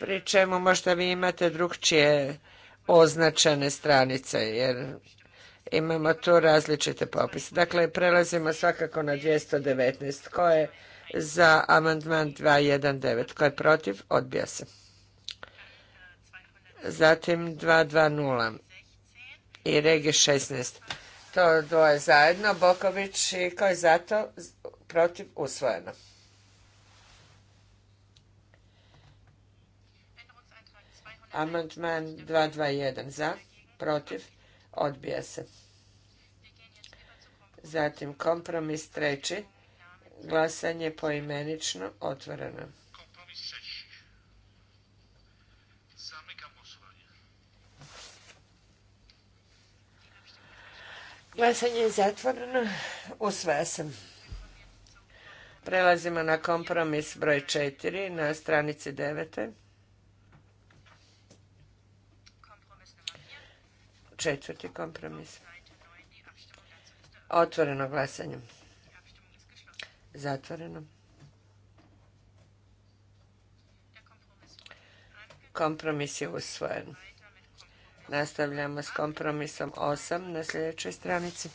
pri čemu možda vi imate drugčije označene stranice, jer imamo tu različite popise. Dakle, prelazimo svakako na 219. Ko je za amandman 219? Tko je protiv? Odbija se. Zatim 220 i Regi 16. To dvoje zajedno, Boković i ko je za to? Protiv? Usvojeno. Amandman 221 za, protiv, odbija se. Zatim kompromis treći, glasanje poimenično otvoreno. Glasanje je zatvoreno. Usvaja se. Prelazimo na kompromis broj četiri na stranici 9. Četvrti kompromis. Otvoreno glasanje. Zatvoreno. Kompromis je usvojen. Nastavljamo s kompromisom 8 na sljedećoj stranici.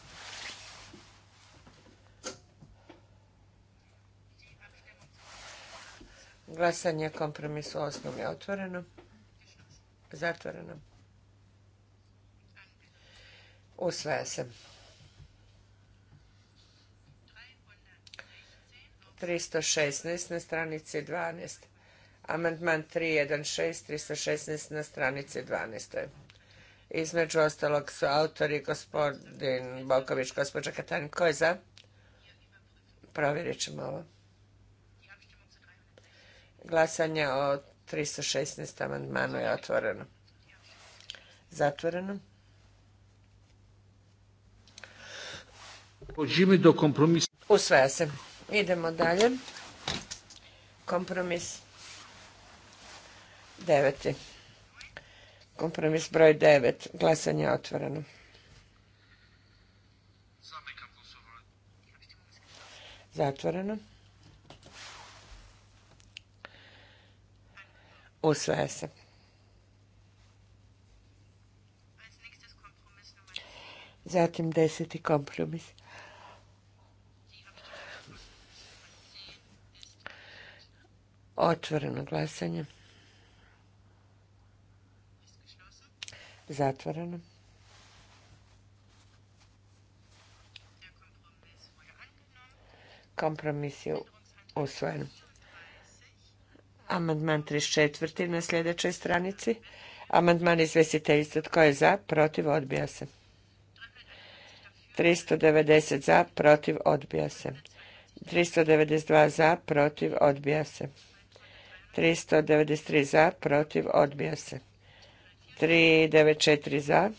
Glasanje kompromisu 8 je otvoreno. Zatvoreno. Usvaja se. 316 na stranici 12. Amandman 316, 316 na stranici 12. Između ostalog su autori gospodin Boković, gospođa Katarin. Ko je za? Provjerit ćemo ovo. Glasanje o 316 amandmanu je otvoreno. Zatvoreno. do Usvaja se. Idemo dalje. Kompromis deveti. Kompromis broj devet. Glasanje je otvoreno. Zatvoreno. Usvaja se. Zatim deseti kompromis. Otvoreno glasanje. Zatvoreno. Kompromis je usvojen. Amandman 34. na sljedećoj stranici. Amandman izvjestiteljice. Tko je za? Protiv? Odbija se. 390 za, protiv, odbija se. 392 za, protiv, odbija se. 393 za, protiv, odbija se. 394 za,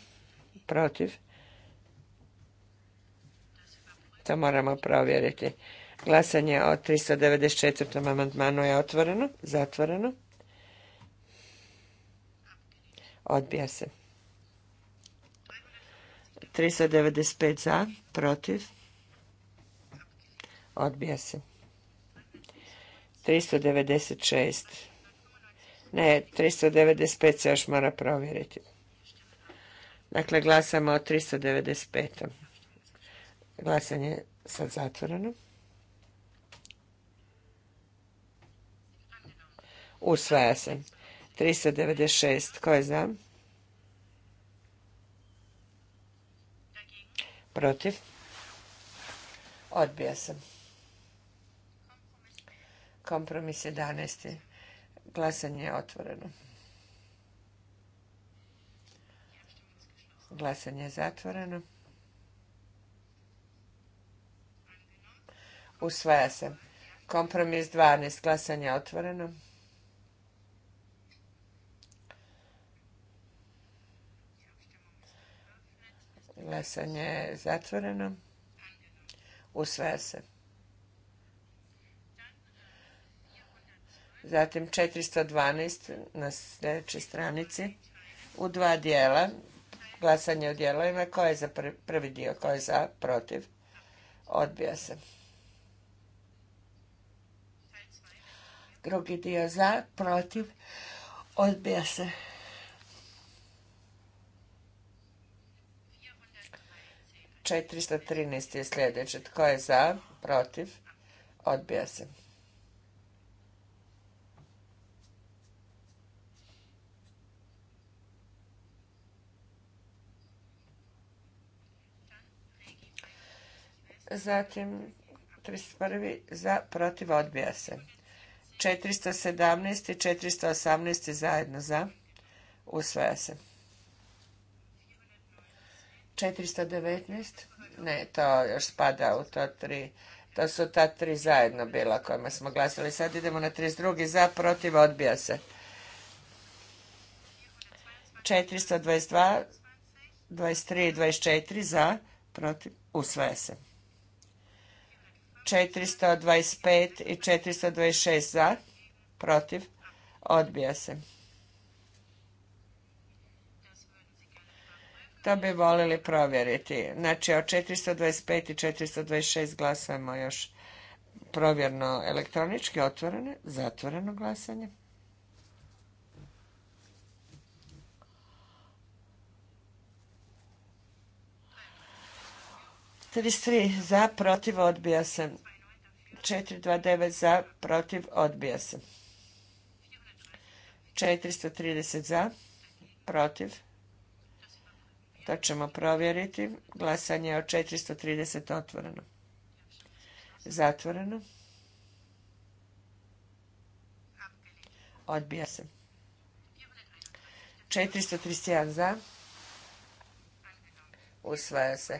protiv. To moramo provjeriti. Glasanje o 394. amandmanu je otvoreno, zatvoreno. Odbija se. 395 za, protiv. Odbija se. 396. Ne, 395 se još mora provjeriti. Dakle, glasamo o 395. Glasanje je sad zatvoreno. Usvaja se. 396. Ko je za? Protiv? Odbija se. Kompromis 11. Glasanje je otvoreno. Glasanje je zatvoreno. Usvaja se. Kompromis 12. Glasanje je otvoreno. Glasanje je zatvoreno. Usvaja se. Zatim 412 na sljedećoj stranici u dva dijela, glasanje o dijelovima, koje je za prvi dio, koje je za protiv, odbija se. Drugi dio za, protiv, odbija se. 413 je sljedeće. Tko je za? Protiv? Odbija se. Zatim 31. za protiv odbija se. 417. i 418. zajedno za usvaja se. 419. Ne, to još spada u to tri. To su ta tri zajedno bila kojima smo glasili. Sad idemo na 32. za protiv odbija se. 422, 23 i 24 za protiv usvaja se. 425 i 426 za, protiv, odbija se. To bi volili provjeriti. Znači, od 425 i 426 glasujemo još provjerno elektronički, otvoreno, zatvoreno glasanje. 33 za, protiv, odbija se. 429 za, protiv, odbija se. 430 za, protiv. To ćemo provjeriti. Glasanje je o 430 otvoreno. Zatvoreno. Odbija se. 431 za. Usvaja se.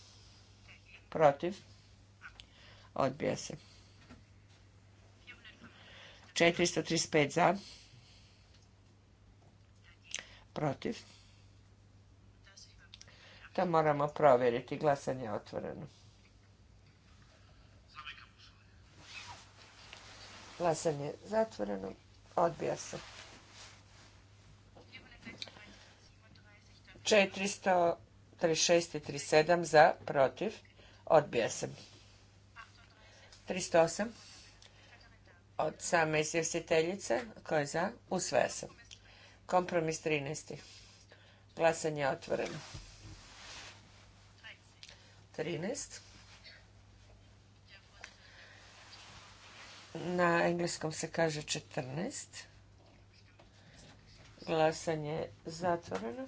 Protiv. Odbija se. 435 za. Protiv. To moramo provjeriti. Glasanje je otvoreno. Glasanje je zatvoreno. Odbija se. 436 i 37 za, protiv. Odbija se. 308. Od same izvjestiteljice. Ko je za? Usvaja se. Kompromis 13. Glasanje je otvoreno. 13. Na engleskom se kaže 14. Glasanje je zatvoreno.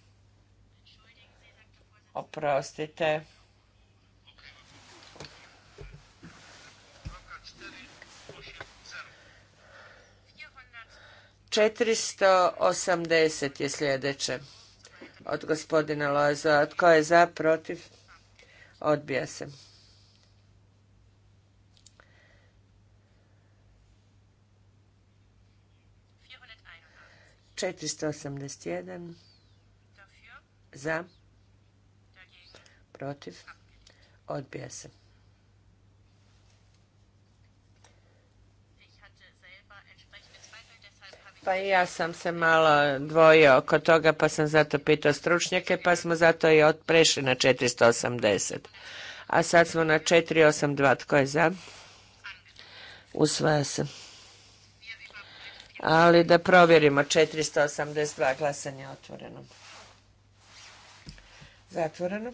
Oprostite. Četiristo osamdeset je sljedeće od gospodina Lozova. Tko je za, protiv? Odbija se. Četiristo osamdeset jedan. Za protiv, odbija se. Pa i ja sam se malo dvojio oko toga, pa sam zato pitao stručnjake, pa smo zato i prešli na 480. A sad smo na 482. Tko je za? Usvaja se. Ali da provjerimo 482 glasanje otvoreno. Zatvoreno.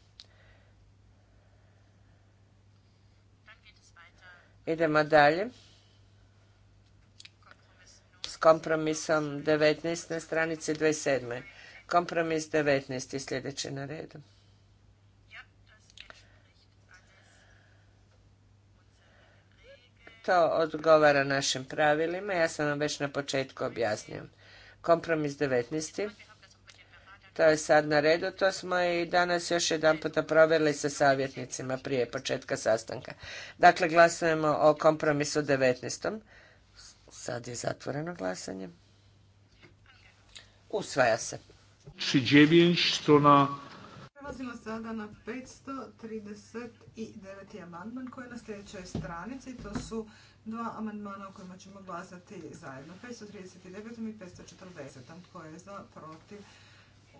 Idemo dalje. S kompromisom 19 na stranici 27. Kompromis 19 je sljedeći na redu. To odgovara našim pravilima. Ja sam vam već na početku objasnio. Kompromis 19 to je sad na redu, to smo i danas još jedan puta provjerili sa savjetnicima prije početka sastanka. Dakle, glasujemo o kompromisu 19. Sad je zatvoreno glasanje. Usvaja se. Prelazimo sada na 539. amandman koji je na sljedećoj stranici. To su dva amandmana o kojima ćemo glasati zajedno. 539. i 540. Tko je za, protiv,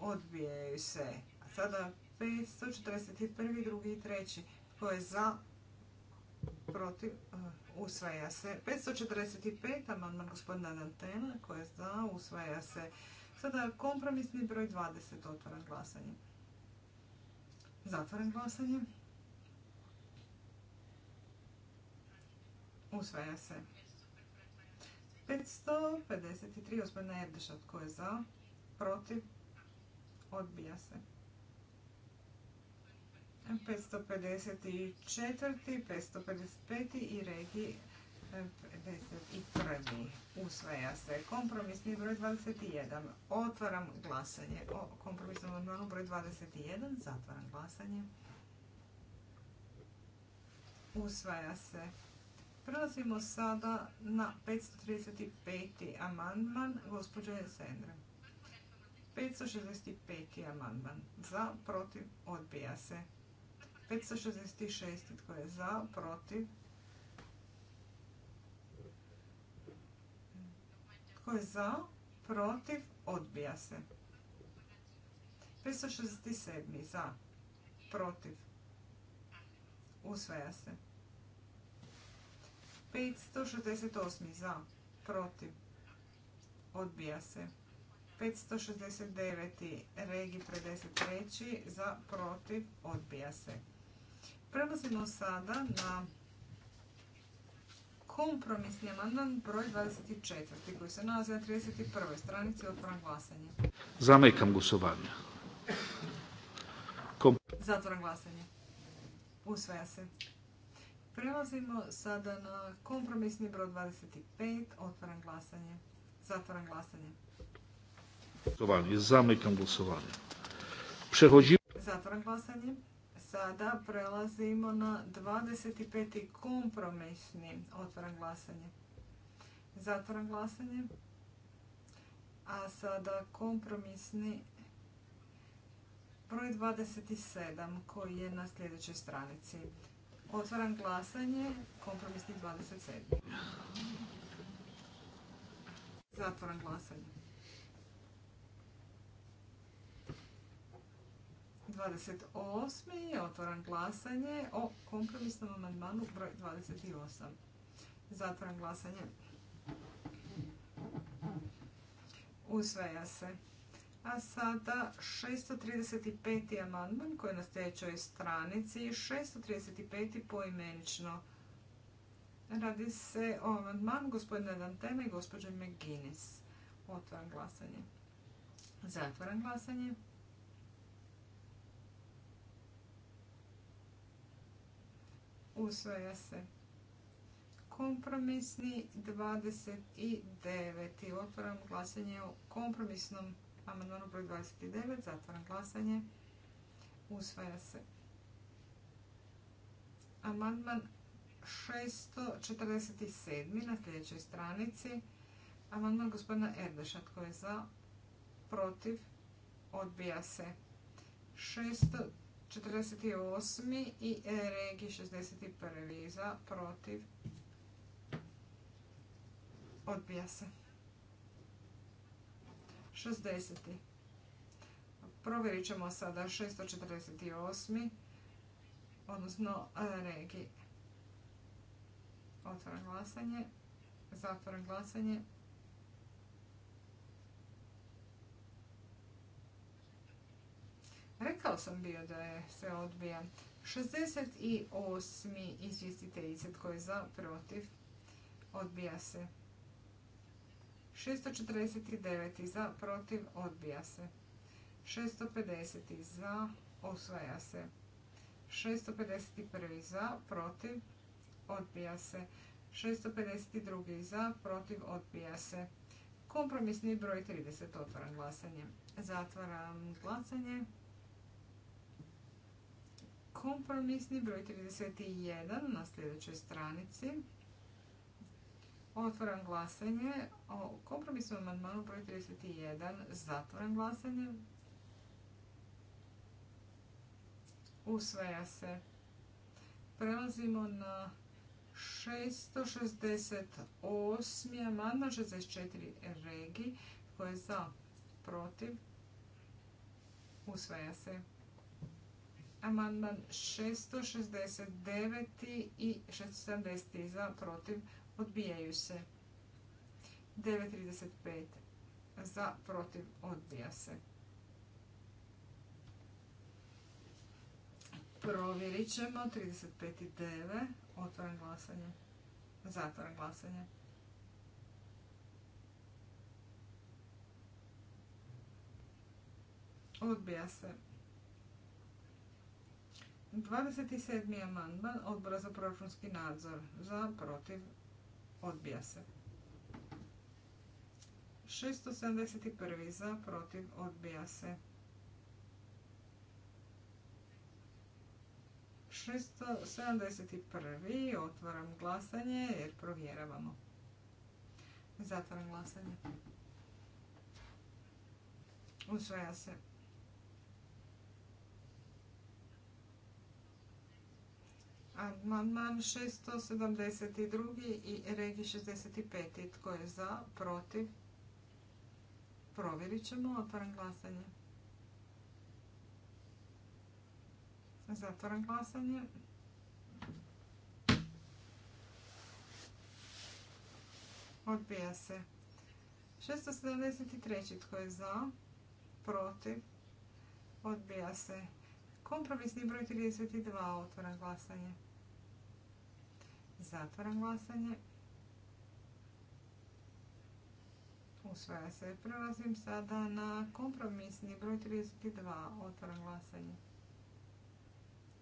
odbijaju se. A sada 541. drugi i treći. Tko je za? Protiv? E, usvaja se. 545. amandman gospodina Dantena. Tko je za? Usvaja se. Sada kompromisni broj 20. Otvoren glasanje. Zatvoren glasanje. Usvaja se. 553. gospodina Erdeša. Tko je za? Protiv? odbija se. 554. 555. i regi 51. E, Usvaja se kompromisni broj 21. Otvaram glasanje o kompromisnom odmanu broj 21. Zatvaram glasanje. Usvaja se. Prelazimo sada na 535. amandman gospođe Sendra. 565. amandman. Za, protiv, odbija se. 566. Tko je za, protiv? Tko je za, protiv, odbija se. 567. Za, protiv, usvaja se. 568. Za, protiv, odbija se. 569. regi 53. za protiv odbija se. Prelazimo sada na kompromisni amandman broj 24. koji se nalazi na 31. stranici otvoran glasanje. Zamekam glasovanje. Zatvoran glasanje. Usvaja se. Prelazimo sada na kompromisni broj 25. Otvoran glasanje. Zatvoran glasanje. Zatvaram glasovanje. Przechodzimy. glasanje. Sada prelazimo na 25. kompromisni. otvoran glasanje. Zatvoran glasanje. A sada kompromisni broj 27 koji je na sljedećoj stranici. Otvoran glasanje, kompromisni 27. Zatvoran glasanje. 28. je glasanje o kompromisnom amandmanu broj 28. Zatvoran glasanje. Usvaja se. A sada 635. amandman koji je na sljedećoj stranici. 635. poimenično. Radi se o amandmanu gospodina Danteme i gospođe McGinnis. Otvaram glasanje. Zatvoran glasanje. usvaja se. Kompromisni 29. Otvaram glasanje o kompromisnom amandmanu broj 29. Zatvaram glasanje. Usvaja se. Amandman 647. na sljedećoj stranici. Amandman gospodina Erdeša. Tko je za? Protiv? Odbija se. 48. i regi 61. iza protiv odbija se. 60. Provjerit ćemo sada 648. odnosno e, regi. Otvoren glasanje, zatvoren glasanje, Rekao sam bio da je se odbija. 68. izvjestiteljice koji je za, protiv, odbija se. 649. za, protiv, odbija se. 650. za, osvaja se. 651. za, protiv, odbija se. 652. za, protiv, odbija se. Kompromisni broj 30. Otvaram glasanje. Zatvaram glasanje. Kompromisni broj 31 na sljedećoj stranici. Otvoram glasanje o kompromisnom amandmanu broj 31. Zatvoram glasanje. Usvaja se. Prelazimo na 668. amandman 64 regi. Tko je za? Protiv? Usvaja se. Amandman 669. i 670. za protiv odbijaju se. 9.35 za protiv odbija se. Provjerit ćemo 35.9. Otvoren glasanje. Zatvoren glasanje. Odbija se. 27. amandman odbora za proračunski nadzor. Za, protiv, odbija se. 671. za, protiv, odbija se. 671. Otvaram glasanje jer provjeravamo. Zatvaram glasanje. Usvaja se. Amandman 672. i regi 65. Tko je za? Protiv? Provjerit ćemo. Otvaram glasanje. Zatvaram glasanje. Odbija se. 673. Tko je za? Protiv? Odbija se. Kompromisni broj 32. otvoran glasanje. Zatvaram glasanje. Usvaja se. Prelazim sada na kompromisni broj 32. E, Otvaram glasanje.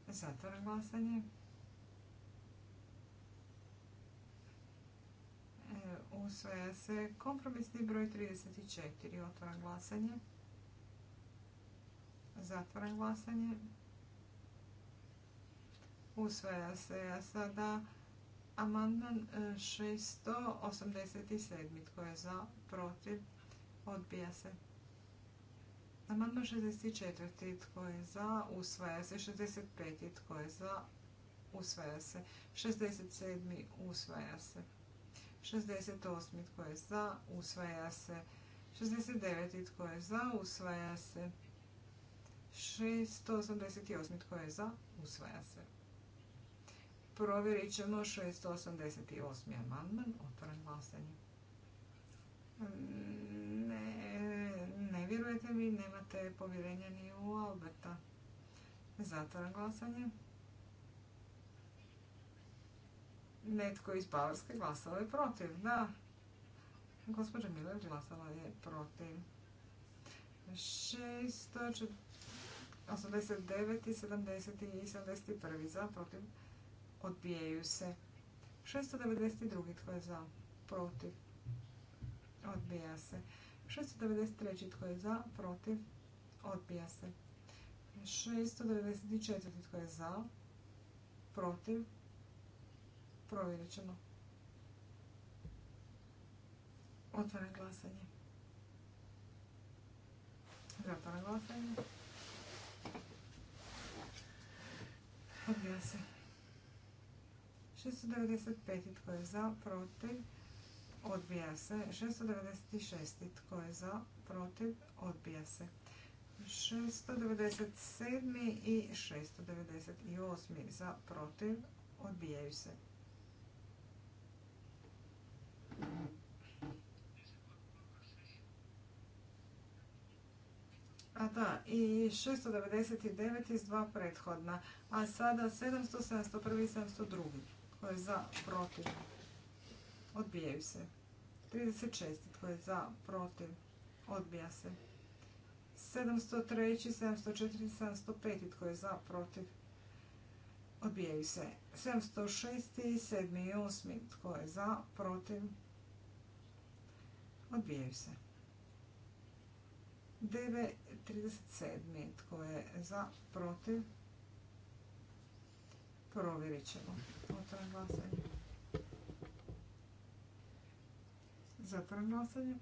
Zatvaram glasanje. Usvaja se kompromisni broj 34. Otvaram glasanje. Zatvaram glasanje. Usvaja se. sada sada Amandman 687. E, Tko je za? Protiv? Odbija se. Amandman 64. Tko je za? Usvaja se. 65. Tko je za? Usvaja se. 67. Usvaja se. 68. Tko je za? Usvaja se. 69. Tko je za? Usvaja se. 688. Tko je za? Usvaja se. Provjerit ćemo 688. amandman. Otvoren glasanje. Mm, ne, ne vjerujete mi, nemate povjerenja ni u Alberta. Zatvoren glasanje. Netko iz Bavarske glasalo je protiv, da. Gospođa Miller glasala je protiv. 689. i 70. i 71. za protiv odbijaju se. 692. tko je za, protiv, odbija se. 693. tko je za, protiv, odbija se. 694. tko je za, protiv, provjerit ćemo. glasanje. Zatvaram glasanje. Odbija se. 695. Tko je za? Protiv? Odbija se. 696. Tko je za? Protiv? Odbija se. 697. i 698. Za? Protiv? Odbijaju se. A da, i 699 iz dva prethodna, a sada 700, 701 i 702. Tko je za? Protiv. Odbijaju se. 36. Tko je za? Protiv. Odbija se. 703. 704. 705. Tko je za? Protiv. Odbijaju se. 706. 7. i 8. Tko je za? Protiv. Odbijaju se. 9.37. Tko je za? Protiv. Provjerit ćemo. Otvaram glasanje. Zatvaram glasanje.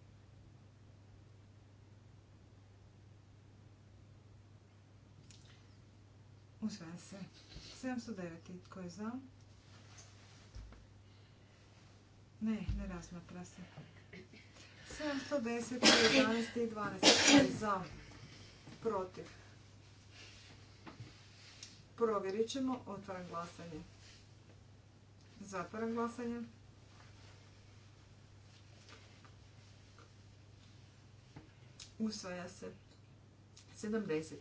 Usvaja se. 709. Tko je za? Ne, ne razmatra se. 710, 11 i 12. Tko je za? Protiv. Provjerit ćemo. Otvaram glasanje. Zatvaram glasanje. Usvaja se. 70.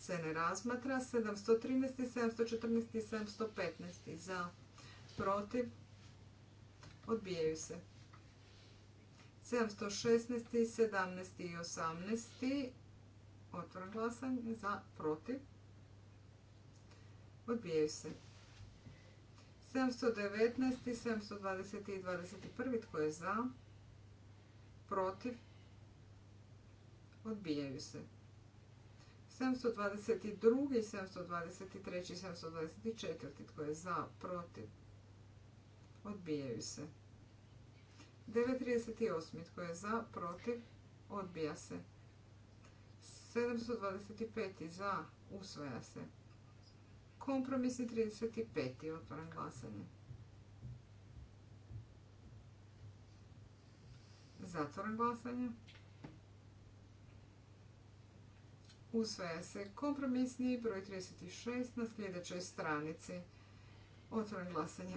Se ne razmatra. 713. 714. i 715. Za. Protiv. Odbijaju se. 716. 17. i 18. Otvoram glasanje. Za. Protiv. Odbijaju se. 719, 720 i 21. Tko je za? Protiv? Odbijaju se. 722, 723, 724. Tko je za? Protiv? Odbijaju se. 938. Tko je za? Protiv? Odbija se. 725. Za? Usvaja se. Kompromisni 35. Otvoren glasanje. Zatvoren glasanje. Usvaja se kompromisni broj 36 na sljedećoj stranici. Otvoren glasanje.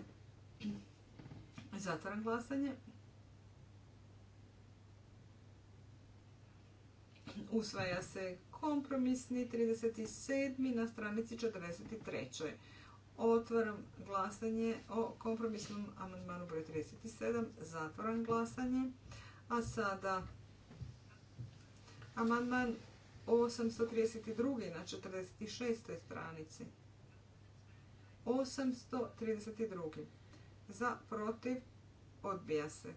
Zatvoran glasanje. Usvaja se kompromisni 37. na stranici 43. Otvaram glasanje o kompromisnom amandmanu broj 37. Zatvaram glasanje. A sada amandman 832. na 46. stranici. 832. Za, protiv, odbija se.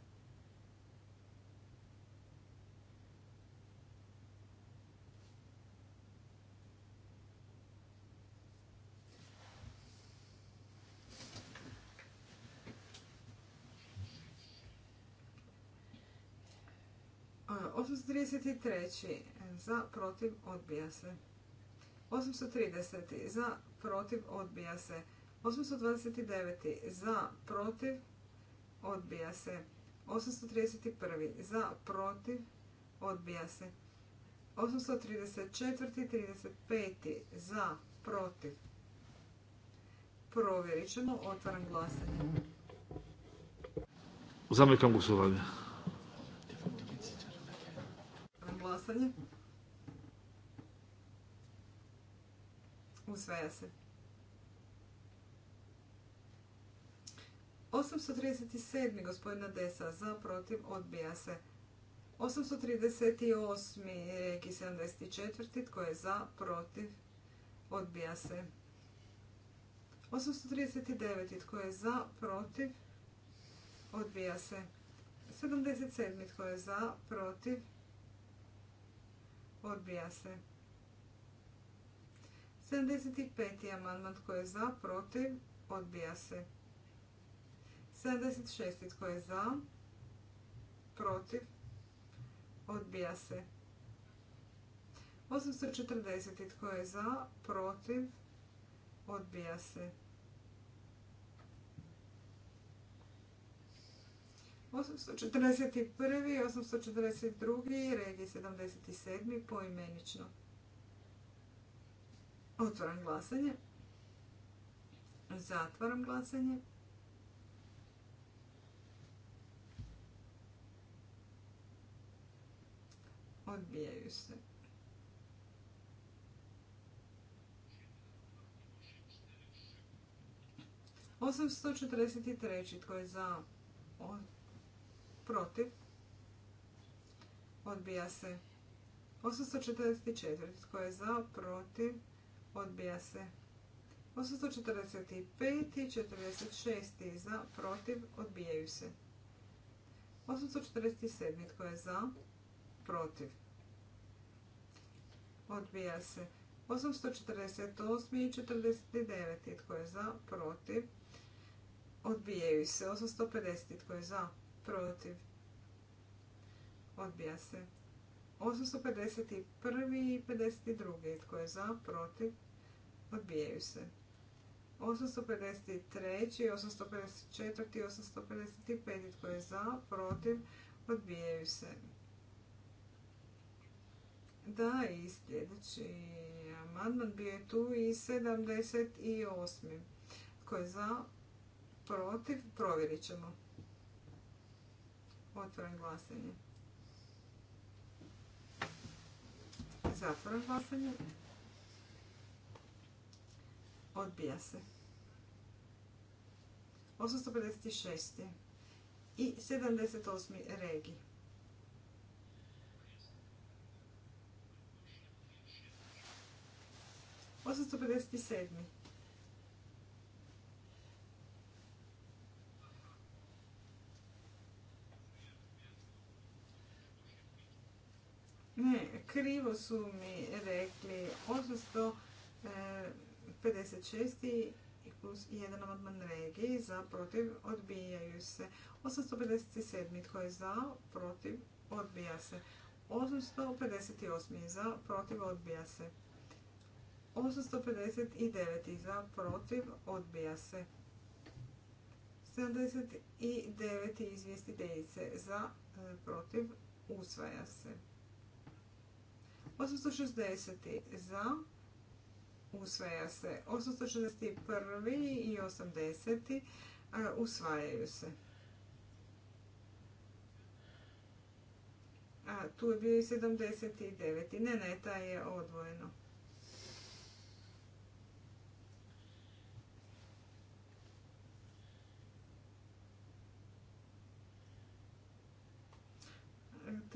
833. Za, protiv, odbija se. 830. Za, protiv, odbija se. 829. Za, protiv, odbija se. 831. Za, protiv, odbija se. 834. 35. Za, protiv. Provjerit ćemo. Otvaram glasanje. Zamekam glasovanje. Usvaja se. 837. gospodina Desa za protiv odbija se. 838. reki 74. tko je za protiv odbija se. 839. tko je za protiv odbija se. 77. tko je za protiv odbija se. 75. amandman tko je za, protiv, odbija se. 76. tko je za, protiv, odbija se. 840. tko je za, protiv, odbija se. 841. 842. redi 77. Poimenično. Otvoram glasanje. Zatvaram glasanje. Odbijaju se. Osamsto četrdeset tko je za protiv, odbija se. 844. Tko je za, protiv, odbija se. 845. i 46. za, protiv, odbijaju se. 847. Tko je za, protiv, odbija se. 848. i 49. Tko je za, protiv, odbijaju se. 850. Tko je za, protiv, odbija se. 851. i 52. tko je za, protiv, odbijaju se. 853. i 854. 855. tko je za, protiv, odbijaju se. Da, i sljedeći amandman bio je tu i 78. Tko je za, protiv, provjerit ćemo. Otvoren glasanje. Zatvoren glasanje. Odbija se. 856. I 78. regi. Osamsto pedeset Ne, krivo su mi rekli 856 e, plus 1 amandman regiji za protiv odbijaju se. 857. Tko je za? Protiv odbija se. 858. za protiv odbija se. 859. za protiv odbija se. 79. dejice za e, protiv usvaja se. 860. za, usvaja se. 861. i 80. usvajaju se. A tu je bio i 79. Ne, ne, taj je odvojeno.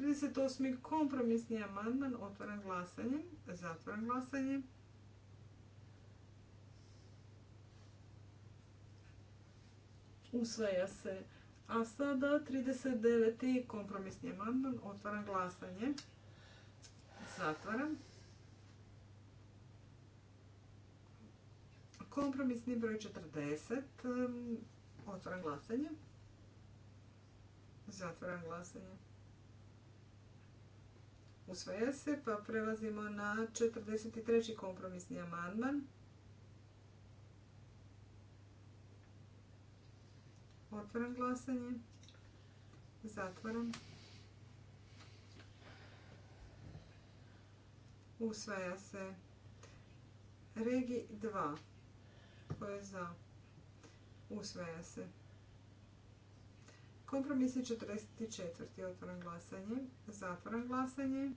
38. kompromisni amandman, otvoren glasanje, zatvoren glasanje. Usvaja se. A sada 39. kompromisni amandman, otvoren glasanje, zatvoren. Kompromisni broj 40, otvoren glasanje, zatvoren glasanje. Usvaja se, pa prelazimo na 43. kompromisni amandman. Otvaram glasanje. Zatvaram. Usvaja se. Regi 2. Ko je za? Usvaja se. Kompromis je 44. Otvoram glasanje. Zatvoram glasanje.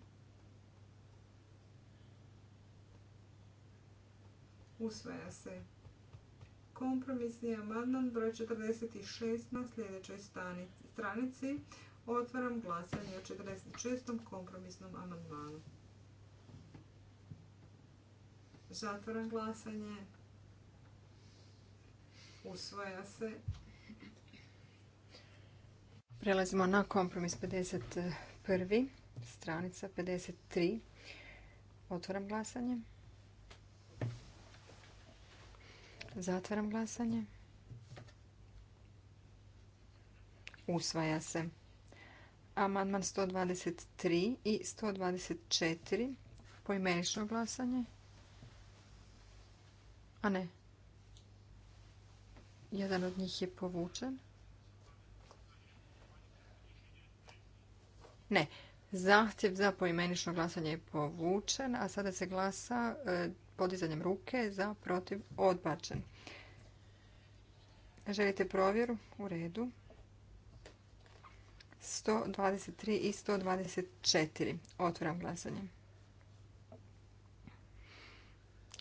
Usvaja se. Kompromisni amandman broj 46 na sljedećoj stranici. Otvaram glasanje o 46. kompromisnom amandmanu. Zatvaram glasanje. Usvaja se Prelazimo na kompromis 51. Stranica 53. Otvaram glasanje. Zatvaram glasanje. Usvaja se. Amandman 123 i 124. Poimenično glasanje. A ne. Jedan od njih je povučen. Ne. Zahtjev za poimenično glasanje je povučen, a sada se glasa e, podizanjem ruke za protiv odbačen. Želite provjeru? U redu. 123 i 124. Otvoram glasanje.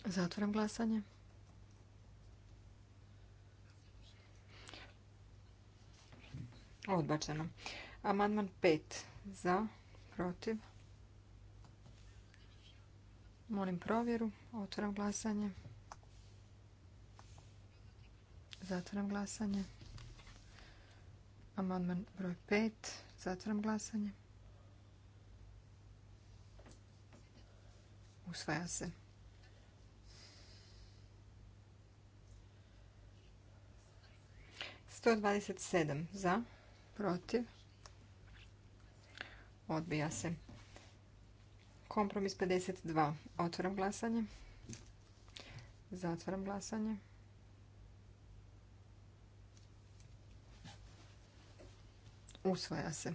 Zatvoram glasanje. Odbačeno. Amandman 5 za, protiv. Molim provjeru. Otvaram glasanje. Zatvaram glasanje. Amandman broj 5. Zatvaram glasanje. Usvaja se. Sto dvadeset sedam za, protiv, Odbija se. Kompromis 52. Otvaram glasanje. Zatvaram glasanje. Usvaja se.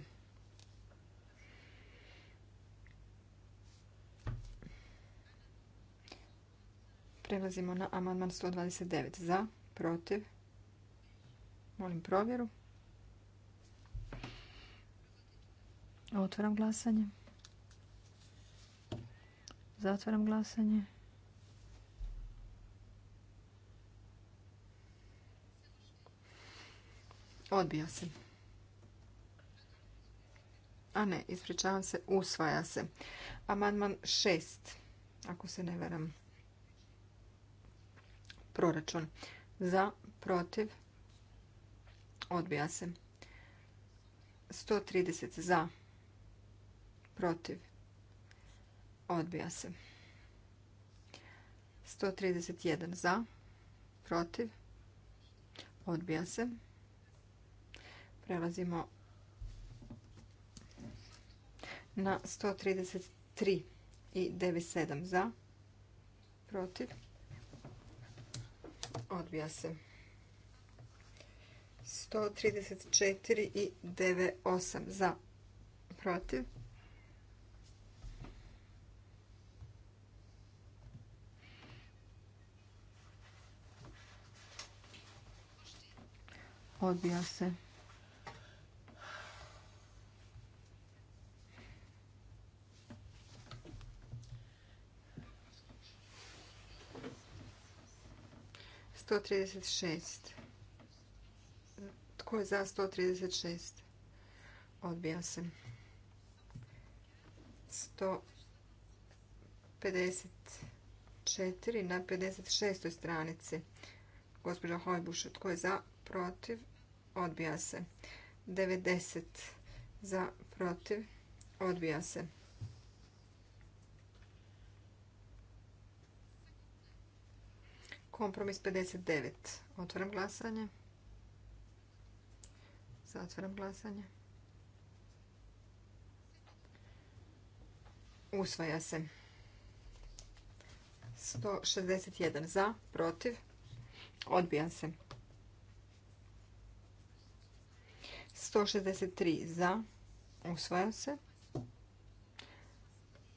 Prelazimo na amandman 129. Za, protiv. Molim provjeru. Otvaram glasanje. Zatvaram glasanje. Odbija se. A ne, ispričavam se, usvaja se. Amandman 6, ako se ne veram. Proračun. Za, protiv, odbija se. 130 za, protiv, odbija se. 131 za, protiv, odbija se. Prelazimo na 133 i 97 za, protiv, odbija se. 134 i 98 za, protiv, Odbija se 136. Tko je za 136? Odbija se 154. Na 56. stranici gospođa Hojbuša. Tko je za? protiv, odbija se. 90 za, protiv, odbija se. Kompromis 59. Otvaram glasanje. Zatvaram glasanje. Usvaja se. 161 za, protiv. Odbija se. 163 za, usvaja se.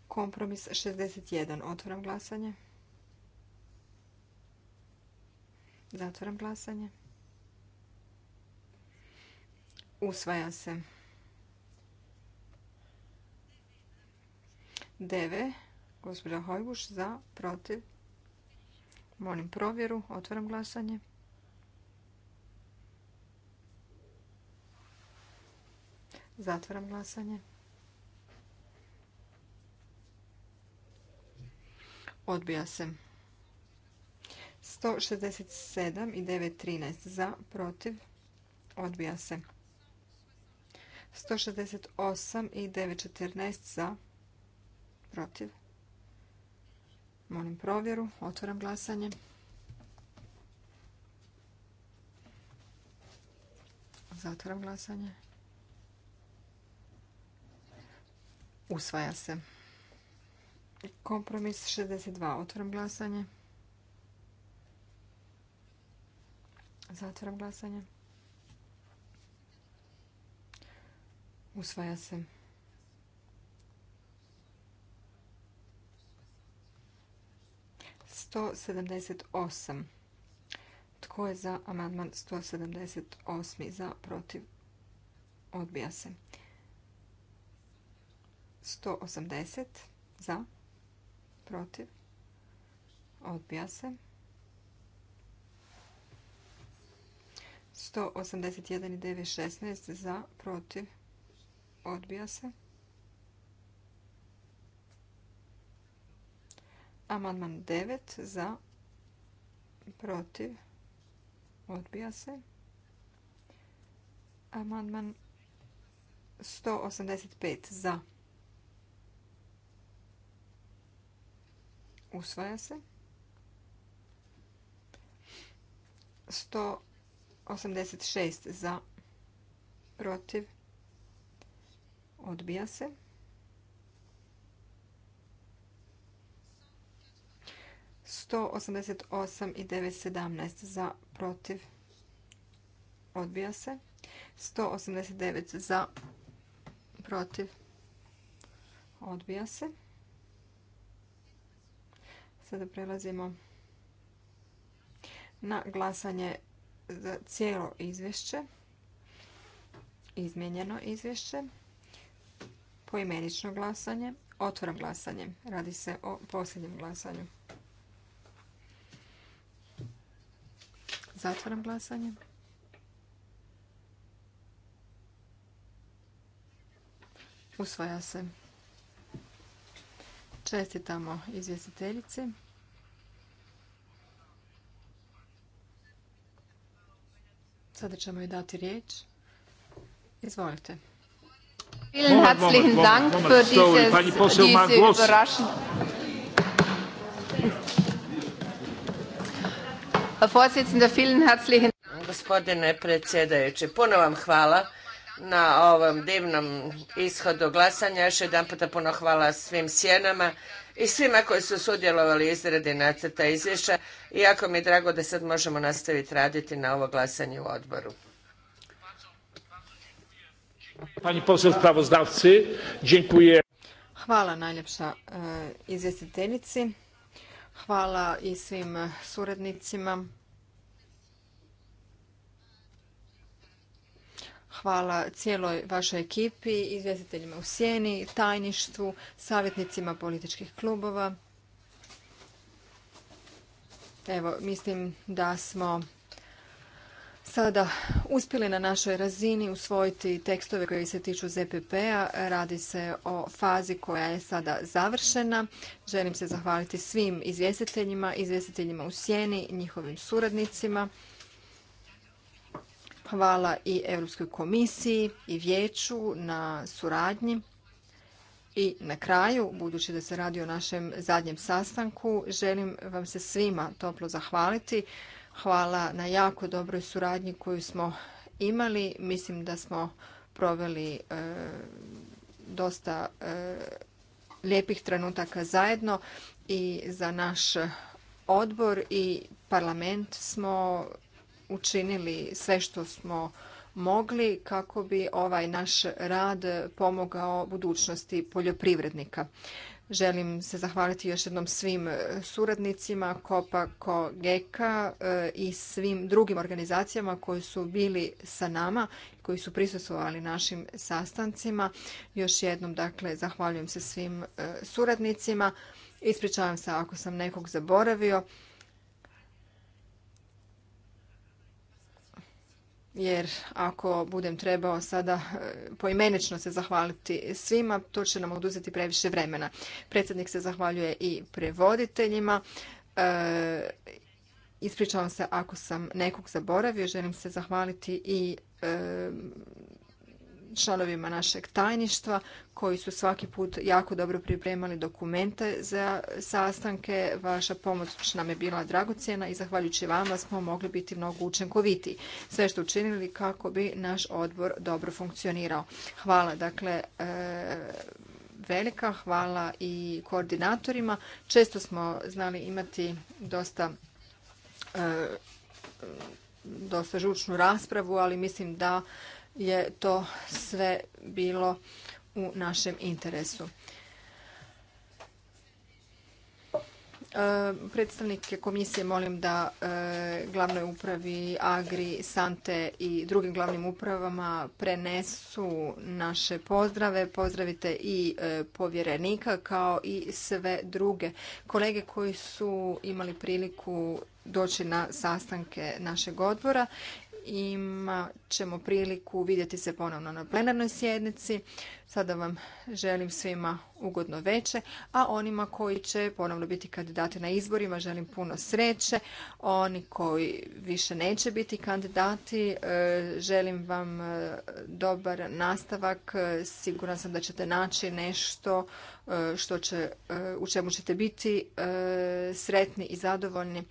Kompromis 61, otvoram glasanje. Zatvoram glasanje. Usvaja se. 9. Gospođa Hojbuš za, protiv. Molim provjeru. Otvaram glasanje. Zatvaram glasanje. Odbija se. 167 i 913 za, protiv. Odbija se. 168 i 914 za, protiv. Molim provjeru. Otvaram glasanje. Zatvaram glasanje. Usvaja se. Kompromis 62. Otvaram glasanje. Zatvaram glasanje. Usvaja se. Sto sedamdeset osam. Tko je za amandman 178? Za, protiv, odbija se. 180 za, protiv, odbija se. 181 916 za, protiv, odbija se. Amandman 9 za, protiv, odbija se. Amandman 185 za, protiv Usvaja se. 186 za protiv. Odbija se. 188 i 917 za protiv. Odbija se. 189 za protiv. Odbija se. Sada prelazimo na glasanje za cijelo izvješće, izmijenjeno izvješće, poimenično glasanje, otvoram glasanje. Radi se o posljednjem glasanju. Zatvaram glasanje. Usvaja se. Čestitamo izvjestiteljici. Sada ćemo i dati riječ. Izvolite. Vielen herzlichen Dank für dieses, diese Herr Vorsitzender, vielen herzlichen Gospodine predsjedajući, puno vam hvala na ovom divnom ishodu glasanja. Još jedan puta puno hvala svim sjenama i svima koji su sudjelovali u izradi nacrta izvješća i jako mi je drago da sad možemo nastaviti raditi na ovo glasanje u odboru. Hvala najljepša e, izvjestiteljici. Hvala i svim suradnicima. Hvala cijeloj vašoj ekipi, izvjestiteljima u sjeni, tajništvu, savjetnicima političkih klubova. Evo, mislim da smo sada uspjeli na našoj razini usvojiti tekstove koji se tiču ZPP-a. Radi se o fazi koja je sada završena. Želim se zahvaliti svim izvjestiteljima, izvjestiteljima u sjeni, njihovim suradnicima. Hvala i Europskoj komisiji i vijeću na suradnji. I na kraju, budući da se radi o našem zadnjem sastanku, želim vam se svima toplo zahvaliti. Hvala na jako dobroj suradnji koju smo imali. Mislim da smo proveli e, dosta e, lijepih trenutaka zajedno i za naš odbor i parlament smo učinili sve što smo mogli kako bi ovaj naš rad pomogao budućnosti poljoprivrednika. Želim se zahvaliti još jednom svim suradnicima Kopa Kogeka eh, i svim drugim organizacijama koji su bili sa nama, koji su prisustvovali našim sastancima. Još jednom dakle zahvaljujem se svim eh, suradnicima. Ispričavam se ako sam nekog zaboravio. jer ako budem trebao sada e, poimenično se zahvaliti svima, to će nam oduzeti previše vremena. Predsjednik se zahvaljuje i prevoditeljima. E, ispričavam se ako sam nekog zaboravio, želim se zahvaliti i e, članovima našeg tajništva koji su svaki put jako dobro pripremali dokumente za sastanke. Vaša pomoć nam je bila dragocjena i zahvaljujući vama smo mogli biti mnogo učinkovitiji. Sve što učinili kako bi naš odbor dobro funkcionirao. Hvala. Dakle, e, velika hvala i koordinatorima. Često smo znali imati dosta e, dosta žučnu raspravu, ali mislim da je to sve bilo u našem interesu. E, predstavnike komisije molim da e, glavnoj upravi Agri, Sante i drugim glavnim upravama prenesu naše pozdrave. Pozdravite i e, povjerenika kao i sve druge kolege koji su imali priliku doći na sastanke našeg odbora imat ćemo priliku vidjeti se ponovno na plenarnoj sjednici. Sada vam želim svima ugodno veče, a onima koji će ponovno biti kandidati na izborima želim puno sreće. Oni koji više neće biti kandidati, e, želim vam e, dobar nastavak. E, siguran sam da ćete naći nešto što će, u čemu ćete biti sretni i zadovoljni.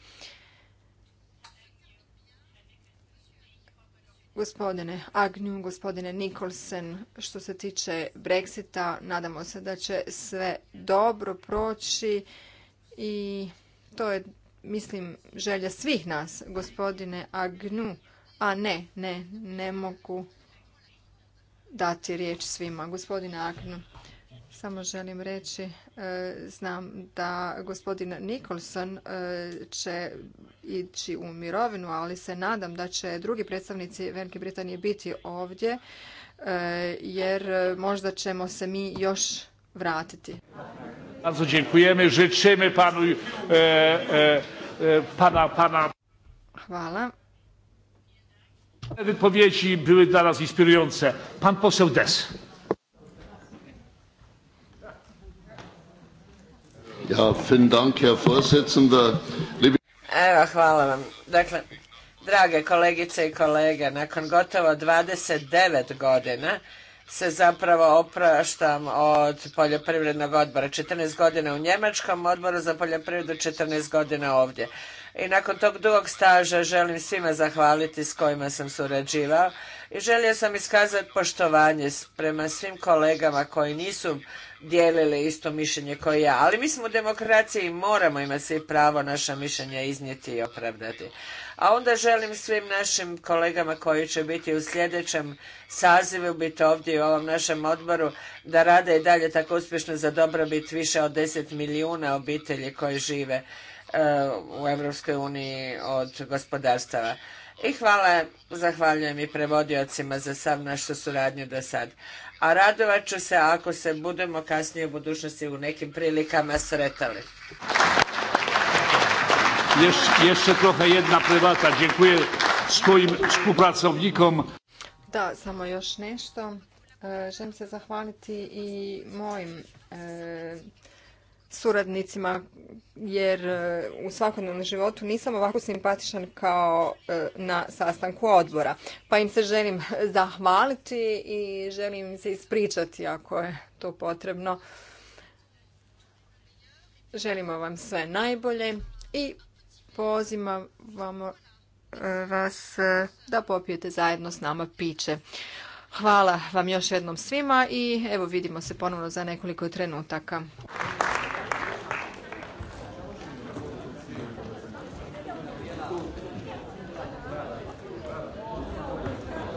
gospodine Agnju, gospodine Nikolsen, što se tiče Brexita, nadamo se da će sve dobro proći i to je, mislim, želja svih nas, gospodine Agnju. A ne, ne, ne mogu dati riječ svima. Gospodine Agnu. Samo želim reći, e, znam da gospodin Nicholson e, će ići u mirovinu, ali se nadam da će drugi predstavnici Velike Britanije biti ovdje, e, jer možda ćemo se mi još vratiti. Bardzo dziękujemy, życzymy panu, pana, Hvala. były inspirujące. Pan poseł Des. Ja, Evo, hvala vam. Dakle, drage kolegice i kolege, nakon gotovo 29 godina se zapravo opraštam od poljoprivrednog odbora. 14 godina u Njemačkom odboru za poljoprivredu, 14 godina ovdje. I nakon tog dugog staža želim svima zahvaliti s kojima sam surađivao i želio sam iskazati poštovanje prema svim kolegama koji nisu dijelili isto mišljenje koje ja. Ali mi smo u demokraciji i moramo imati svi pravo naša mišljenja iznijeti i opravdati. A onda želim svim našim kolegama koji će biti u sljedećem sazivu, biti ovdje u ovom našem odboru, da rade i dalje tako uspješno za dobrobit više od 10 milijuna obitelji koji žive u Europskoj uniji od gospodarstava. I hvala, zahvaljujem i prevodiocima za sav našu suradnju do sad. A radovat ću se ako se budemo kasnije u budućnosti u nekim prilikama sretali. Ješ, jeszcze trochę jedna prywata. Dziękuję swoim współpracownikom. Da, samo još nešto. E, želim se zahvaliti i mojim e, suradnicima jer e, u svakodnevnom životu nisam ovako simpatičan kao e, na sastanku odbora. Pa im se želim zahvaliti i želim se ispričati ako je to potrebno. Želimo vam sve najbolje i pozivam e, vas da popijete zajedno s nama piće. Hvala vam još jednom svima i evo vidimo se ponovno za nekoliko trenutaka.